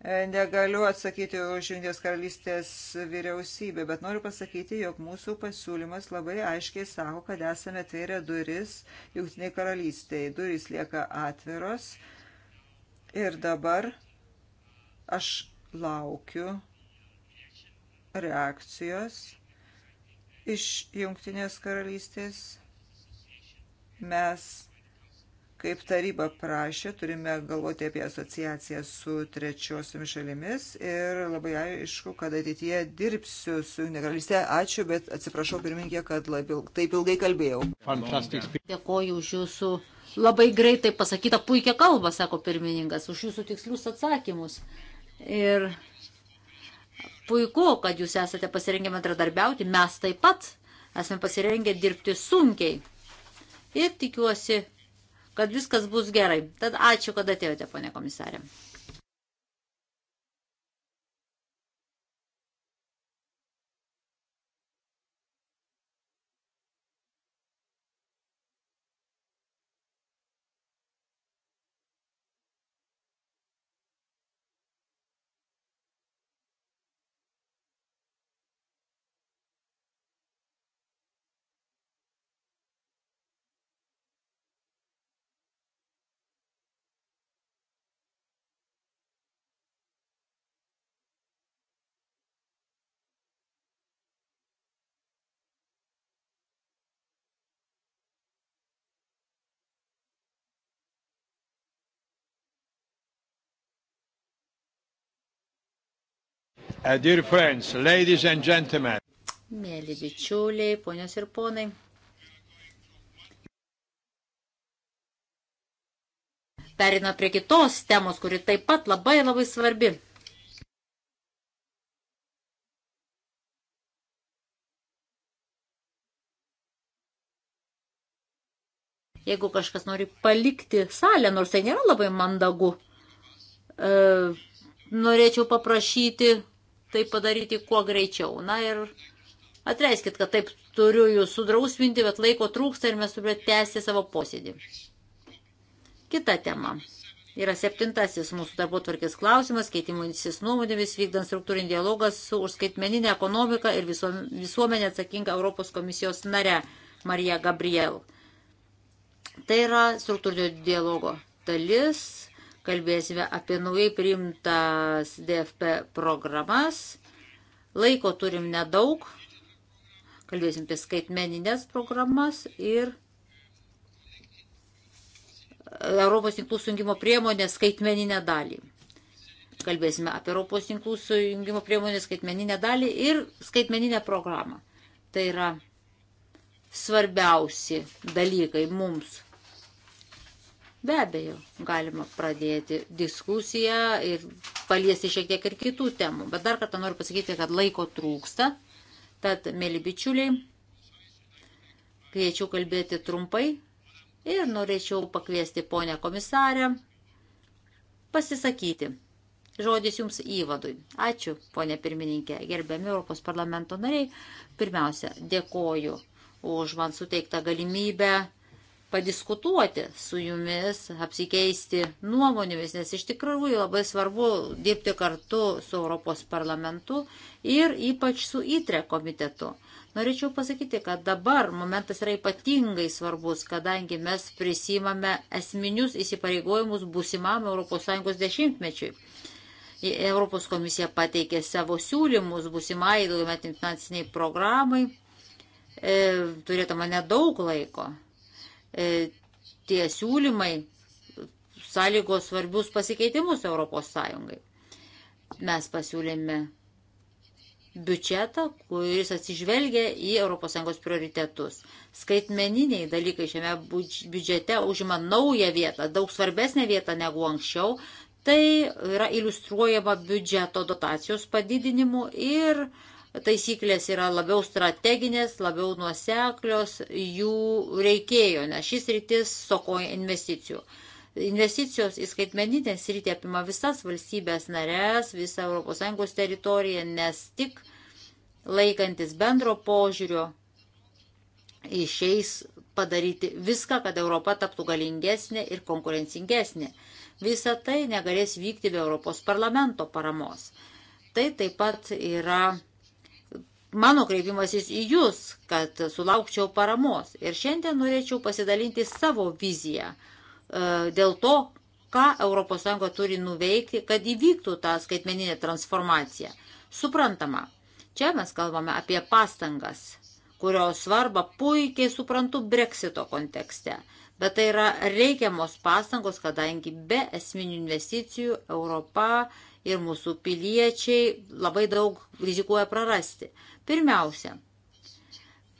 E, negaliu atsakyti už Jungtinės karalystės vyriausybę, bet noriu pasakyti, jog mūsų pasiūlymas labai aiškiai sako, kad esame atvėrę duris Jungtiniai karalystiai. Durys lieka atviros. Ir dabar aš laukiu reakcijos iš Jungtinės karalystės. Mes Kaip taryba prašė, turime galvoti apie asociaciją su trečiosiomis šalimis ir labai aišku, kad ateityje dirbsiu su negalistė. Ačiū, bet atsiprašau pirmininkė, kad labiau, taip ilgai kalbėjau. Fantastic. Dėkoju už jūsų labai greitai pasakytą puikią kalbą, sako pirmininkas, už jūsų tikslius atsakymus. Ir puiku, kad jūs esate pasirengę bendradarbiauti, mes taip pat esame pasirengę dirbti sunkiai. Ir tikiuosi, kad viskas bus gerai. Tad ačiū, kad atėjote, ponė komisarė. Uh, dear friends, ladies and gentlemen. Mėly bičiuliai, ponios ir ponai. Perina prie kitos temos, kuri taip pat labai labai svarbi. Jeigu kažkas nori palikti salę, nors tai nėra labai mandagu, e, norėčiau paprašyti tai padaryti kuo greičiau. Na ir atleiskit, kad taip turiu jūs sudrausminti, bet laiko trūksta ir mes turime tęsti savo posėdį. Kita tema. Yra septintasis mūsų darbo tvarkės klausimas, keitimasis nuomonėmis vykdant struktūrinį dialogą su užskaitmeninė ekonomika ir visuomenė atsakinga Europos komisijos nare Marija Gabriel. Tai yra struktūrinio dialogo dalis, kalbėsime apie naujai priimtas DFP programas. Laiko turim nedaug. Kalbėsim apie skaitmeninės programas ir e, Europos tinklų sujungimo priemonės skaitmeninę dalį. Kalbėsime apie Europos tinklų sujungimo priemonės skaitmeninę dalį ir skaitmeninę programą. Tai yra svarbiausi dalykai mums Be abejo, galima pradėti diskusiją ir paliesti šiek tiek ir kitų temų. Bet dar kartą noriu pasakyti, kad laiko trūksta. Tad, mėly bičiuliai, kviečiu kalbėti trumpai ir norėčiau pakviesti ponę komisarę pasisakyti. Žodis jums įvadui. Ačiū, ponė pirmininkė, gerbiami Europos parlamento nariai. Pirmiausia, dėkoju už man suteiktą galimybę padiskutuoti su jumis, apsikeisti nuomonėmis, nes iš tikrųjų labai svarbu dirbti kartu su Europos parlamentu ir ypač su ITRE komitetu. Norėčiau pasakyti, kad dabar momentas yra ypatingai svarbus, kadangi mes prisimame esminius įsipareigojimus būsimam ES dešimtmečiui. Europos komisija pateikė savo siūlymus būsimai daugiametiniai finansiniai programai. E, turėtume nedaug laiko, E, tie siūlymai sąlygos svarbius pasikeitimus Europos Sąjungai. Mes pasiūlėme biudžetą, kuris atsižvelgia į ES prioritetus. Skaitmeniniai dalykai šiame biudžete užima naują vietą, daug svarbesnę vietą negu anksčiau. Tai yra iliustruojama biudžeto dotacijos padidinimu ir uh, taisyklės yra labiau strateginės, labiau nuoseklios, jų reikėjo, nes šis rytis sokoja investicijų. Investicijos į skaitmeninę sritį apima visas valstybės narės, visą ES teritoriją, nes tik laikantis bendro požiūrio išeis padaryti viską, kad Europa taptų galingesnė ir konkurencingesnė. Visa tai negalės vykti be Europos parlamento paramos. Tai taip pat yra mano kreipimasis į Jūs, kad sulaukčiau paramos. Ir šiandien norėčiau pasidalinti savo viziją e, dėl to, ką ES turi nuveikti, kad įvyktų ta skaitmeninė transformacija. Suprantama, čia mes kalbame apie pastangas, kurio svarba puikiai suprantu breksito kontekste. Bet tai yra reikiamos pastangos, kadangi be esminių investicijų Europa ir mūsų piliečiai labai daug rizikuoja prarasti. Pirmiausia,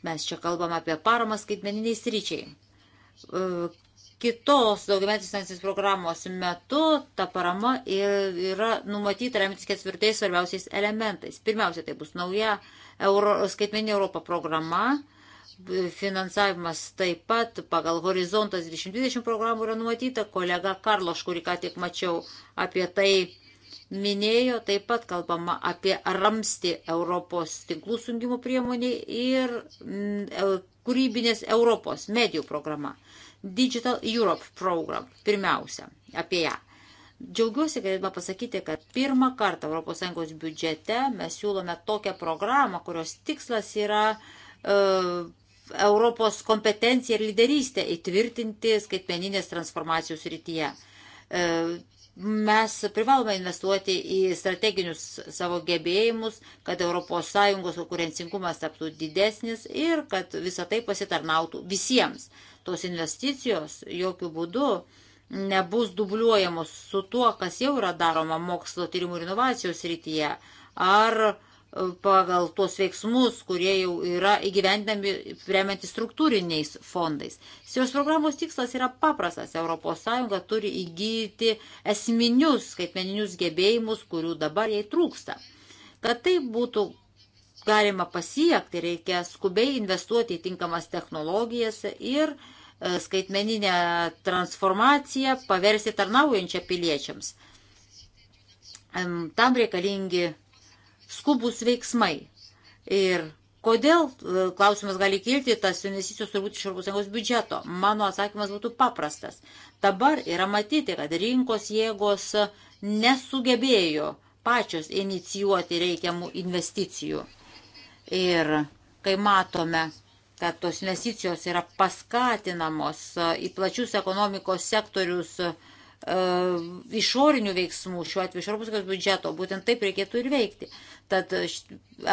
mes čia kalbam apie paramą skaitmeniniai sryčiai. E, kitos daugiametės finansinės programos metu ta parama yra numatyta remtis ketvirtais svarbiausiais elementais. Pirmiausia, tai bus nauja Euro, skaitmeninė Europa programa, finansavimas taip pat pagal Horizontas 2020 programų yra numatyta. Kolega Karloš, kurį ką tik mačiau, apie tai minėjo, taip pat kalbama apie ramsti Europos tinklų sungimų priemonį ir mm, kūrybinės Europos medijų programa. Digital Europe Program, pirmiausia, apie ją. Džiaugiuosi, galėtume pasakyti, kad pirmą kartą ES biudžete mes siūlome tokią programą, kurios tikslas yra e, Europos kompetenciją ir lyderystę įtvirtinti skaitmeninės transformacijos rytyje. E, Mes privalome investuoti į strateginius savo gebėjimus, kad ES konkurencingumas taptų didesnis ir kad visa tai pasitarnautų visiems. Tos investicijos jokių būdų nebus dubliuojamos su tuo, kas jau yra daroma mokslo tyrimų ir inovacijos rytyje ar uh, pagal tuos veiksmus, kurie jau yra įgyvendami remiantis struktūriniais fondais. Šios programos tikslas yra paprastas. ES turi įgyti esminius skaitmeninius gebėjimus, kurių dabar jai trūksta. Kad tai būtų galima pasiekti, reikia skubiai investuoti į tinkamas technologijas ir e, skaitmeninę transformaciją paversti tarnaujančią piliečiams. Tam reikalingi skubus veiksmai. Ir kodėl, e, klausimas gali kilti, tas investicijos turbūt iš Europos Sąjungos biudžeto. Mano atsakymas būtų paprastas. Dabar yra matyti, kad rinkos jėgos nesugebėjo pačios inicijuoti reikiamų investicijų. Ir kai matome, kad tos investicijos yra paskatinamos e, į plačius ekonomikos sektorius, uh, E, išorinių veiksmų, šiuo atveju iš Europos biudžeto, būtent taip reikėtų ir veikti. Tad e,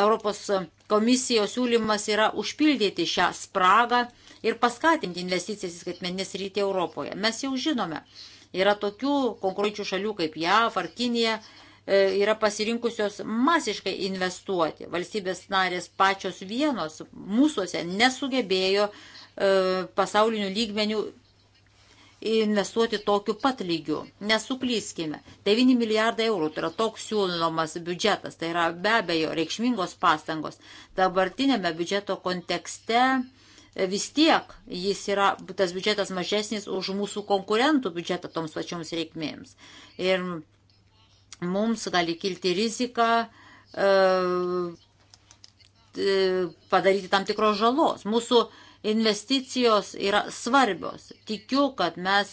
Europos komisijos siūlymas yra užpildyti šią spragą ir paskatinti investicijas į skaitmeninės rytį Europoje. Mes jau žinome, yra tokių konkurenčių šalių kaip JAV ar Kinija, e, yra pasirinkusios masiškai investuoti. Valstybės narės pačios vienos mūsųse nesugebėjo pasaulinių lygmenių investuoti tokiu pat lygiu. Nesuklyskime, 9 milijardai eurų tai yra toks siūlomas biudžetas, tai yra be abejo reikšmingos pastangos. Dabartinėme biudžeto kontekste e, vis tiek jis yra, tas biudžetas mažesnis už mūsų konkurentų biudžetą toms pačioms reikmėms. Ir mums gali kilti rizika e, e padaryti tam tikros žalos. Mūsų Investicijos yra svarbios. Tikiu, kad mes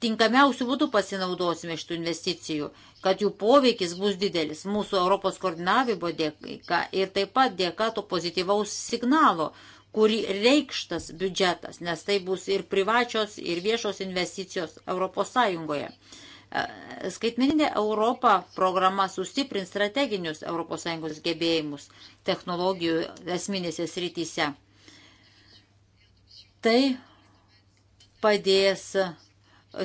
tinkamiausių būdų pasinaudosime šitų investicijų, kad jų poveikis bus didelis mūsų Europos koordinavimo dėka ir taip pat dėka to pozityvaus signalo, kurį reikštas biudžetas, nes tai bus ir privačios, ir viešos investicijos Europos Sąjungoje. E, skaitmeninė Europa programa sustiprins strateginius ES gebėjimus technologijų esminėse srityse. Tai padės e,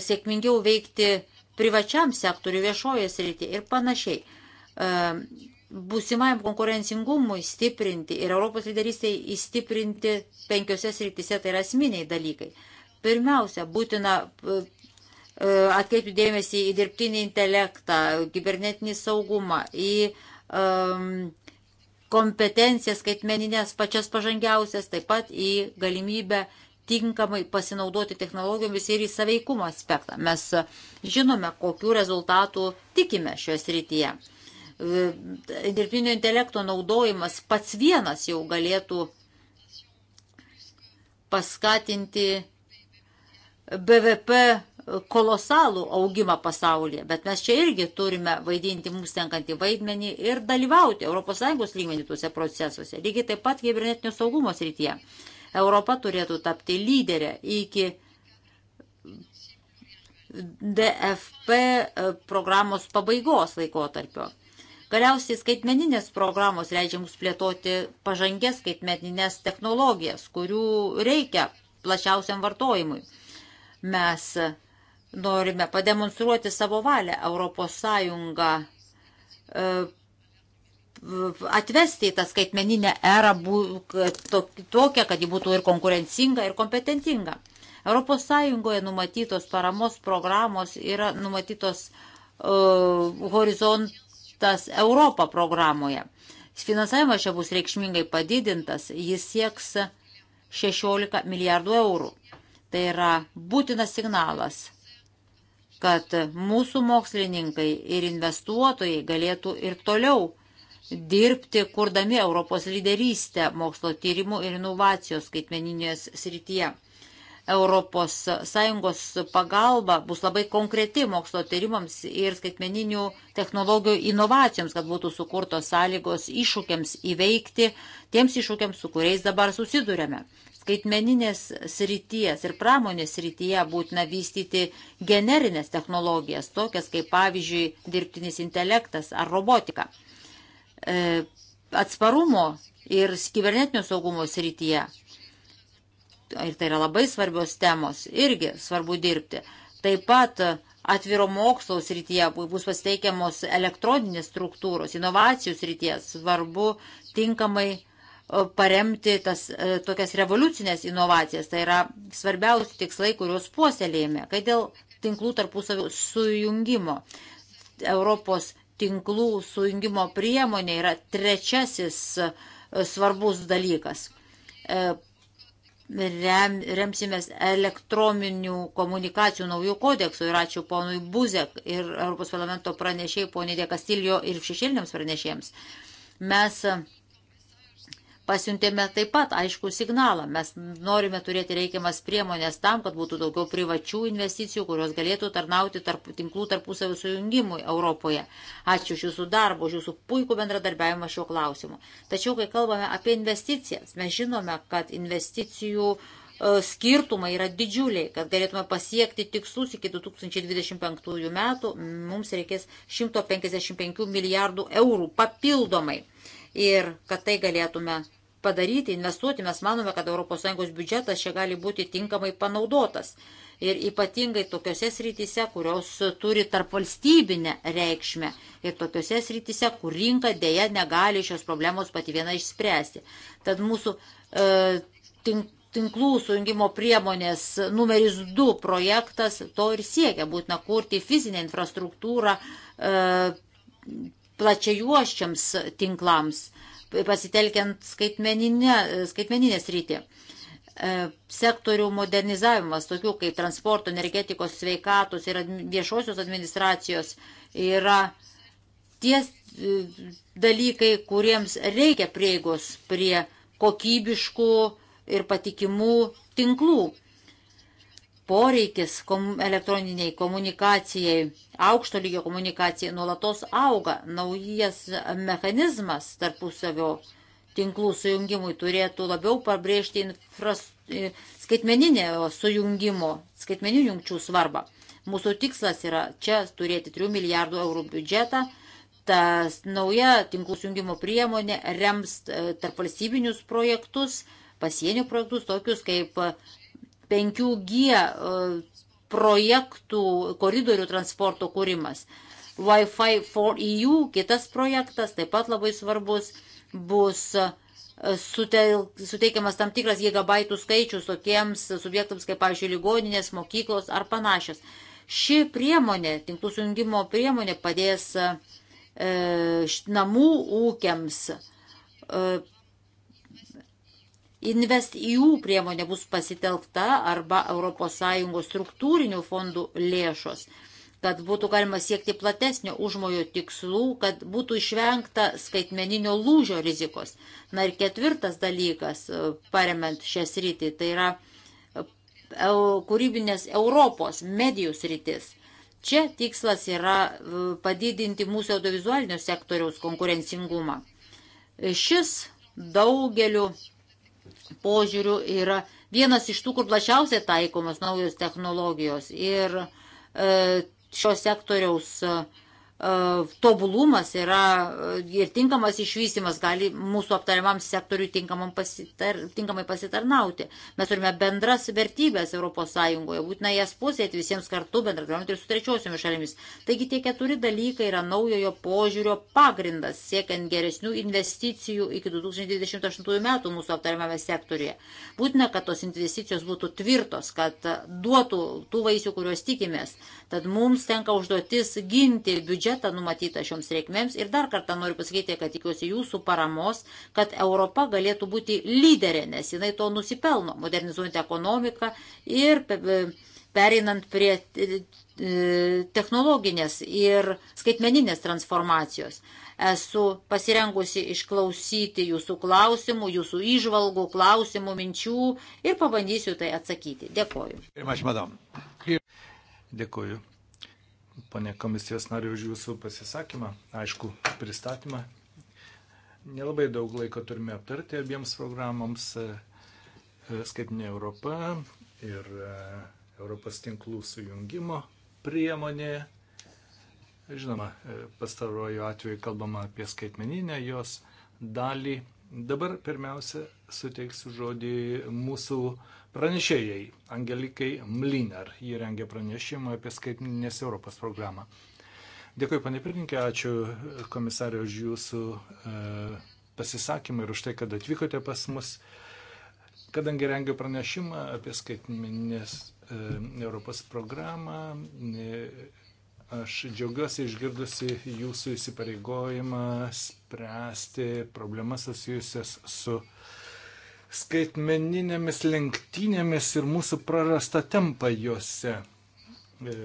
sėkmingiau veikti privačiam sektoriu, viešoje srityje ir panašiai. E, būsimajam konkurencingumui stiprinti ir Europos lyderystėje įstiprinti penkiose srityse tai yra asmeniai dalykai. Pirmiausia, būtina e, atkreipti dėmesį į dirbtinį intelektą, kibernetinį saugumą, į um, kompetencijas skaitmeninės pačias pažangiausias, taip pat į galimybę tinkamai pasinaudoti technologijomis ir į saveikumo aspektą. Mes žinome, kokiu rezultatu tikime šioje srityje. E, dirbtinio intelekto naudojimas pats vienas jau galėtų paskatinti BVP kolosalų augimą pasaulyje, bet mes čia irgi turime vaidinti mums tenkantį vaidmenį ir dalyvauti ES lygmenį tuose procesuose, lygiai taip pat kibernetinio saugumo srityje. Europa turėtų tapti lyderę iki DFP e, programos pabaigos laikotarpio. Galiausiai skaitmeninės programos leidžia mums plėtoti pažangės skaitmeninės technologijas, kurių reikia plačiausiam vartojimui. Mes norime pademonstruoti savo valią. Europos Sąjunga e, atvesti į tą skaitmeninę erą tokią, kad ji būtų ir konkurencinga, ir kompetentinga. ES numatytos paramos programos yra numatytos uh, horizontas Europą programoje. Finansavimas čia bus reikšmingai padidintas, jis sieks 16 milijardų eurų. Tai yra būtinas signalas kad mūsų mokslininkai ir investuotojai galėtų ir toliau dirbti, kurdami Europos lyderystę mokslo tyrimų ir inovacijos skaitmeninės srityje. ES pagalba bus labai konkreti mokslo tyrimams ir skaitmeninių technologijų inovacijoms, kad būtų sukurtos sąlygos iššūkiams įveikti tiems iššūkiams, su kuriais dabar susidurėme. Skaitmeninės srities ir pramonės srityje būtina vystyti generinės technologijas, tokias kaip pavyzdžiui dirbtinis intelektas ar robotika. E, atsparumo ir kibernetinio saugumo srityje. Ir tai yra labai svarbios temos, irgi svarbu dirbti. Taip pat atviro mokslo srityje bus pasteikiamos elektroninės struktūros, inovacijų srityje svarbu tinkamai e, paremti tas e, tokias revoliucinės inovacijas. Tai yra svarbiausi tikslai, kuriuos puoselėjame, kai dėl tinklų tarpusavio sujungimo. Europos tinklų sujungimo priemonė yra trečiasis e, svarbus dalykas. E, rem, remsimės elektroninių komunikacijų naujų kodeksų ir ačiū ponui Buzek ir Europos parlamento pranešėjai, poniai Dėkastilio ir šešėliniams pranešėjams. Mes pasiuntėme taip pat aišku signalą. Mes norime turėti reikiamas priemonės tam, kad būtų daugiau privačių investicijų, kurios galėtų tarnauti tarp, tinklų tarpusavio sujungimui Europoje. Ačiū už jūsų darbą, už jūsų puikų bendradarbiavimą šiuo klausimu. Tačiau, kai kalbame apie investicijas, mes žinome, kad investicijų e, skirtumai yra didžiuliai, kad galėtume pasiekti tikslus iki 2025 metų, mums reikės 155 milijardų eurų papildomai. Ir kad tai galėtume padaryti, investuoti, mes manome, kad ES biudžetas čia gali būti tinkamai panaudotas. Ir ypatingai tokiuose srityse, kurios turi tarp valstybinę reikšmę ir tokiuose srityse, kur rinka dėja negali šios problemos pati viena išspręsti. Tad mūsų e, tink, tinklų sujungimo priemonės numeris 2 projektas to ir siekia, būtina kurti fizinę infrastruktūrą. E, plačiajuoščiams tinklams, pasitelkiant skaitmeninę, skaitmeninę sritį. E, sektorių modernizavimas, tokių kaip transporto, energetikos, sveikatos ir viešosios administracijos, yra tie e, dalykai, kuriems reikia prieigos prie kokybiškų ir patikimų tinklų poreikis kom, elektroniniai komunikacijai, aukšto lygio komunikacijai nuolatos auga. Naujas mechanizmas tarpusavio tinklų sujungimui turėtų labiau pabrėžti infras, skaitmeninio sujungimo, skaitmeninių jungčių svarbą. Mūsų tikslas yra čia turėti 3 milijardų eurų biudžetą. Tas nauja tinklų sujungimo priemonė rems e, tarp valstybinius projektus, pasienio projektus, tokius kaip 5G uh, projektų koridorių transporto kūrimas. Wi-Fi for EU, kitas projektas, taip pat labai svarbus, bus uh, suteikiamas tam tikras gigabaitų skaičius tokiems subjektams kaip, pavyzdžiui, ligoninės, mokyklos ar panašios. Ši priemonė, tinklų sujungimo priemonė, padės e, namų ūkiams e, Invest EU priemonė bus pasitelkta arba ES struktūrinių fondų lėšos, kad būtų galima siekti platesnio užmojo tikslų, kad būtų išvengta skaitmeninio lūžio rizikos. Na ir ketvirtas dalykas, e, paremant šią sritį, tai yra e, kūrybinės Europos medijų sritis. Čia tikslas yra e, padidinti mūsų audiovizualinio sektoriaus konkurencingumą. Šis daugeliu požiūrių yra vienas iš tų, kur plačiausiai taikomos naujos technologijos. Ir e, šio sektoriaus E, tobulumas yra e, ir tinkamas išvystymas gali mūsų aptariamam sektoriui pasitar, tinkamai pasitarnauti. Mes turime bendras vertybės ES, būtina jas pusėti visiems kartu, bendradarbiaujant ir su trečiosiomis šalimis. Taigi tie keturi dalykai yra naujojo požiūrio pagrindas siekiant geresnių investicijų iki 2028 metų mūsų aptariamame sektoriuje. Būtina, kad tos investicijos būtų tvirtos, kad duotų tų vaisių, kuriuos tikimės. Tad mums tenka užduotis ginti biudžetą biudžetą numatytą šioms reikmėms. Ir dar kartą noriu pasakyti, kad tikiuosi jūsų paramos, kad Europa galėtų būti lyderė, nes jinai to nusipelno, modernizuojant ekonomiką ir pereinant prie e, e, technologinės ir skaitmeninės transformacijos. Esu pasirengusi išklausyti jūsų klausimų, jūsų išvalgų, klausimų, minčių ir pabandysiu tai atsakyti. Dėkoju. Dėkoju ponė komisijos nariu, už jūsų pasisakymą, aišku, pristatymą. Nelabai daug laiko turime aptarti abiems programoms e, e, Skaitinė Europa ir e, Europos tinklų sujungimo priemonė. Žinoma, pastarojo atveju kalbama apie skaitmeninę jos dalį. Dabar pirmiausia suteiksiu žodį mūsų uh, pranešėjai Angelikai Mlinar. Jie rengia pranešimą apie skaitminės Europos programą. Dėkui, panė pirmininkė, ačiū komisarė už jūsų e, pasisakymą ir už tai, kad atvykote pas mus. Kadangi rengiu pranešimą apie skaitminės e, Europos programą, e, aš džiaugiuosi išgirdusi jūsų įsipareigojimą spręsti problemas susijusias su e, skaitmeninėmis lenktynėmis ir mūsų prarasta tempa juose. E,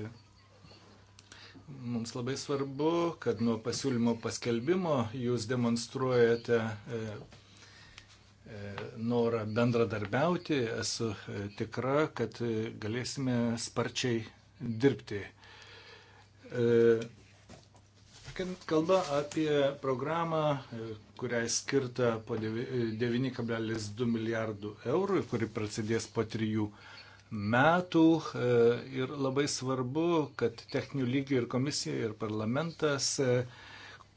mums labai svarbu, kad nuo pasiūlymo paskelbimo jūs demonstruojate e, e, norą bendradarbiauti. Esu tikra, kad galėsime sparčiai dirbti kalba apie programą, e, kuriai skirta po 9,2 e, milijardų eurų, kuri prasidės po trijų metų. E, ir labai svarbu, kad techninių lygių ir komisija, ir parlamentas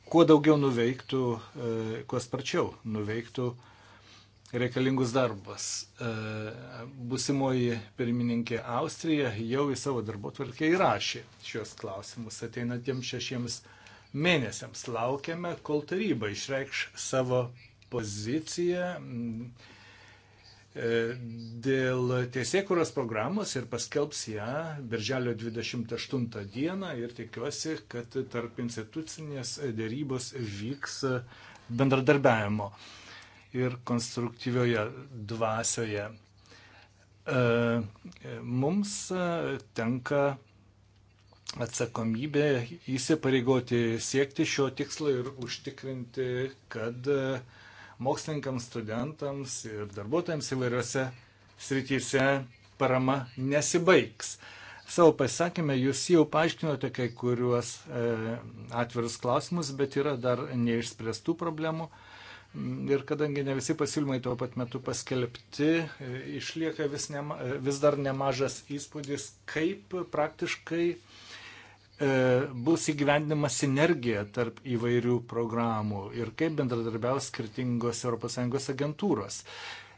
kuo daugiau nuveiktų, kuo sparčiau nuveiktų reikalingus darbas. Busimoji pirmininkė Austrija jau į savo darbo tvarkę įrašė šios klausimus ateinatiems šešiems metams mėnesiams. Laukiame, kol taryba išreikš savo poziciją mm, e, dėl tiesiekuros programos ir paskelbs ją birželio 28 dieną ir tikiuosi, kad tarp institucinės dėrybos vyks bendradarbiavimo ir konstruktyvioje dvasioje. E, mums tenka atsakomybė įsipareigoti siekti šio tikslo ir užtikrinti, kad e, mokslininkams, studentams ir darbuotojams įvairiose srityse parama nesibaigs. Savo pasakymę jūs jau paaiškinote kai kuriuos e, atvirus klausimus, bet yra dar neišspręstų problemų. Mm, ir kadangi ne visi pasiūlymai tuo pat metu paskelbti, e, išlieka vis, nema, e, vis dar nemažas įspūdis, kaip praktiškai E, bus įgyvendinama sinergija tarp įvairių programų ir kaip bendradarbiaus skirtingos ES agentūros.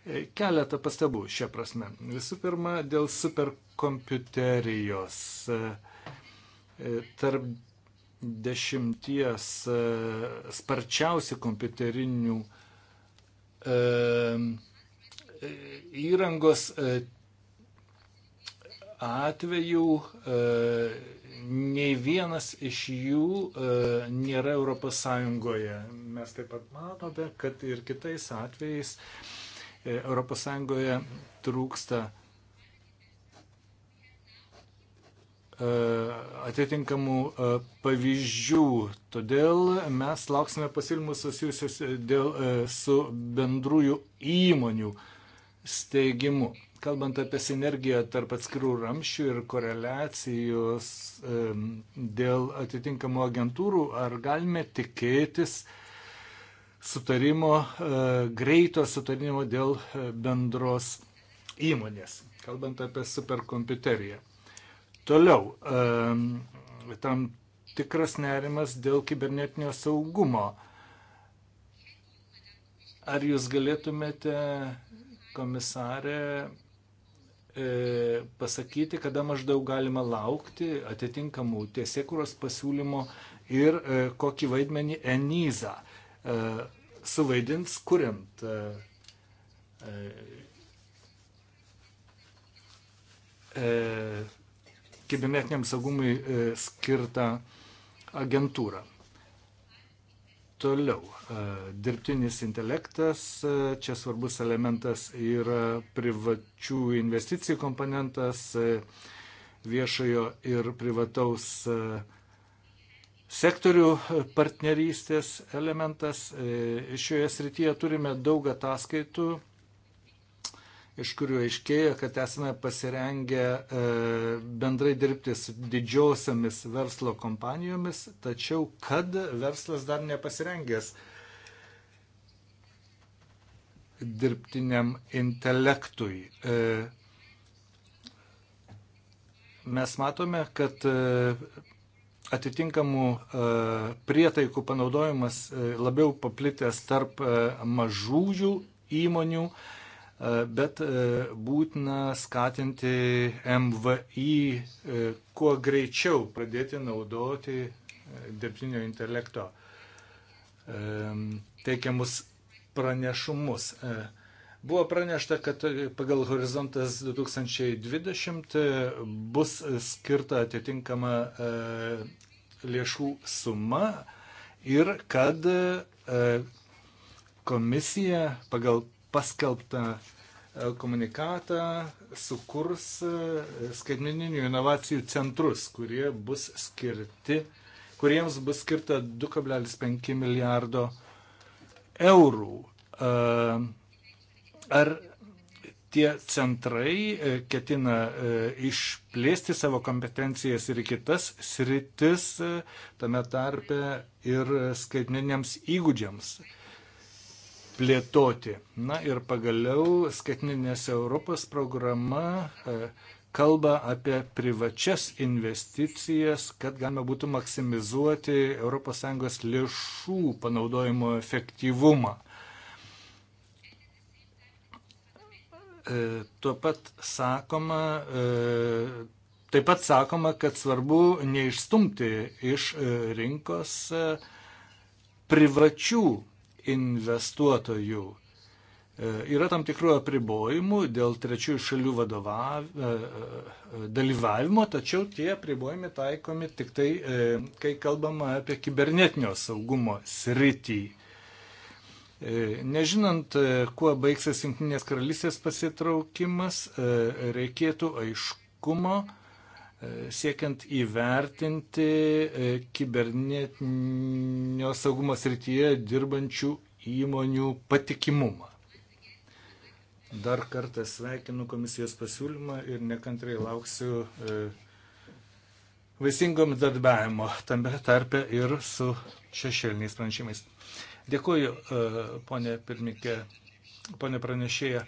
E, keletą pastabų šią prasme. Visų pirma, dėl superkompiuterijos. E, tarp dešimties sparčiausių kompiuterinių įrangos atvejų e, nei vienas iš jų e, nėra ES. Mes taip pat matome, kad ir kitais atvejais ES trūksta e, atitinkamų pavyzdžių. Todėl mes lauksime pasiūlymus susijusius dėl, su bendrųjų įmonių steigimu. Kalbant apie sinergiją tarp atskirų ramščių ir koreliacijos dėl atitinkamų agentūrų, ar galime tikėtis sutarimo, e, greito sutarimo dėl e, bendros įmonės, kalbant apie superkompiuteriją. Toliau, tam tikras nerimas dėl kibernetinio saugumo. Ar jūs galėtumėte, komisarė, E, pasakyti, kada maždaug galima laukti atitinkamų tiesiekuros pasiūlymo ir e, kokį vaidmenį Eniza e, suvaidins, kuriant kibernetiniam saugumui skirtą agentūrą. Toliau, e, dirbtinis intelektas, e, čia svarbus elementas yra privačių investicijų komponentas, e, viešojo ir privataus sektorių partnerystės elementas. Šioje srityje turime daug ataskaitų iš kurių aiškėja, kad esame pasirengę e, bendrai dirbti su didžiosiamis verslo kompanijomis, tačiau kad verslas dar nepasirengęs dirbtiniam intelektui. E, mes matome, kad e, atitinkamų prietaikų panaudojimas labiau paplitęs tarp mažųjų įmonių, bet e, būtina skatinti MVI e, kuo greičiau pradėti naudoti e, dirbtinio intelekto teikiamus pranešumus. Buvo pranešta, kad pagal horizontas 2020 bus skirta atitinkama lėšų suma ir kad komisija pagal paskelbtą e, komunikatą sukurs e, skaitmeninių inovacijų centrus, kurie bus skirti, kuriems bus skirta 2,5 milijardo eurų. E, ar tie centrai ketina išplėsti savo kompetencijas ir į kitas sritis, tame tarpe ir skaitmeniniams įgūdžiams? plėtoti. Na ir pagaliau skaitminės Europos programa e, kalba apie privačias investicijas, kad galima būtų maksimizuoti ES lėšų panaudojimo efektyvumą. E, tuo pat sakoma, e, taip pat sakoma, kad svarbu neišstumti iš rinkos privačių investuotojų. E, yra tam tikrų apribojimų dėl trečiųjų šalių vadovav, e, e, dalyvavimo, tačiau tie apribojimai taikomi tik tai, kai kalbama apie kibernetinio saugumo sritį. Nežinant, kuo baigsis Junktinės karalystės pasitraukimas, reikėtų aiškumo, E, siekiant įvertinti e, kibernetinio saugumo srityje dirbančių įmonių patikimumą. Dar kartą sveikinu komisijos pasiūlymą ir nekantrai lauksiu e, vaisingom darbiavimo, tame tarpe ir su šešėliniais pranešimais. Dėkuoju, ponė pirmininkė, ponė pranešėja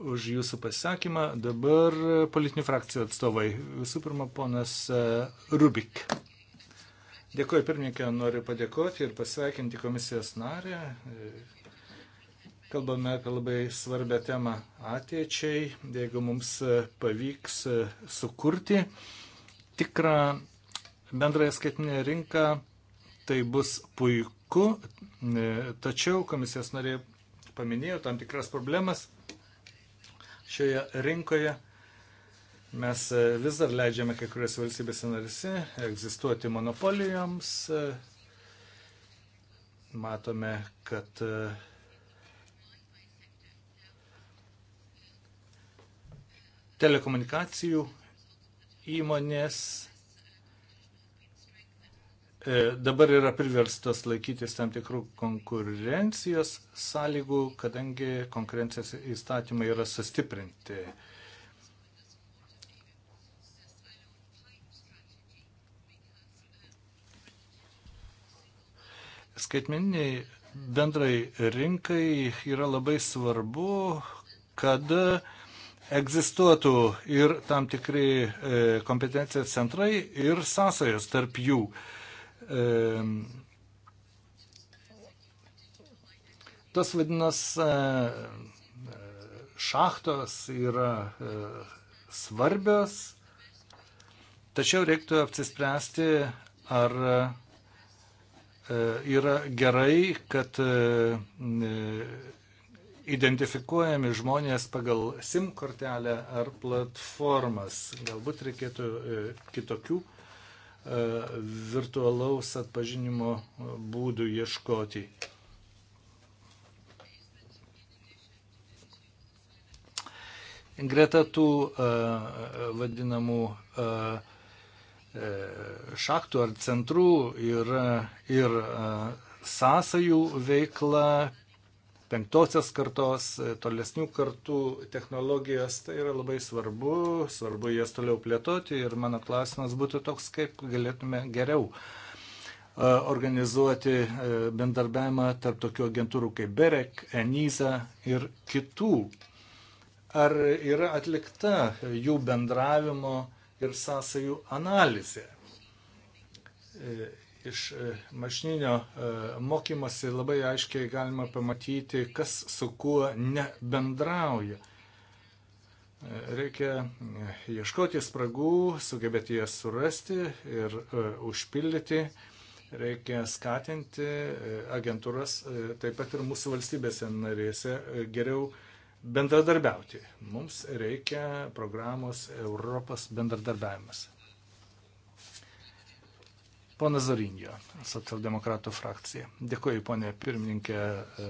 už jūsų pasisakymą. Dabar politinių frakcijų atstovai. Visų pirma, ponas e, Rubik. Dėkuoju pirmininkė, noriu padėkoti ir pasveikinti komisijos narę. E, kalbame apie labai svarbę temą ateičiai, jeigu mums e, pavyks sukurti tikrą bendrąją skaitinę rinką, tai bus puiku. Tačiau komisijos narė paminėjo tam tikras problemas, šioje rinkoje. Mes e, vis dar leidžiame kai kurias valstybės narėse egzistuoti monopolijoms. E, matome, kad e, telekomunikacijų įmonės E, dabar yra priverstas laikytis tam tikrų konkurencijos sąlygų, kadangi konkurencijos įstatymai yra sustiprinti. skaitmeniniai bendrai rinkai yra labai svarbu, kad egzistuotų ir tam tikri e, kompetencijos centrai ir sąsajos tarp jų. Ehm, Tos vadinas šachtos yra e, svarbios, tačiau reiktų apsispręsti, ar e, yra gerai, kad e, identifikuojami žmonės pagal SIM kortelę ar platformas. Galbūt reikėtų kitokių E, virtualaus atpažinimo būdų ieškoti. Greta tų e, vadinamų e, šachtų ar centrų yra ir sąsajų veikla, penktosios kartos, e, tolesnių kartų technologijos, tai yra labai svarbu, svarbu jas toliau plėtoti ir mano klausimas būtų toks, kaip galėtume geriau e, organizuoti e, bendarbiavimą tarp tokių agentūrų kaip BEREK, ENISA ir kitų. Ar yra atlikta jų bendravimo ir sąsajų analizė? iš e, mašininio e, mokymosi labai aiškiai galima pamatyti, kas su kuo nebendrauja. E, reikia ieškoti spragų, sugebėti jas surasti ir užpildyti. Reikia skatinti agentūras, taip pat ir mūsų valstybėse narėse, geriau bendradarbiauti. Mums reikia programos Europos bendradarbiavimas. Pona Zorinjo, socialdemokratų frakcija. Dėkuoju, ponė pirmininkė. E,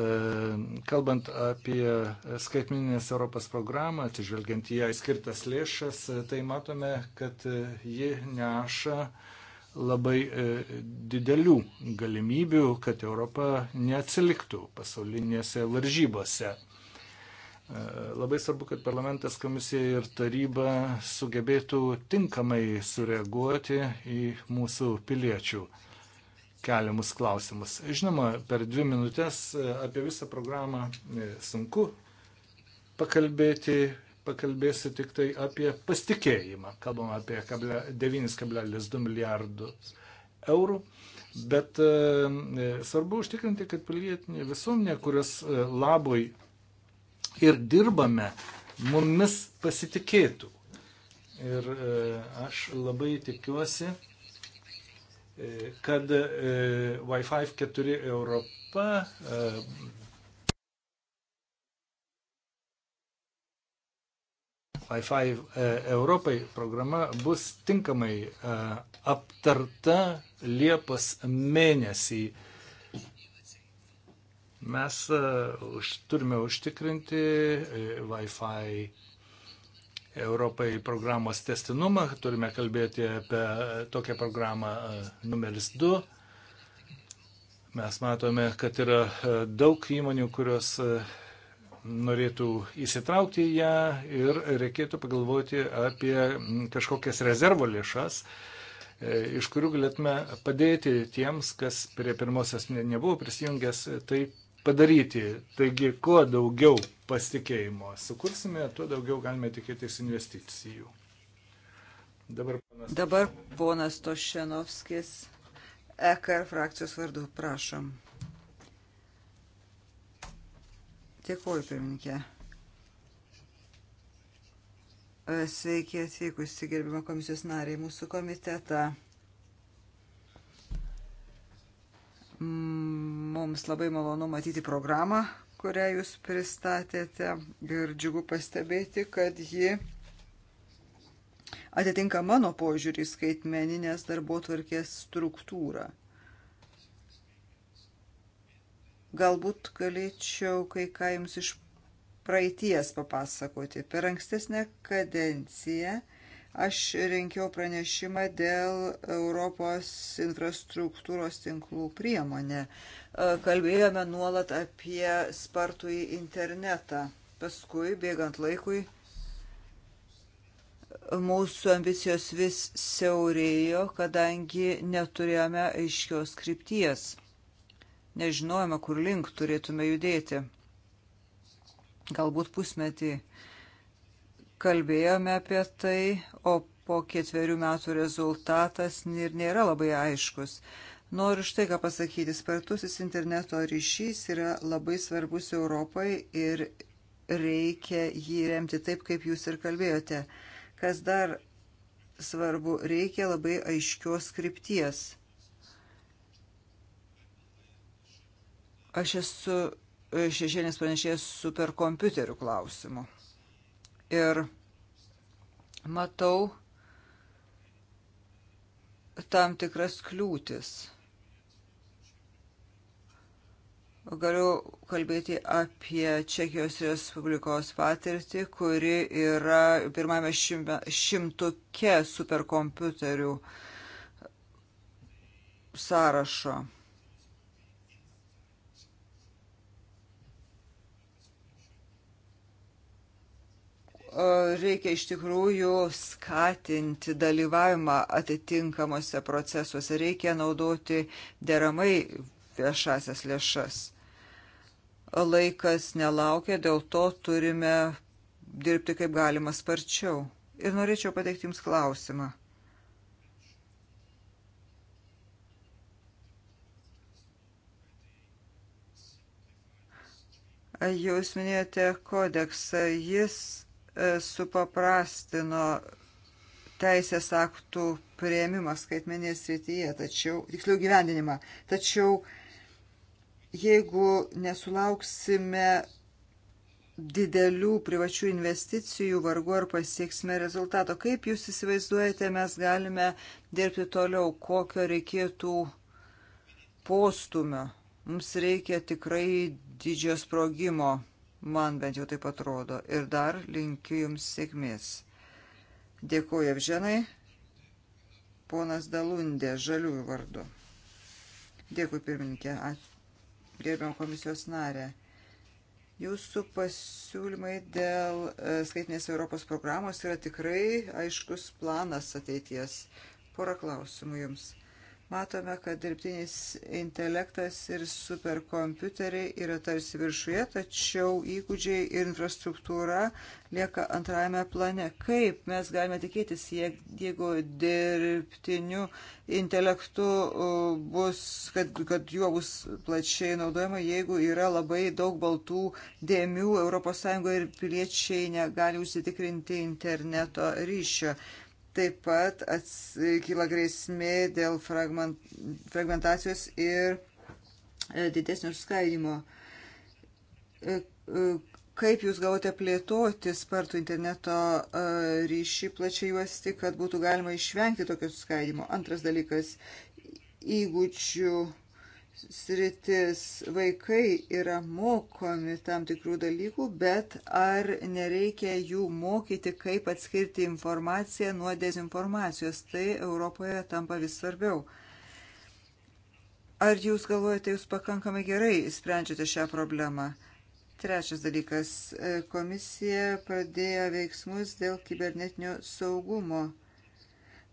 e, kalbant apie skaitmininės Europos programą, atsižvelgiant į ją skirtas lėšas, e, tai matome, kad ji neša labai didelių galimybių, kad Europa neatsiliktų pasaulinėse varžybose. E, labai svarbu, kad parlamentas, komisija ir taryba sugebėtų tinkamai sureaguoti į mūsų piliečių keliamus klausimus. Žinoma, per dvi minutės e, apie visą programą e, sunku pakalbėti, pakalbėsiu tik tai apie pasitikėjimą. Kalbam apie 9,2 milijardus eurų. Bet svarbu užtikrinti, kad pilietinė visuomenė, kurios labui ir dirbame, mumis pasitikėtų. Ir e, aš labai tikiuosi, e, kad e, Wi-Fi 4 Europa Wi-Fi Europai programa bus tinkamai aptarta Liepos mėnesį Mes e, turime užtikrinti e, Wi-Fi Europai programos testinumą, turime kalbėti apie tokią programą e, numeris 2. Mes matome, kad yra daug įmonių, kurios norėtų įsitraukti į ją ir reikėtų pagalvoti apie kažkokias rezervo lėšas, iš kurių galėtume padėti tiems, kas prie pirmosios nebuvo prisijungęs, tai padaryti. Taigi, kuo daugiau pasitikėjimo sukursime, tuo daugiau galime tikėtis investicijų. Dabar ponas, Dabar ponas Tošenovskis, EKR frakcijos vardu, prašom. Dėkuoju, pirmininkė. Sveiki atvykusi gerbimo komisijos nariai mūsų komitetą. Mums labai malonu matyti programą, kurią jūs pristatėte ir džiugu pastebėti, kad ji atitinka mano požiūrį skaitmeninės darbo tvarkės struktūrą. Galbūt galėčiau kai ką jums iš praeities papasakoti. Per ankstesnę kadenciją Aš renkiau pranešimą dėl Europos infrastruktūros tinklų priemonė. E, kalbėjome nuolat apie spartų į internetą. Paskui, bėgant laikui, mūsų ambicijos vis siaurėjo, kadangi neturėjome aiškios krypties. Nežinojome, kur link turėtume judėti. Galbūt pusmetį kalbėjome apie tai, o po ketverių metų rezultatas ir nėra labai aiškus. Noriu štai ką pasakyti, spartusis interneto ryšys yra labai svarbus Europai ir reikia jį remti taip, kaip jūs ir kalbėjote. Kas dar svarbu, reikia labai aiškios skripties. Aš esu šešėnės pranešėjęs superkompiuterių klausimu ir matau tam tikras kliūtis. Galiu kalbėti apie Čekijos Respublikos patirtį, kuri yra pirmame šimtuke superkompiuterių sąrašo. reikia iš tikrųjų skatinti dalyvavimą atitinkamuose procesuose, reikia naudoti deramai viešasias lėšas. Laikas nelaukia, dėl to turime dirbti kaip galima sparčiau. Ir norėčiau pateikti Jums klausimą. Jūs minėjote kodeksą, jis E, supaprastino teisės aktų prieimimą skaitmenės srityje, tačiau, tiksliau gyvendinimą. Tačiau jeigu nesulauksime didelių privačių investicijų, vargu ar pasieksime rezultato. Kaip jūs įsivaizduojate, mes galime dirbti toliau, kokio reikėtų postumio. Mums reikia tikrai didžio sprogimo Man bent jau taip atrodo. Ir dar linkiu Jums sėkmės. Dėkuoju, Evženai. Ponas Dalundė, žaliųjų vardu. Dėkui, pirmininkė. Gerbiam komisijos narę. Jūsų pasiūlymai dėl e, skaitinės Europos programos yra tikrai aiškus planas ateities. Porą klausimų Jums matome, kad dirbtinis intelektas ir superkompiuteriai yra tarsi viršuje, tačiau įgūdžiai ir infrastruktūra lieka antrajame plane. Kaip mes galime tikėtis, jeigu dirbtiniu intelektu bus, kad, kad juo bus plačiai naudojama, jeigu yra labai daug baltų dėmių ES ir piliečiai negali užsitikrinti interneto ryšio. Taip pat kyla grėsmė dėl fragment, fragmentacijos ir e, didesnio skaidimo. E, e, kaip jūs galite plėtoti spartų interneto ryšį plačiai juosti, kad būtų galima išvengti tokio suskaidimo? Antras dalykas - įgūdžių sritis. Vaikai yra mokomi tam tikrų dalykų, bet ar nereikia jų mokyti, kaip atskirti informaciją nuo dezinformacijos? Tai Europoje tampa vis svarbiau. Ar jūs galvojate, jūs pakankamai gerai sprendžiate šią problemą? Trečias dalykas. Komisija pradėjo veiksmus dėl kibernetinio saugumo,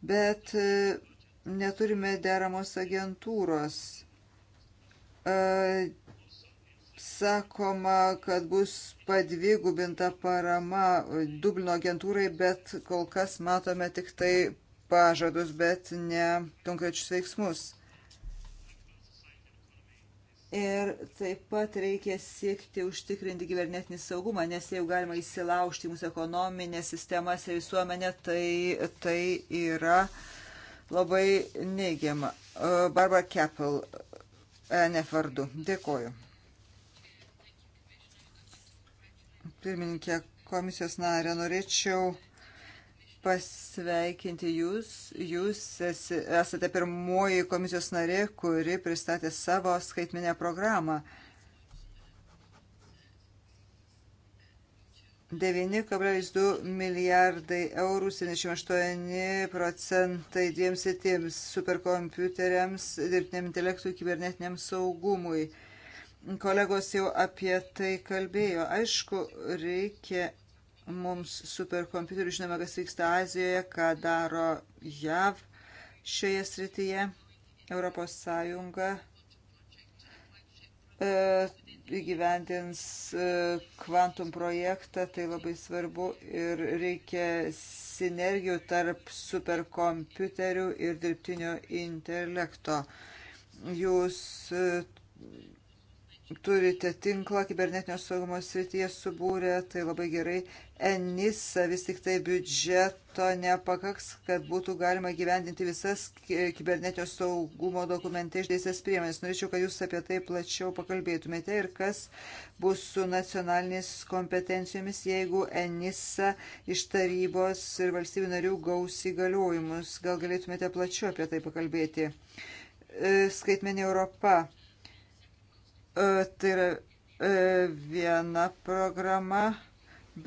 bet neturime deramos agentūros sakoma, kad bus padvigubinta parama Dublino agentūrai, bet kol kas matome tik tai pažadus, bet ne konkrečius veiksmus. Ir taip pat reikia siekti užtikrinti kibernetinį saugumą, nes jeigu galima įsilaužti mūsų ekonominės sistemas ir visuomenę, tai tai yra labai neigiama. Barbara Keppel, ENF vardu. Dėkoju. Pirmininkė komisijos narė, norėčiau pasveikinti jūs. Jūs esate pirmoji komisijos narė, kuri pristatė savo skaitminę programą. 9,2 milijardai eurų, 78 procentai dviems sitims - superkompiuteriams, dirbtiniam intelektui, kibernetiniam saugumui. Kolegos jau apie tai kalbėjo. Aišku, reikia mums superkompiuterių, žinome, kas vyksta Azijoje, ką daro JAV šioje srityje, Europos Sąjunga. E, įgyvendins e, kvantum projektą, tai labai svarbu ir reikia sinergijų tarp superkompiuterių ir dirbtinio intelekto. Jūs e, turite tinklą kibernetinio saugumo srityje subūrę, tai labai gerai. Enisa vis tik tai biudžeto nepakaks, kad būtų galima gyvendinti visas kibernetinio saugumo dokumente išdėstęs priemonės. Norėčiau, kad jūs apie tai plačiau pakalbėtumėte ir kas bus su nacionalinės kompetencijomis, jeigu Enisa iš tarybos ir valstybių narių gaus įgaliojimus. Gal galėtumėte plačiau apie tai pakalbėti. E, skaitmenė Europa E, tai yra e, viena programa,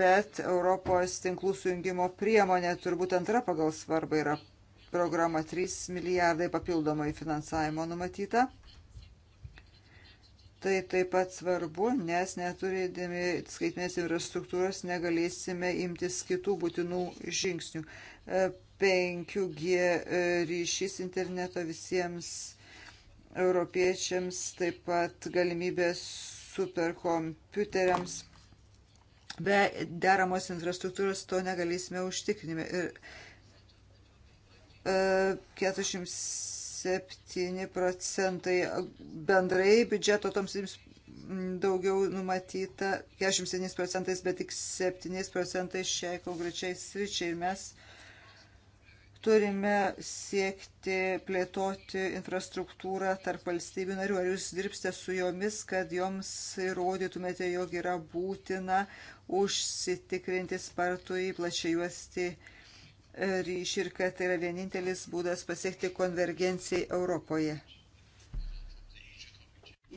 bet Europos tinklų sujungimo priemonė turbūt antra pagal svarbą yra programa 3 milijardai papildomai finansavimo numatyta. Tai taip pat svarbu, nes neturėdami skaitmės infrastruktūros negalėsime imtis kitų būtinų žingsnių. 5G e, ryšys interneto visiems europiečiams, taip pat galimybės superkompiuteriams. Be deramos infrastruktūros to negalėsime užtikrinime. Ir 47 e, procentai bendrai biudžeto toms daugiau numatyta 47 procentais, bet tik 7 procentais šiai konkrečiai sričiai. Ir mes turime siekti plėtoti infrastruktūrą tarp valstybių narių. Ar jūs dirbsite su jomis, kad joms įrodytumėte, jog yra būtina užsitikrinti spartų į plačiai juosti ryšį ir kad tai yra vienintelis būdas pasiekti konvergencijai Europoje?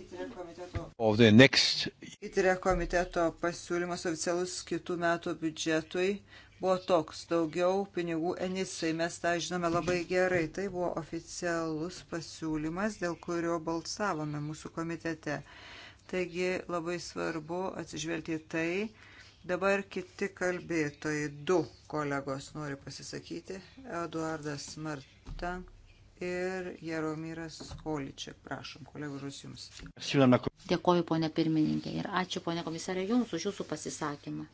Įtrė komiteto, next... komiteto pasiūlymas oficialus kitų metų biudžetui buvo toks - daugiau pinigų Enisai. Mes tą žinome labai gerai. Tai buvo oficialus pasiūlymas, dėl kurio balsavome mūsų komitete. Taigi labai svarbu atsižvelgti tai. Dabar kiti kalbėtojai, du kolegos nori pasisakyti - Eduardas Marta ir Jaromiras Količiak. Prašom, kolegų žus jums. Dėkoju, ponė pirmininkė, ir ačiū, ponė komisarė, jums už jūsų pasisakymą.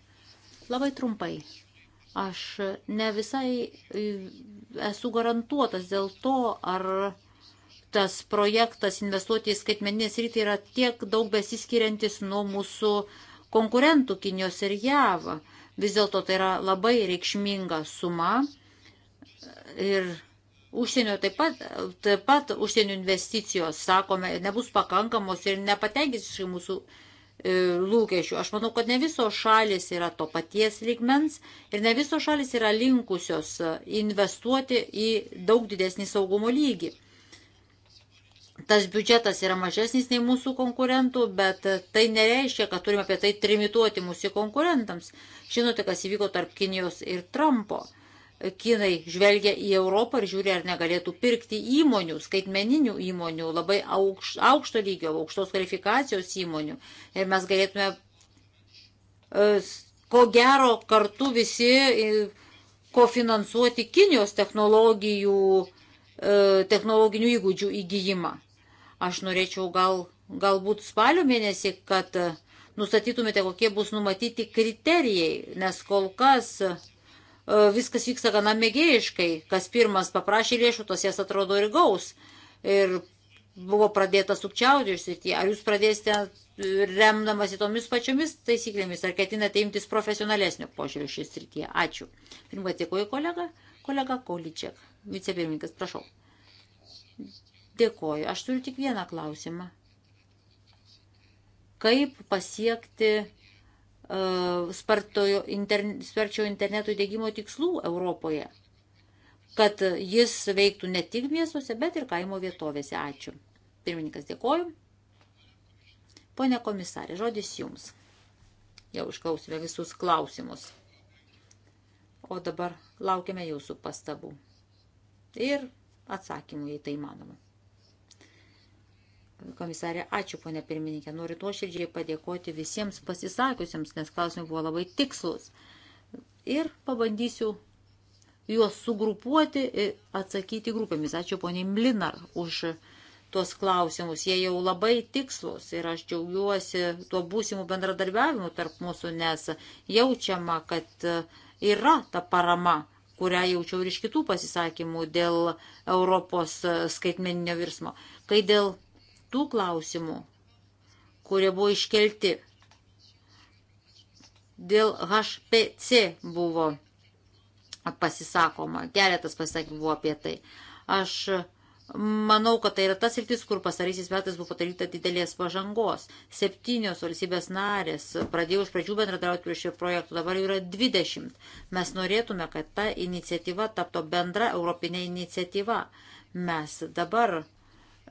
Labai trumpai Aš ne visai e, esu garantuotas dėl to, ar tas projektas investuoti į skaitmeninės rytį yra tiek daug besiskiriantis nuo mūsų konkurentų Kinijos ir JAV. Vis dėlto tai yra labai reikšminga suma ir užsienio taip pat, taip pat užsienio investicijos, sakome, nebus pakankamos ir nepatenkins iš mūsų E, lūkesčių. Aš manau, kad ne visos šalis yra to paties lygmens ir ne visos šalis yra linkusios e, investuoti į daug didesnį saugumo lygį. Tas biudžetas yra mažesnis nei mūsų konkurentų, bet e, tai nereiškia, kad turime apie tai trimituoti mūsų konkurentams. Žinote, kas įvyko tarp Kinijos ir Trumpo. Kinai žvelgia į Europą ir žiūri, ar negalėtų pirkti įmonių, skaitmeninių įmonių, labai aukš, aukšto lygio, aukštos kvalifikacijos įmonių. Ir mes galėtume, e, ko gero, kartu visi e, kofinansuoti Kinijos technologijų, e, technologinių įgūdžių įgyjimą. Aš norėčiau gal, galbūt spalio mėnesį, kad nustatytumėte, kokie bus numatyti kriterijai, nes kol kas E, viskas vyksta gana mėgėjiškai. Kas pirmas paprašė lėšų, tos jas atrodo ir gaus. Ir buvo pradėta sukčiauti iš srityje. Ar jūs pradėsite remdamas į tomis pačiomis taisyklėmis, ar ketinate imtis profesionalesnio požiūrio šį srityje? Ačiū. Pirmą dėkoju kolega, kolega Količiak, vicepirmininkas, prašau. Dėkoju. Aš turiu tik vieną klausimą. Kaip pasiekti E, sparčiojo interne, interneto įdėgymo tikslų Europoje, kad jis veiktų ne tik miestuose, bet ir kaimo vietovėse. Ačiū. Pirmininkas dėkoju. Pone komisarė, žodis jums. Jau išklausime visus klausimus. O dabar laukiame jūsų pastabų ir atsakymų, jei tai manoma komisarė, ačiū, ponė pirmininkė. Noriu nuoširdžiai padėkoti visiems pasisakiusiems, nes klausimai buvo labai tikslus. Ir pabandysiu juos sugrupuoti ir atsakyti grupėmis. Ačiū poniai Mlinar už tuos klausimus. Jie jau labai tikslus ir aš džiaugiuosi tuo būsimų bendradarbiavimu tarp mūsų, nes jaučiama, kad yra ta parama kurią jaučiau ir iš kitų pasisakymų dėl Europos skaitmeninio virsmo. Kai dėl tų klausimų, kurie buvo iškelti. Dėl HPC buvo pasisakoma, keletas pasisakymų buvo apie tai. Aš manau, kad tai yra tas rytis, kur pasarysis metais buvo padaryta didelės pažangos. Septynios valstybės narės pradėjo iš pradžių bendradarbiauti prie šio projekto, dabar yra dvidešimt. Mes norėtume, kad ta iniciatyva tapto bendra europinė iniciatyva. Mes dabar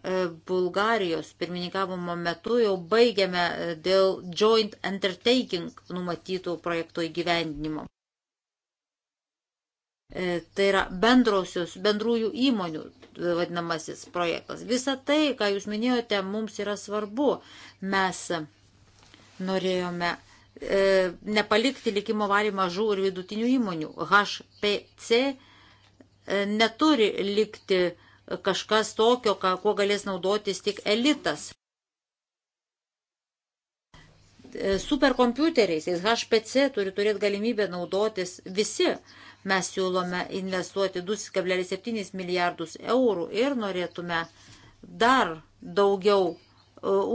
E, Bulgarijos pirmininkavimo metu jau baigėme e, dėl joint undertaking numatytų projekto įgyvendinimo. E, tai yra bendrosios, bendrųjų įmonių vadinamasis projektas. Visa tai, ką jūs minėjote, mums yra svarbu. Mes norėjome e, nepalikti likimo valį mažų ir vidutinių įmonių. HPC neturi likti kažkas tokio, ką, kuo galės naudotis tik elitas. Superkompiuteriais, HPC turi turėti galimybę naudotis visi. Mes siūlome investuoti 2,7 milijardus eurų ir norėtume dar daugiau e,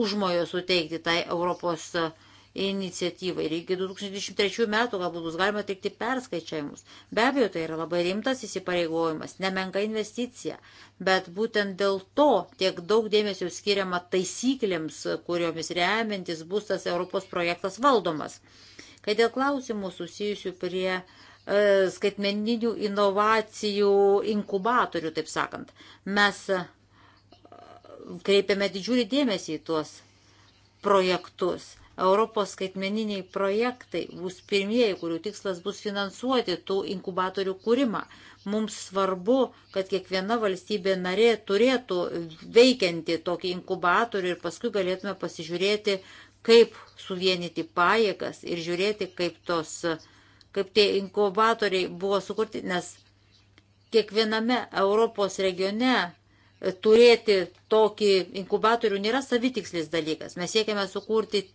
užmojo suteikti tai Europos uh, iniciatyvai. Reikia 2023 metų, galbūt bus galima atlikti perskaičiavimus. Be abejo, tai yra labai rimtas įsipareigojimas, nemenka investicija, bet būtent dėl to tiek daug dėmesio skiriama taisyklėms, kuriomis remiantis bus tas Europos projektas valdomas. Kai dėl klausimų susijusių prie e, skaitmeninių inovacijų inkubatorių, taip sakant. Mes e, kreipiame didžiulį dėmesį į tuos projektus. Europos skaitmeniniai projektai bus pirmieji, kurių tikslas bus finansuoti tų inkubatorių kūrimą. Mums svarbu, kad kiekviena valstybė narė turėtų veikianti tokį inkubatorių ir paskui galėtume pasižiūrėti, kaip suvienyti pajėgas ir žiūrėti, kaip, tos, kaip tie inkubatoriai buvo sukurti, nes kiekviename Europos regione turėti tokį inkubatorių nėra savitikslis dalykas. Mes siekiame sukurti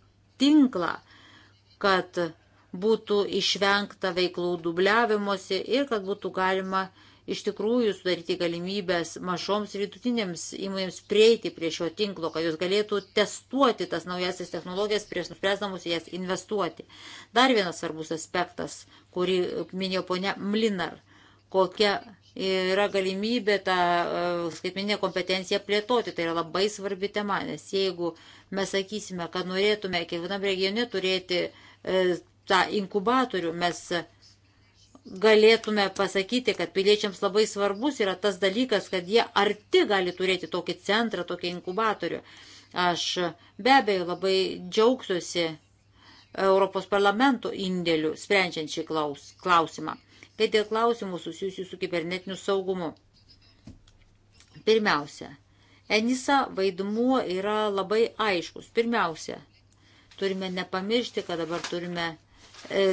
tinklą, kad būtų išvengta veiklų dubliavimuose ir kad būtų galima iš tikrųjų sudaryti galimybės mažoms ir vidutinėms įmonėms prieiti prie šio tinklo, kad jos galėtų testuoti tas naujasias technologijas prieš nuspręsdamus jas investuoti. Dar vienas svarbus aspektas, kurį minėjo ponia Mlinar, kokia yra galimybė tą e, skaitmeninę kompetenciją plėtoti. Tai yra labai svarbi tema, nes jeigu mes sakysime, kad norėtume kiekvienam regione turėti e, tą inkubatorių, mes galėtume pasakyti, kad piliečiams labai svarbus yra tas dalykas, kad jie arti gali turėti tokį centrą, tokį inkubatorių. Aš be abejo labai džiaugsiuosi Europos parlamento indėliu sprendžiant šį klaus, klausimą kai dėl klausimų susijusių su kibernetiniu saugumu. Pirmiausia, Enisa vaidmuo yra labai aiškus. Pirmiausia, turime nepamiršti, kad dabar turime e,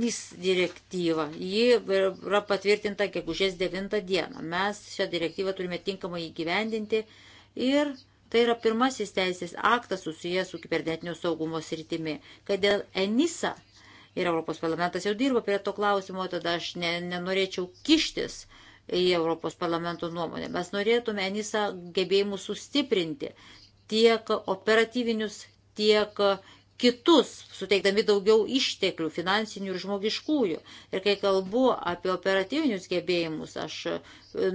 NIS direktyvą. Ji yra patvirtinta gegužės 9 dieną. Mes šią direktyvą turime tinkamai įgyvendinti ir tai yra pirmasis teisės aktas susijęs su kibernetinio saugumo sritimi, kad dėl ENISA ir Europos parlamentas jau dirba prie to klausimo, tada aš ne, nenorėčiau kištis į Europos parlamento nuomonę. Mes norėtume Enisa gebėjimus sustiprinti tiek operatyvinius, tiek kitus, suteikdami daugiau išteklių, finansinių ir žmogiškųjų. Ir kai kalbu apie operatyvinius gebėjimus, aš e,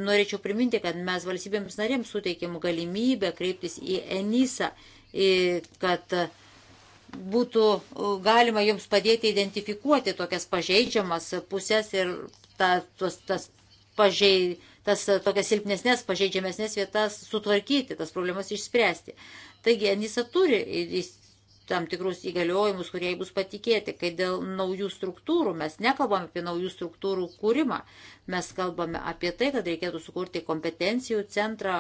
norėčiau priminti, kad mes valstybėms narėms suteikėm galimybę kreiptis į Enisa, kad uh, būtų e, galima jums padėti identifikuoti tokias pažeidžiamas pusės ir ta, tos, tas pažei, tas e, tokias silpnesnės, pažeidžiamesnės vietas sutvarkyti, tas problemas išspręsti. Taigi, Enisa turi tam tikrus įgaliojimus, kurie bus patikėti, kai dėl naujų struktūrų mes nekalbame apie naujų struktūrų kūrimą, mes kalbame apie tai, kad reikėtų sukurti kompetencijų centrą,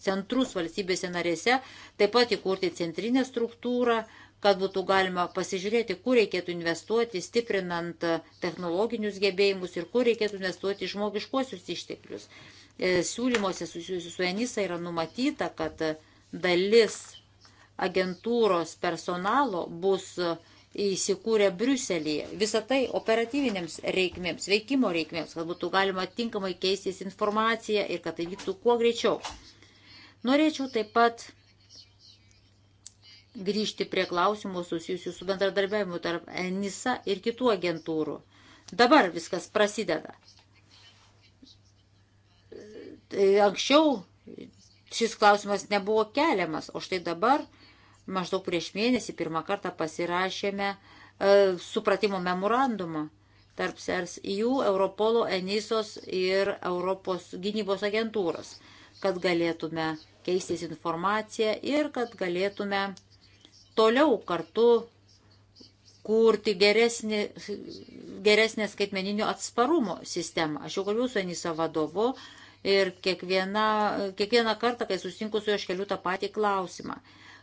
centrus valstybėse narėse, taip pat įkurti centrinę struktūrą, kad būtų galima pasižiūrėti, kur reikėtų investuoti, stiprinant technologinius gebėjimus ir kur reikėtų investuoti žmogiškuosius išteklius. E, siūlymuose susijusiu su Enisa yra numatyta, kad dalis agentūros personalo bus įsikūrę Briuselėje. Visą tai operatyvinėms reikmėms, veikimo reikmėms, kad būtų galima tinkamai keistis informaciją ir kad tai vyktų kuo greičiau. Norėčiau taip pat grįžti prie klausimų susijusių su bendradarbiavimu tarp ENISA ir kitų agentūrų. Dabar viskas prasideda. Tai anksčiau šis klausimas nebuvo keliamas, o štai dabar maždaug prieš mėnesį pirmą kartą pasirašėme e, supratimo memorandumą tarp SERS EU, Europolo, ENISOS ir Europos gynybos agentūros, kad galėtume keistis informaciją ir kad galėtume toliau kartu kurti geresnį, geresnę skaitmeninio atsparumo sistemą. Aš jau kalbėjau su Enisa vadovu ir kiekvieną, kiekvieną kartą, kai susinku su juo, aš keliu tą patį klausimą.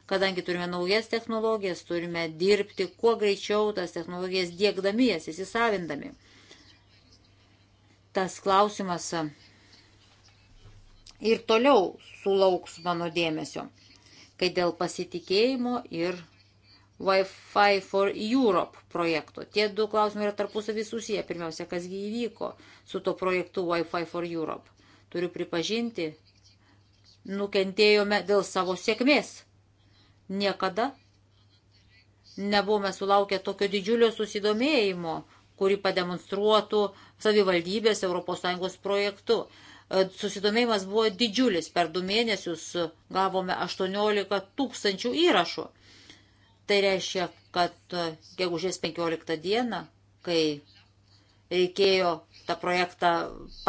Kadangi turime naujas technologijas, turime dirbti kuo greičiau tas technologijas dėkdami jas, įsisavindami. Tas klausimas ir toliau sulauks mano dėmesio kai dėl pasitikėjimo ir Wi-Fi for Europe projekto. Tie du klausimai yra tarpusavį susiję. Pirmiausia, kasgi įvyko su to projektu Wi-Fi for Europe. Turiu pripažinti, nukentėjome dėl savo sėkmės. Niekada nebuvome sulaukę tokio didžiulio susidomėjimo, kurį pademonstruotų savivaldybės ES projektu. E, susidomėjimas buvo didžiulis. Per du mėnesius gavome 18 tūkstančių įrašų. Tai reiškia, kad e, gegužės 15 dieną, kai reikėjo tą projektą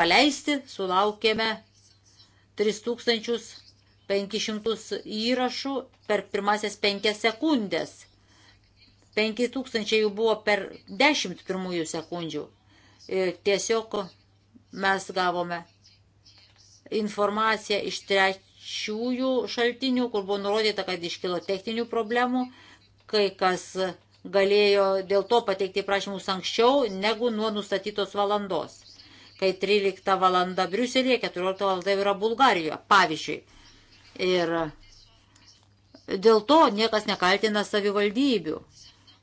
paleisti, sulaukėme 3500 įrašų per pirmasias penkias sekundės. 5000 jų buvo per 10 pirmųjų sekundžių. Ir e, tiesiog mes gavome informaciją iš trečiųjų šaltinių, kur buvo nurodyta, kad iškilo techninių problemų, kai kas galėjo dėl to pateikti prašymus anksčiau negu nuo nustatytos valandos, kai 13 valanda Briuselėje, 14 valanda yra Bulgarijoje, pavyzdžiui. Ir dėl to niekas nekaltina savivaldybių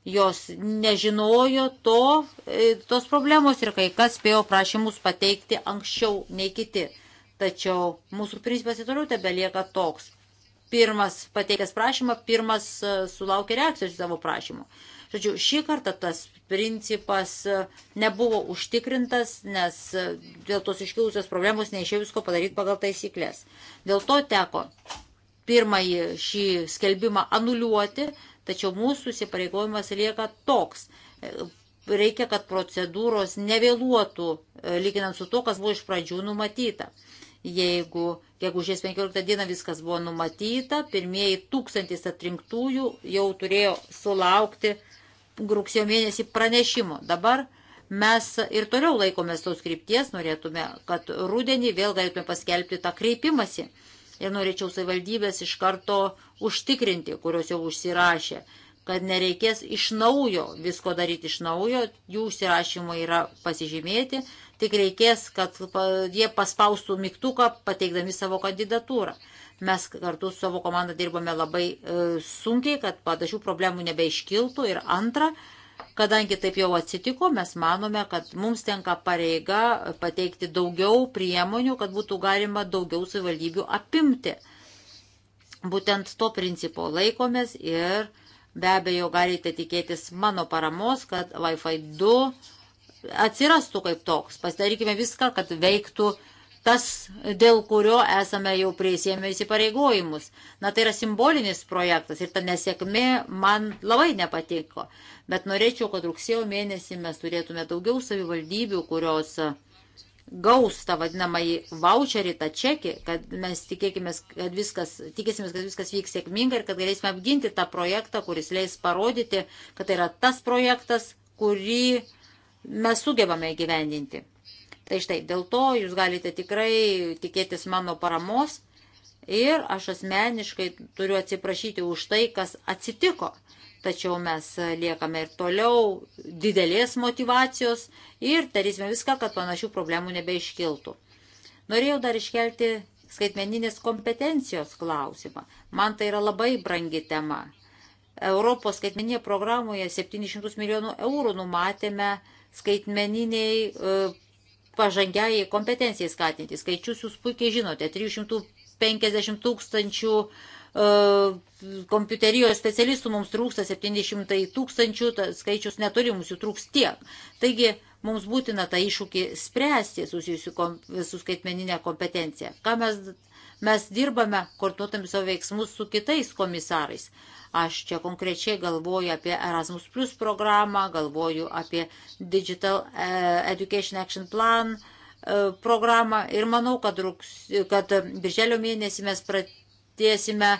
jos nežinojo to, e, tos problemos ir kai kas spėjo prašymus pateikti anksčiau nei kiti. Tačiau mūsų principas ir toliau tebelieka toks. Pirmas pateikęs prašymą, pirmas e, sulaukė reakcijos į savo prašymą. Žodžiu, šį kartą tas principas e, nebuvo užtikrintas, nes e, dėl tos iškilusios problemos neišėjo visko padaryti pagal taisyklės. Dėl to teko pirmąjį šį skelbimą anuliuoti, tačiau mūsų įsipareigojimas lieka toks reikia, kad procedūros nevėluotų, lyginant su to, kas buvo iš pradžių numatyta jeigu gegužės 15 dieną viskas buvo numatyta, pirmieji tūkstantis atrinktųjų jau turėjo sulaukti rugsėjo mėnesį pranešimo. Dabar mes ir toliau laikomės tos krypties, norėtume, kad rudenį vėl galėtume paskelbti tą kreipimąsi. Ir norėčiau savivaldybės iš karto užtikrinti, kurios jau užsirašė, kad nereikės iš naujo visko daryti iš naujo, jų užsirašymai yra pasižymėti, tik reikės, kad jie paspaustų mygtuką, pateikdami savo kandidatūrą. Mes kartu su savo komanda dirbame labai e, sunkiai, kad panašių problemų nebeiškiltų. Ir antra, Kadangi taip jau atsitiko, mes manome, kad mums tenka pareiga pateikti daugiau priemonių, kad būtų galima daugiau savivaldybių apimti. Būtent to principo laikomės ir be abejo galite tikėtis mano paramos, kad Wi-Fi 2 atsirastų kaip toks. Pasidarykime viską, kad veiktų tas, dėl kurio esame jau prisėmę įsipareigojimus. Na tai yra simbolinis projektas ir ta nesėkmė man labai nepatiko. Bet norėčiau, kad rugsėjo mėnesį mes turėtume daugiau savivaldybių, kurios gaus tą vadinamąjį voucherį, tą čekį, kad mes tikėkime, kad viskas, tikėsimės, kad viskas vyks sėkmingai ir kad galėsime apginti tą projektą, kuris leis parodyti, kad tai yra tas projektas, kurį mes sugebame įgyvendinti. Tai štai, dėl to jūs galite tikrai tikėtis mano paramos ir aš asmeniškai turiu atsiprašyti už tai, kas atsitiko. Tačiau mes liekame ir toliau didelės motivacijos ir darysime viską, kad panašių problemų nebeiškiltų. Norėjau dar iškelti skaitmeninės kompetencijos klausimą. Man tai yra labai brangi tema. Europos skaitmeninėje programoje 700 milijonų eurų numatėme uh, skaitmeniniai e, pažangiai kompetencijai skatinti. Skaičius jūs puikiai žinote - 350 tūkstančių e, kompiuterijos specialistų mums trūksta 700 tūkstančių, skaičius neturi, mums jų trūks tiek. Taigi mums būtina tą iššūkį spręsti susijusiu kom, su skaitmeninė kompetencija. Ką mes Mes dirbame, kortuotami savo veiksmus su kitais komisarais. Aš čia konkrečiai galvoju apie Erasmus Plus programą, galvoju apie Digital eh, Education Action Plan eh, programą ir manau, kad, rugs, kad birželio mėnesį mes pradėsime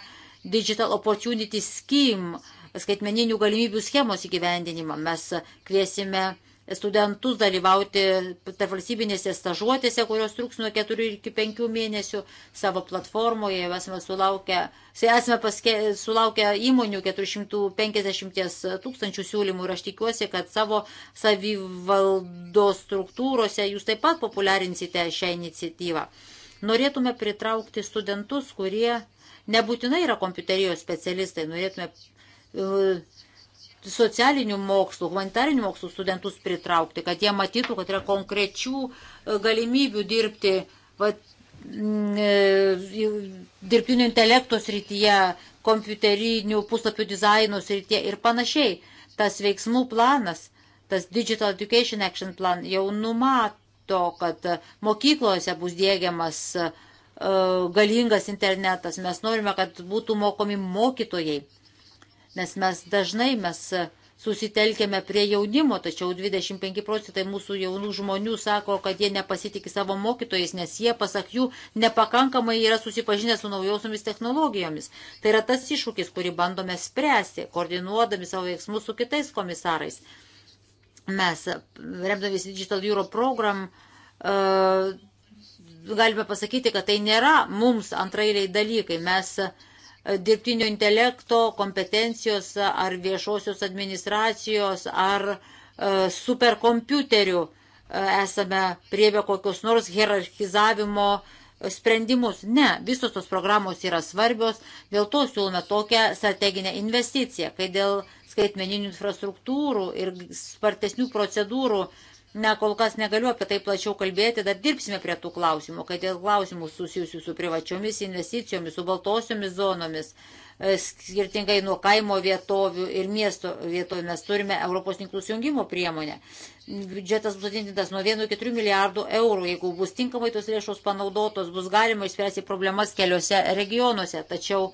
Digital Opportunity Scheme skaitmeninių galimybių schemos įgyvendinimą. Mes kviesime uh, studentus dalyvauti tarp valstybinėse stažuotėse, kurios truks nuo 4 iki 5 mėnesių savo platformoje. Esame sulaukę, esame paske, sulaukę įmonių 450 tūkstančių siūlymų ir aš tikiuosi, kad savo savivaldos struktūrose jūs taip pat populiarinsite šią iniciatyvą. Norėtume pritraukti studentus, kurie nebūtinai yra kompiuterijos specialistai, norėtume uh, socialinių mokslų, humanitarinių mokslų studentus pritraukti, kad jie matytų, kad yra konkrečių e, galimybių dirbti va, mm, e, dirbtinio intelekto srityje, kompiuterinių puslapių dizaino srityje ir panašiai. Tas veiksmų planas, tas Digital Education Action Plan jau numato, kad e, mokyklose bus dėgiamas galingas internetas. Mes norime, kad būtų mokomi mokytojai nes mes dažnai mes e, susitelkėme prie jaunimo, tačiau 25 procentai mūsų jaunų žmonių sako, kad jie nepasitikė savo mokytojais, nes jie, pasak jų, nepakankamai yra susipažinę su naujausiamis technologijomis. Tai yra tas iššūkis, kurį bandome spręsti, koordinuodami savo veiksmus su kitais komisarais. Mes, remdamiesi Digital Euro program, e, galime pasakyti, kad tai nėra mums antrailiai dalykai. Mes dirbtinio intelekto kompetencijos ar viešosios administracijos ar e, superkompiuterių e, esame priebė kokios nors hierarchizavimo sprendimus. Ne, visos tos programos yra svarbios, dėl to siūlome tokią strateginę investiciją, kai dėl skaitmeninių infrastruktūrų ir spartesnių procedūrų Na, kol kas negaliu apie tai plačiau kalbėti, dar dirbsime prie tų klausimų, kad dėl klausimų susijusių su privačiomis investicijomis, su baltosiomis zonomis, e, skirtingai nuo kaimo vietovių ir miesto vietovių mes turime Europos tinklų sujungimo priemonę. Biudžetas bus didintas nuo 1 iki 3 milijardų eurų. Jeigu bus tinkamai tos lėšos panaudotos, bus galima išspręsti problemas keliose regionuose. Tačiau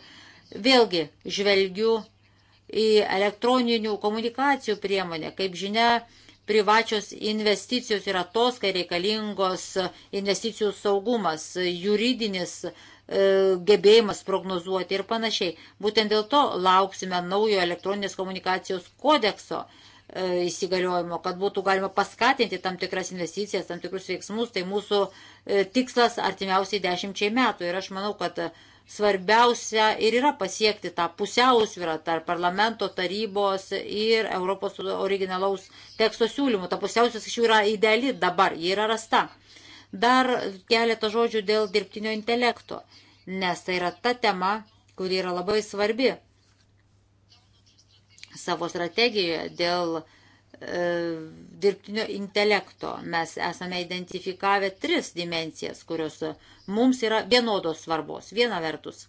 vėlgi žvelgiu į elektroninių komunikacijų priemonę. Kaip žinia, privačios investicijos yra tos, kai reikalingos investicijų saugumas, juridinis e, gebėjimas prognozuoti ir panašiai. Būtent dėl to lauksime naujo elektroninės komunikacijos kodekso e, įsigaliojimo, kad būtų galima paskatinti tam tikras investicijas, tam tikrus veiksmus. Tai mūsų e, tikslas artimiausiai dešimčiai metų. Ir aš manau, kad svarbiausia ir yra pasiekti tą pusiausvyrą tarp parlamento tarybos ir Europos originalaus teksto siūlymų. Ta pusiausvyrą, sakyčiau, yra ideali dabar, ji yra rasta. Dar keletą žodžių dėl dirbtinio intelekto, nes tai yra ta tema, kuri yra labai svarbi savo strategijoje dėl E, dirbtinio intelekto. Mes esame identifikavę tris dimencijas, kurios mums yra vienodos svarbos. Viena vertus,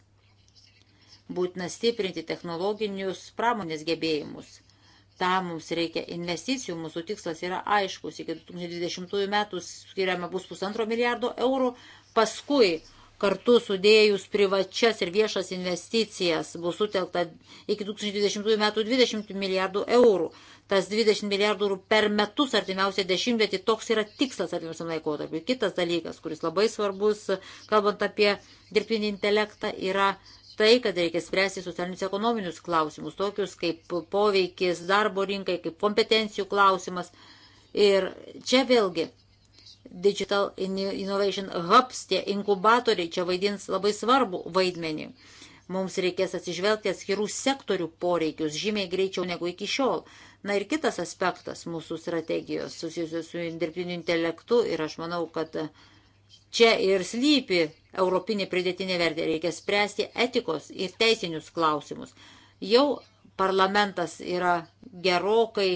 būtina stiprinti technologinius pramonės gebėjimus. Tam mums reikia investicijų, mūsų tikslas yra aiškus, iki 2020 metų skiriama bus pusantro milijardo eurų, paskui kartu sudėjus privačias ir viešas investicijas bus sutelkta iki 2020 metų 20 milijardų eurų tas 20 milijardų eurų per metus artimiausią dešimtmetį, toks yra tikslas artimiausiam laikotarpiu. Kitas dalykas, kuris labai svarbus, kalbant apie dirbtinį intelektą, yra tai, kad reikia spręsti socialinius ekonominius klausimus, tokius kaip poveikis darbo rinkai, kaip kompetencijų klausimas. Ir čia vėlgi Digital Innovation Hubs, tie inkubatoriai čia vaidins labai svarbu vaidmenį. Mums reikės atsižvelgti atskirų sektorių poreikius žymiai greičiau negu iki šiol. Na ir kitas aspektas mūsų strategijos susijusios su dirbtiniu intelektu ir aš manau, kad čia ir slypi europinė pridėtinė vertė. Reikia spręsti etikos ir teisinius klausimus. Jau parlamentas yra gerokai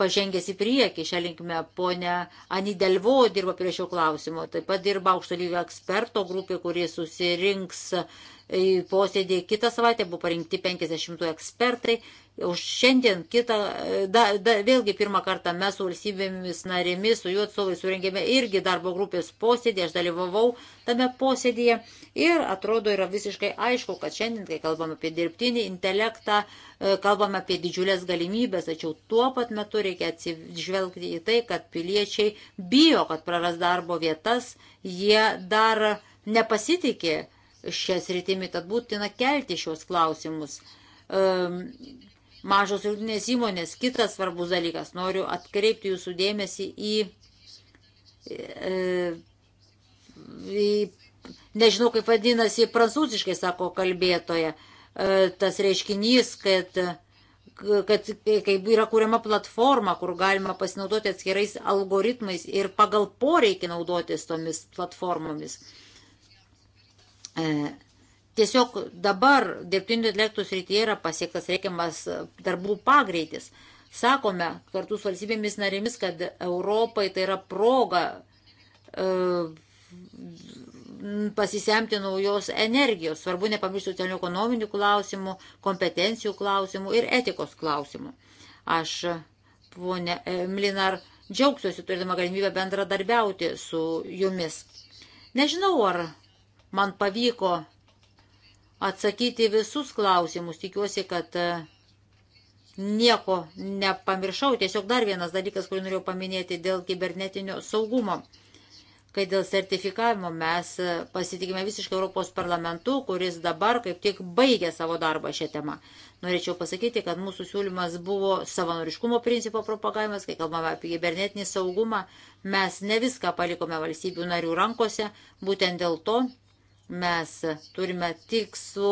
pažengęs į priekį šią linkmę. Pone Anidelvo dirba prie šio klausimo. Taip pat dirba aukšto lygio eksperto grupė, kuri susirinks į posėdį kitą savaitę. Buvo parinkti 50 ekspertai už šiandien kitą, da, da, vėlgi pirmą kartą mes su valstybėmis narėmis, su jų atstovai surengėme irgi darbo grupės posėdį, aš dalyvavau tame posėdėje ir atrodo yra visiškai aišku, kad šiandien, kai kalbame apie dirbtinį intelektą, e, kalbame apie didžiulės galimybės, tačiau tuo pat metu reikia atsižvelgti į tai, kad piliečiai bijo, kad praras darbo vietas, jie dar nepasitikė šią sritimį, tad būtina kelti šios klausimus mažos ir didinės įmonės. Kitas svarbus dalykas, noriu atkreipti jūsų dėmesį į, e, į nežinau kaip vadinasi, prancūziškai sako kalbėtoje, tas reiškinys, kad kad kai yra kuriama platforma, kur galima pasinaudoti atskirais algoritmais ir pagal poreikį naudotis tomis platformomis. E, Tiesiog dabar dirbtinių intelektų srityje yra pasiektas reikiamas e, darbų pagreitis. Sakome kartu su valstybėmis narėmis, kad Europai tai yra proga e, pasisemti naujos energijos. Svarbu nepamiršti socialinių ekonominių klausimų, kompetencijų klausimų ir etikos klausimų. Aš, ponė Mlinar, džiaugsiuosi turėdama galimybę bendradarbiauti su jumis. Nežinau, ar man pavyko atsakyti visus klausimus. Tikiuosi, kad e, nieko nepamiršau. Tiesiog dar vienas dalykas, kurį norėjau paminėti dėl kibernetinio saugumo. Kai dėl sertifikavimo mes e, pasitikime visiškai Europos parlamentu, kuris dabar kaip tik baigė savo darbą šią temą. Norėčiau pasakyti, kad mūsų siūlymas buvo savanoriškumo principo propagavimas, kai kalbame apie kibernetinį saugumą, mes ne viską palikome valstybių narių rankose, būtent dėl to Mes turime tikslų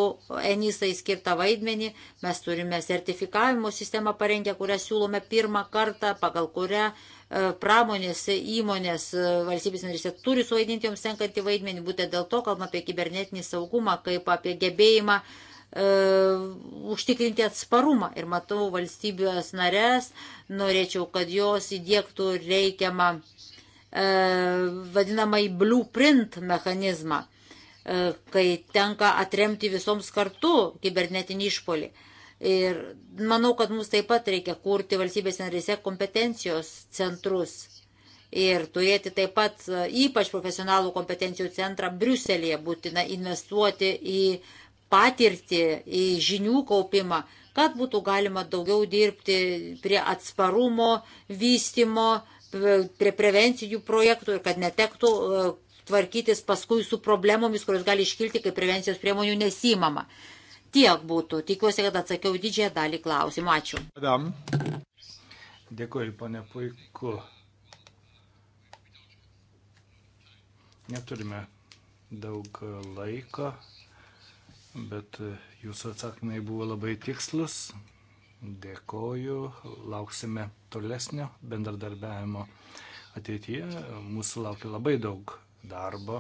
Enisai skirtą vaidmenį, mes turime sertifikavimo sistemą parengę, kurią siūlome pirmą kartą, pagal kurią e, pramonės įmonės e, valstybės narėse turi suvaidinti joms tenkantį vaidmenį. Būtent dėl to kalbame apie kibernetinį saugumą, kaip apie gebėjimą e, užtikrinti atsparumą. Ir matau valstybės narės, norėčiau, kad jos įdėktų reikiamą e, vadinamai blueprint mechanizmą. E, kai tenka atremti visoms kartu kibernetinį išpolį. Ir manau, kad mums taip pat reikia kurti valstybės narėse kompetencijos centrus ir turėti taip pat e, ypač profesionalų kompetencijų centrą Briuselėje, būtina investuoti į patirtį, į žinių kaupimą, kad būtų galima daugiau dirbti prie atsparumo, vystimo, prie prevencijų projektų ir kad netektų e, tvarkytis paskui su problemomis, kurios gali iškilti, kai prevencijos priemonių nesimama. Tiek būtų. Tikiuosi, kad atsakiau didžiąją dalį klausimų. Ačiū. Adam. Dėkuoju, pane puiku. Neturime daug laiko, bet jūsų atsakymai buvo labai tikslus. Dėkoju, lauksime tolesnio bendradarbiavimo ateityje. Mūsų laukia labai daug darbo.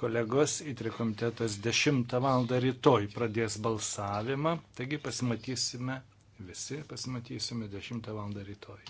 Kolegos įtri komitetas 10 val. rytoj pradės balsavimą, taigi pasimatysime visi, pasimatysime 10 val. rytoj.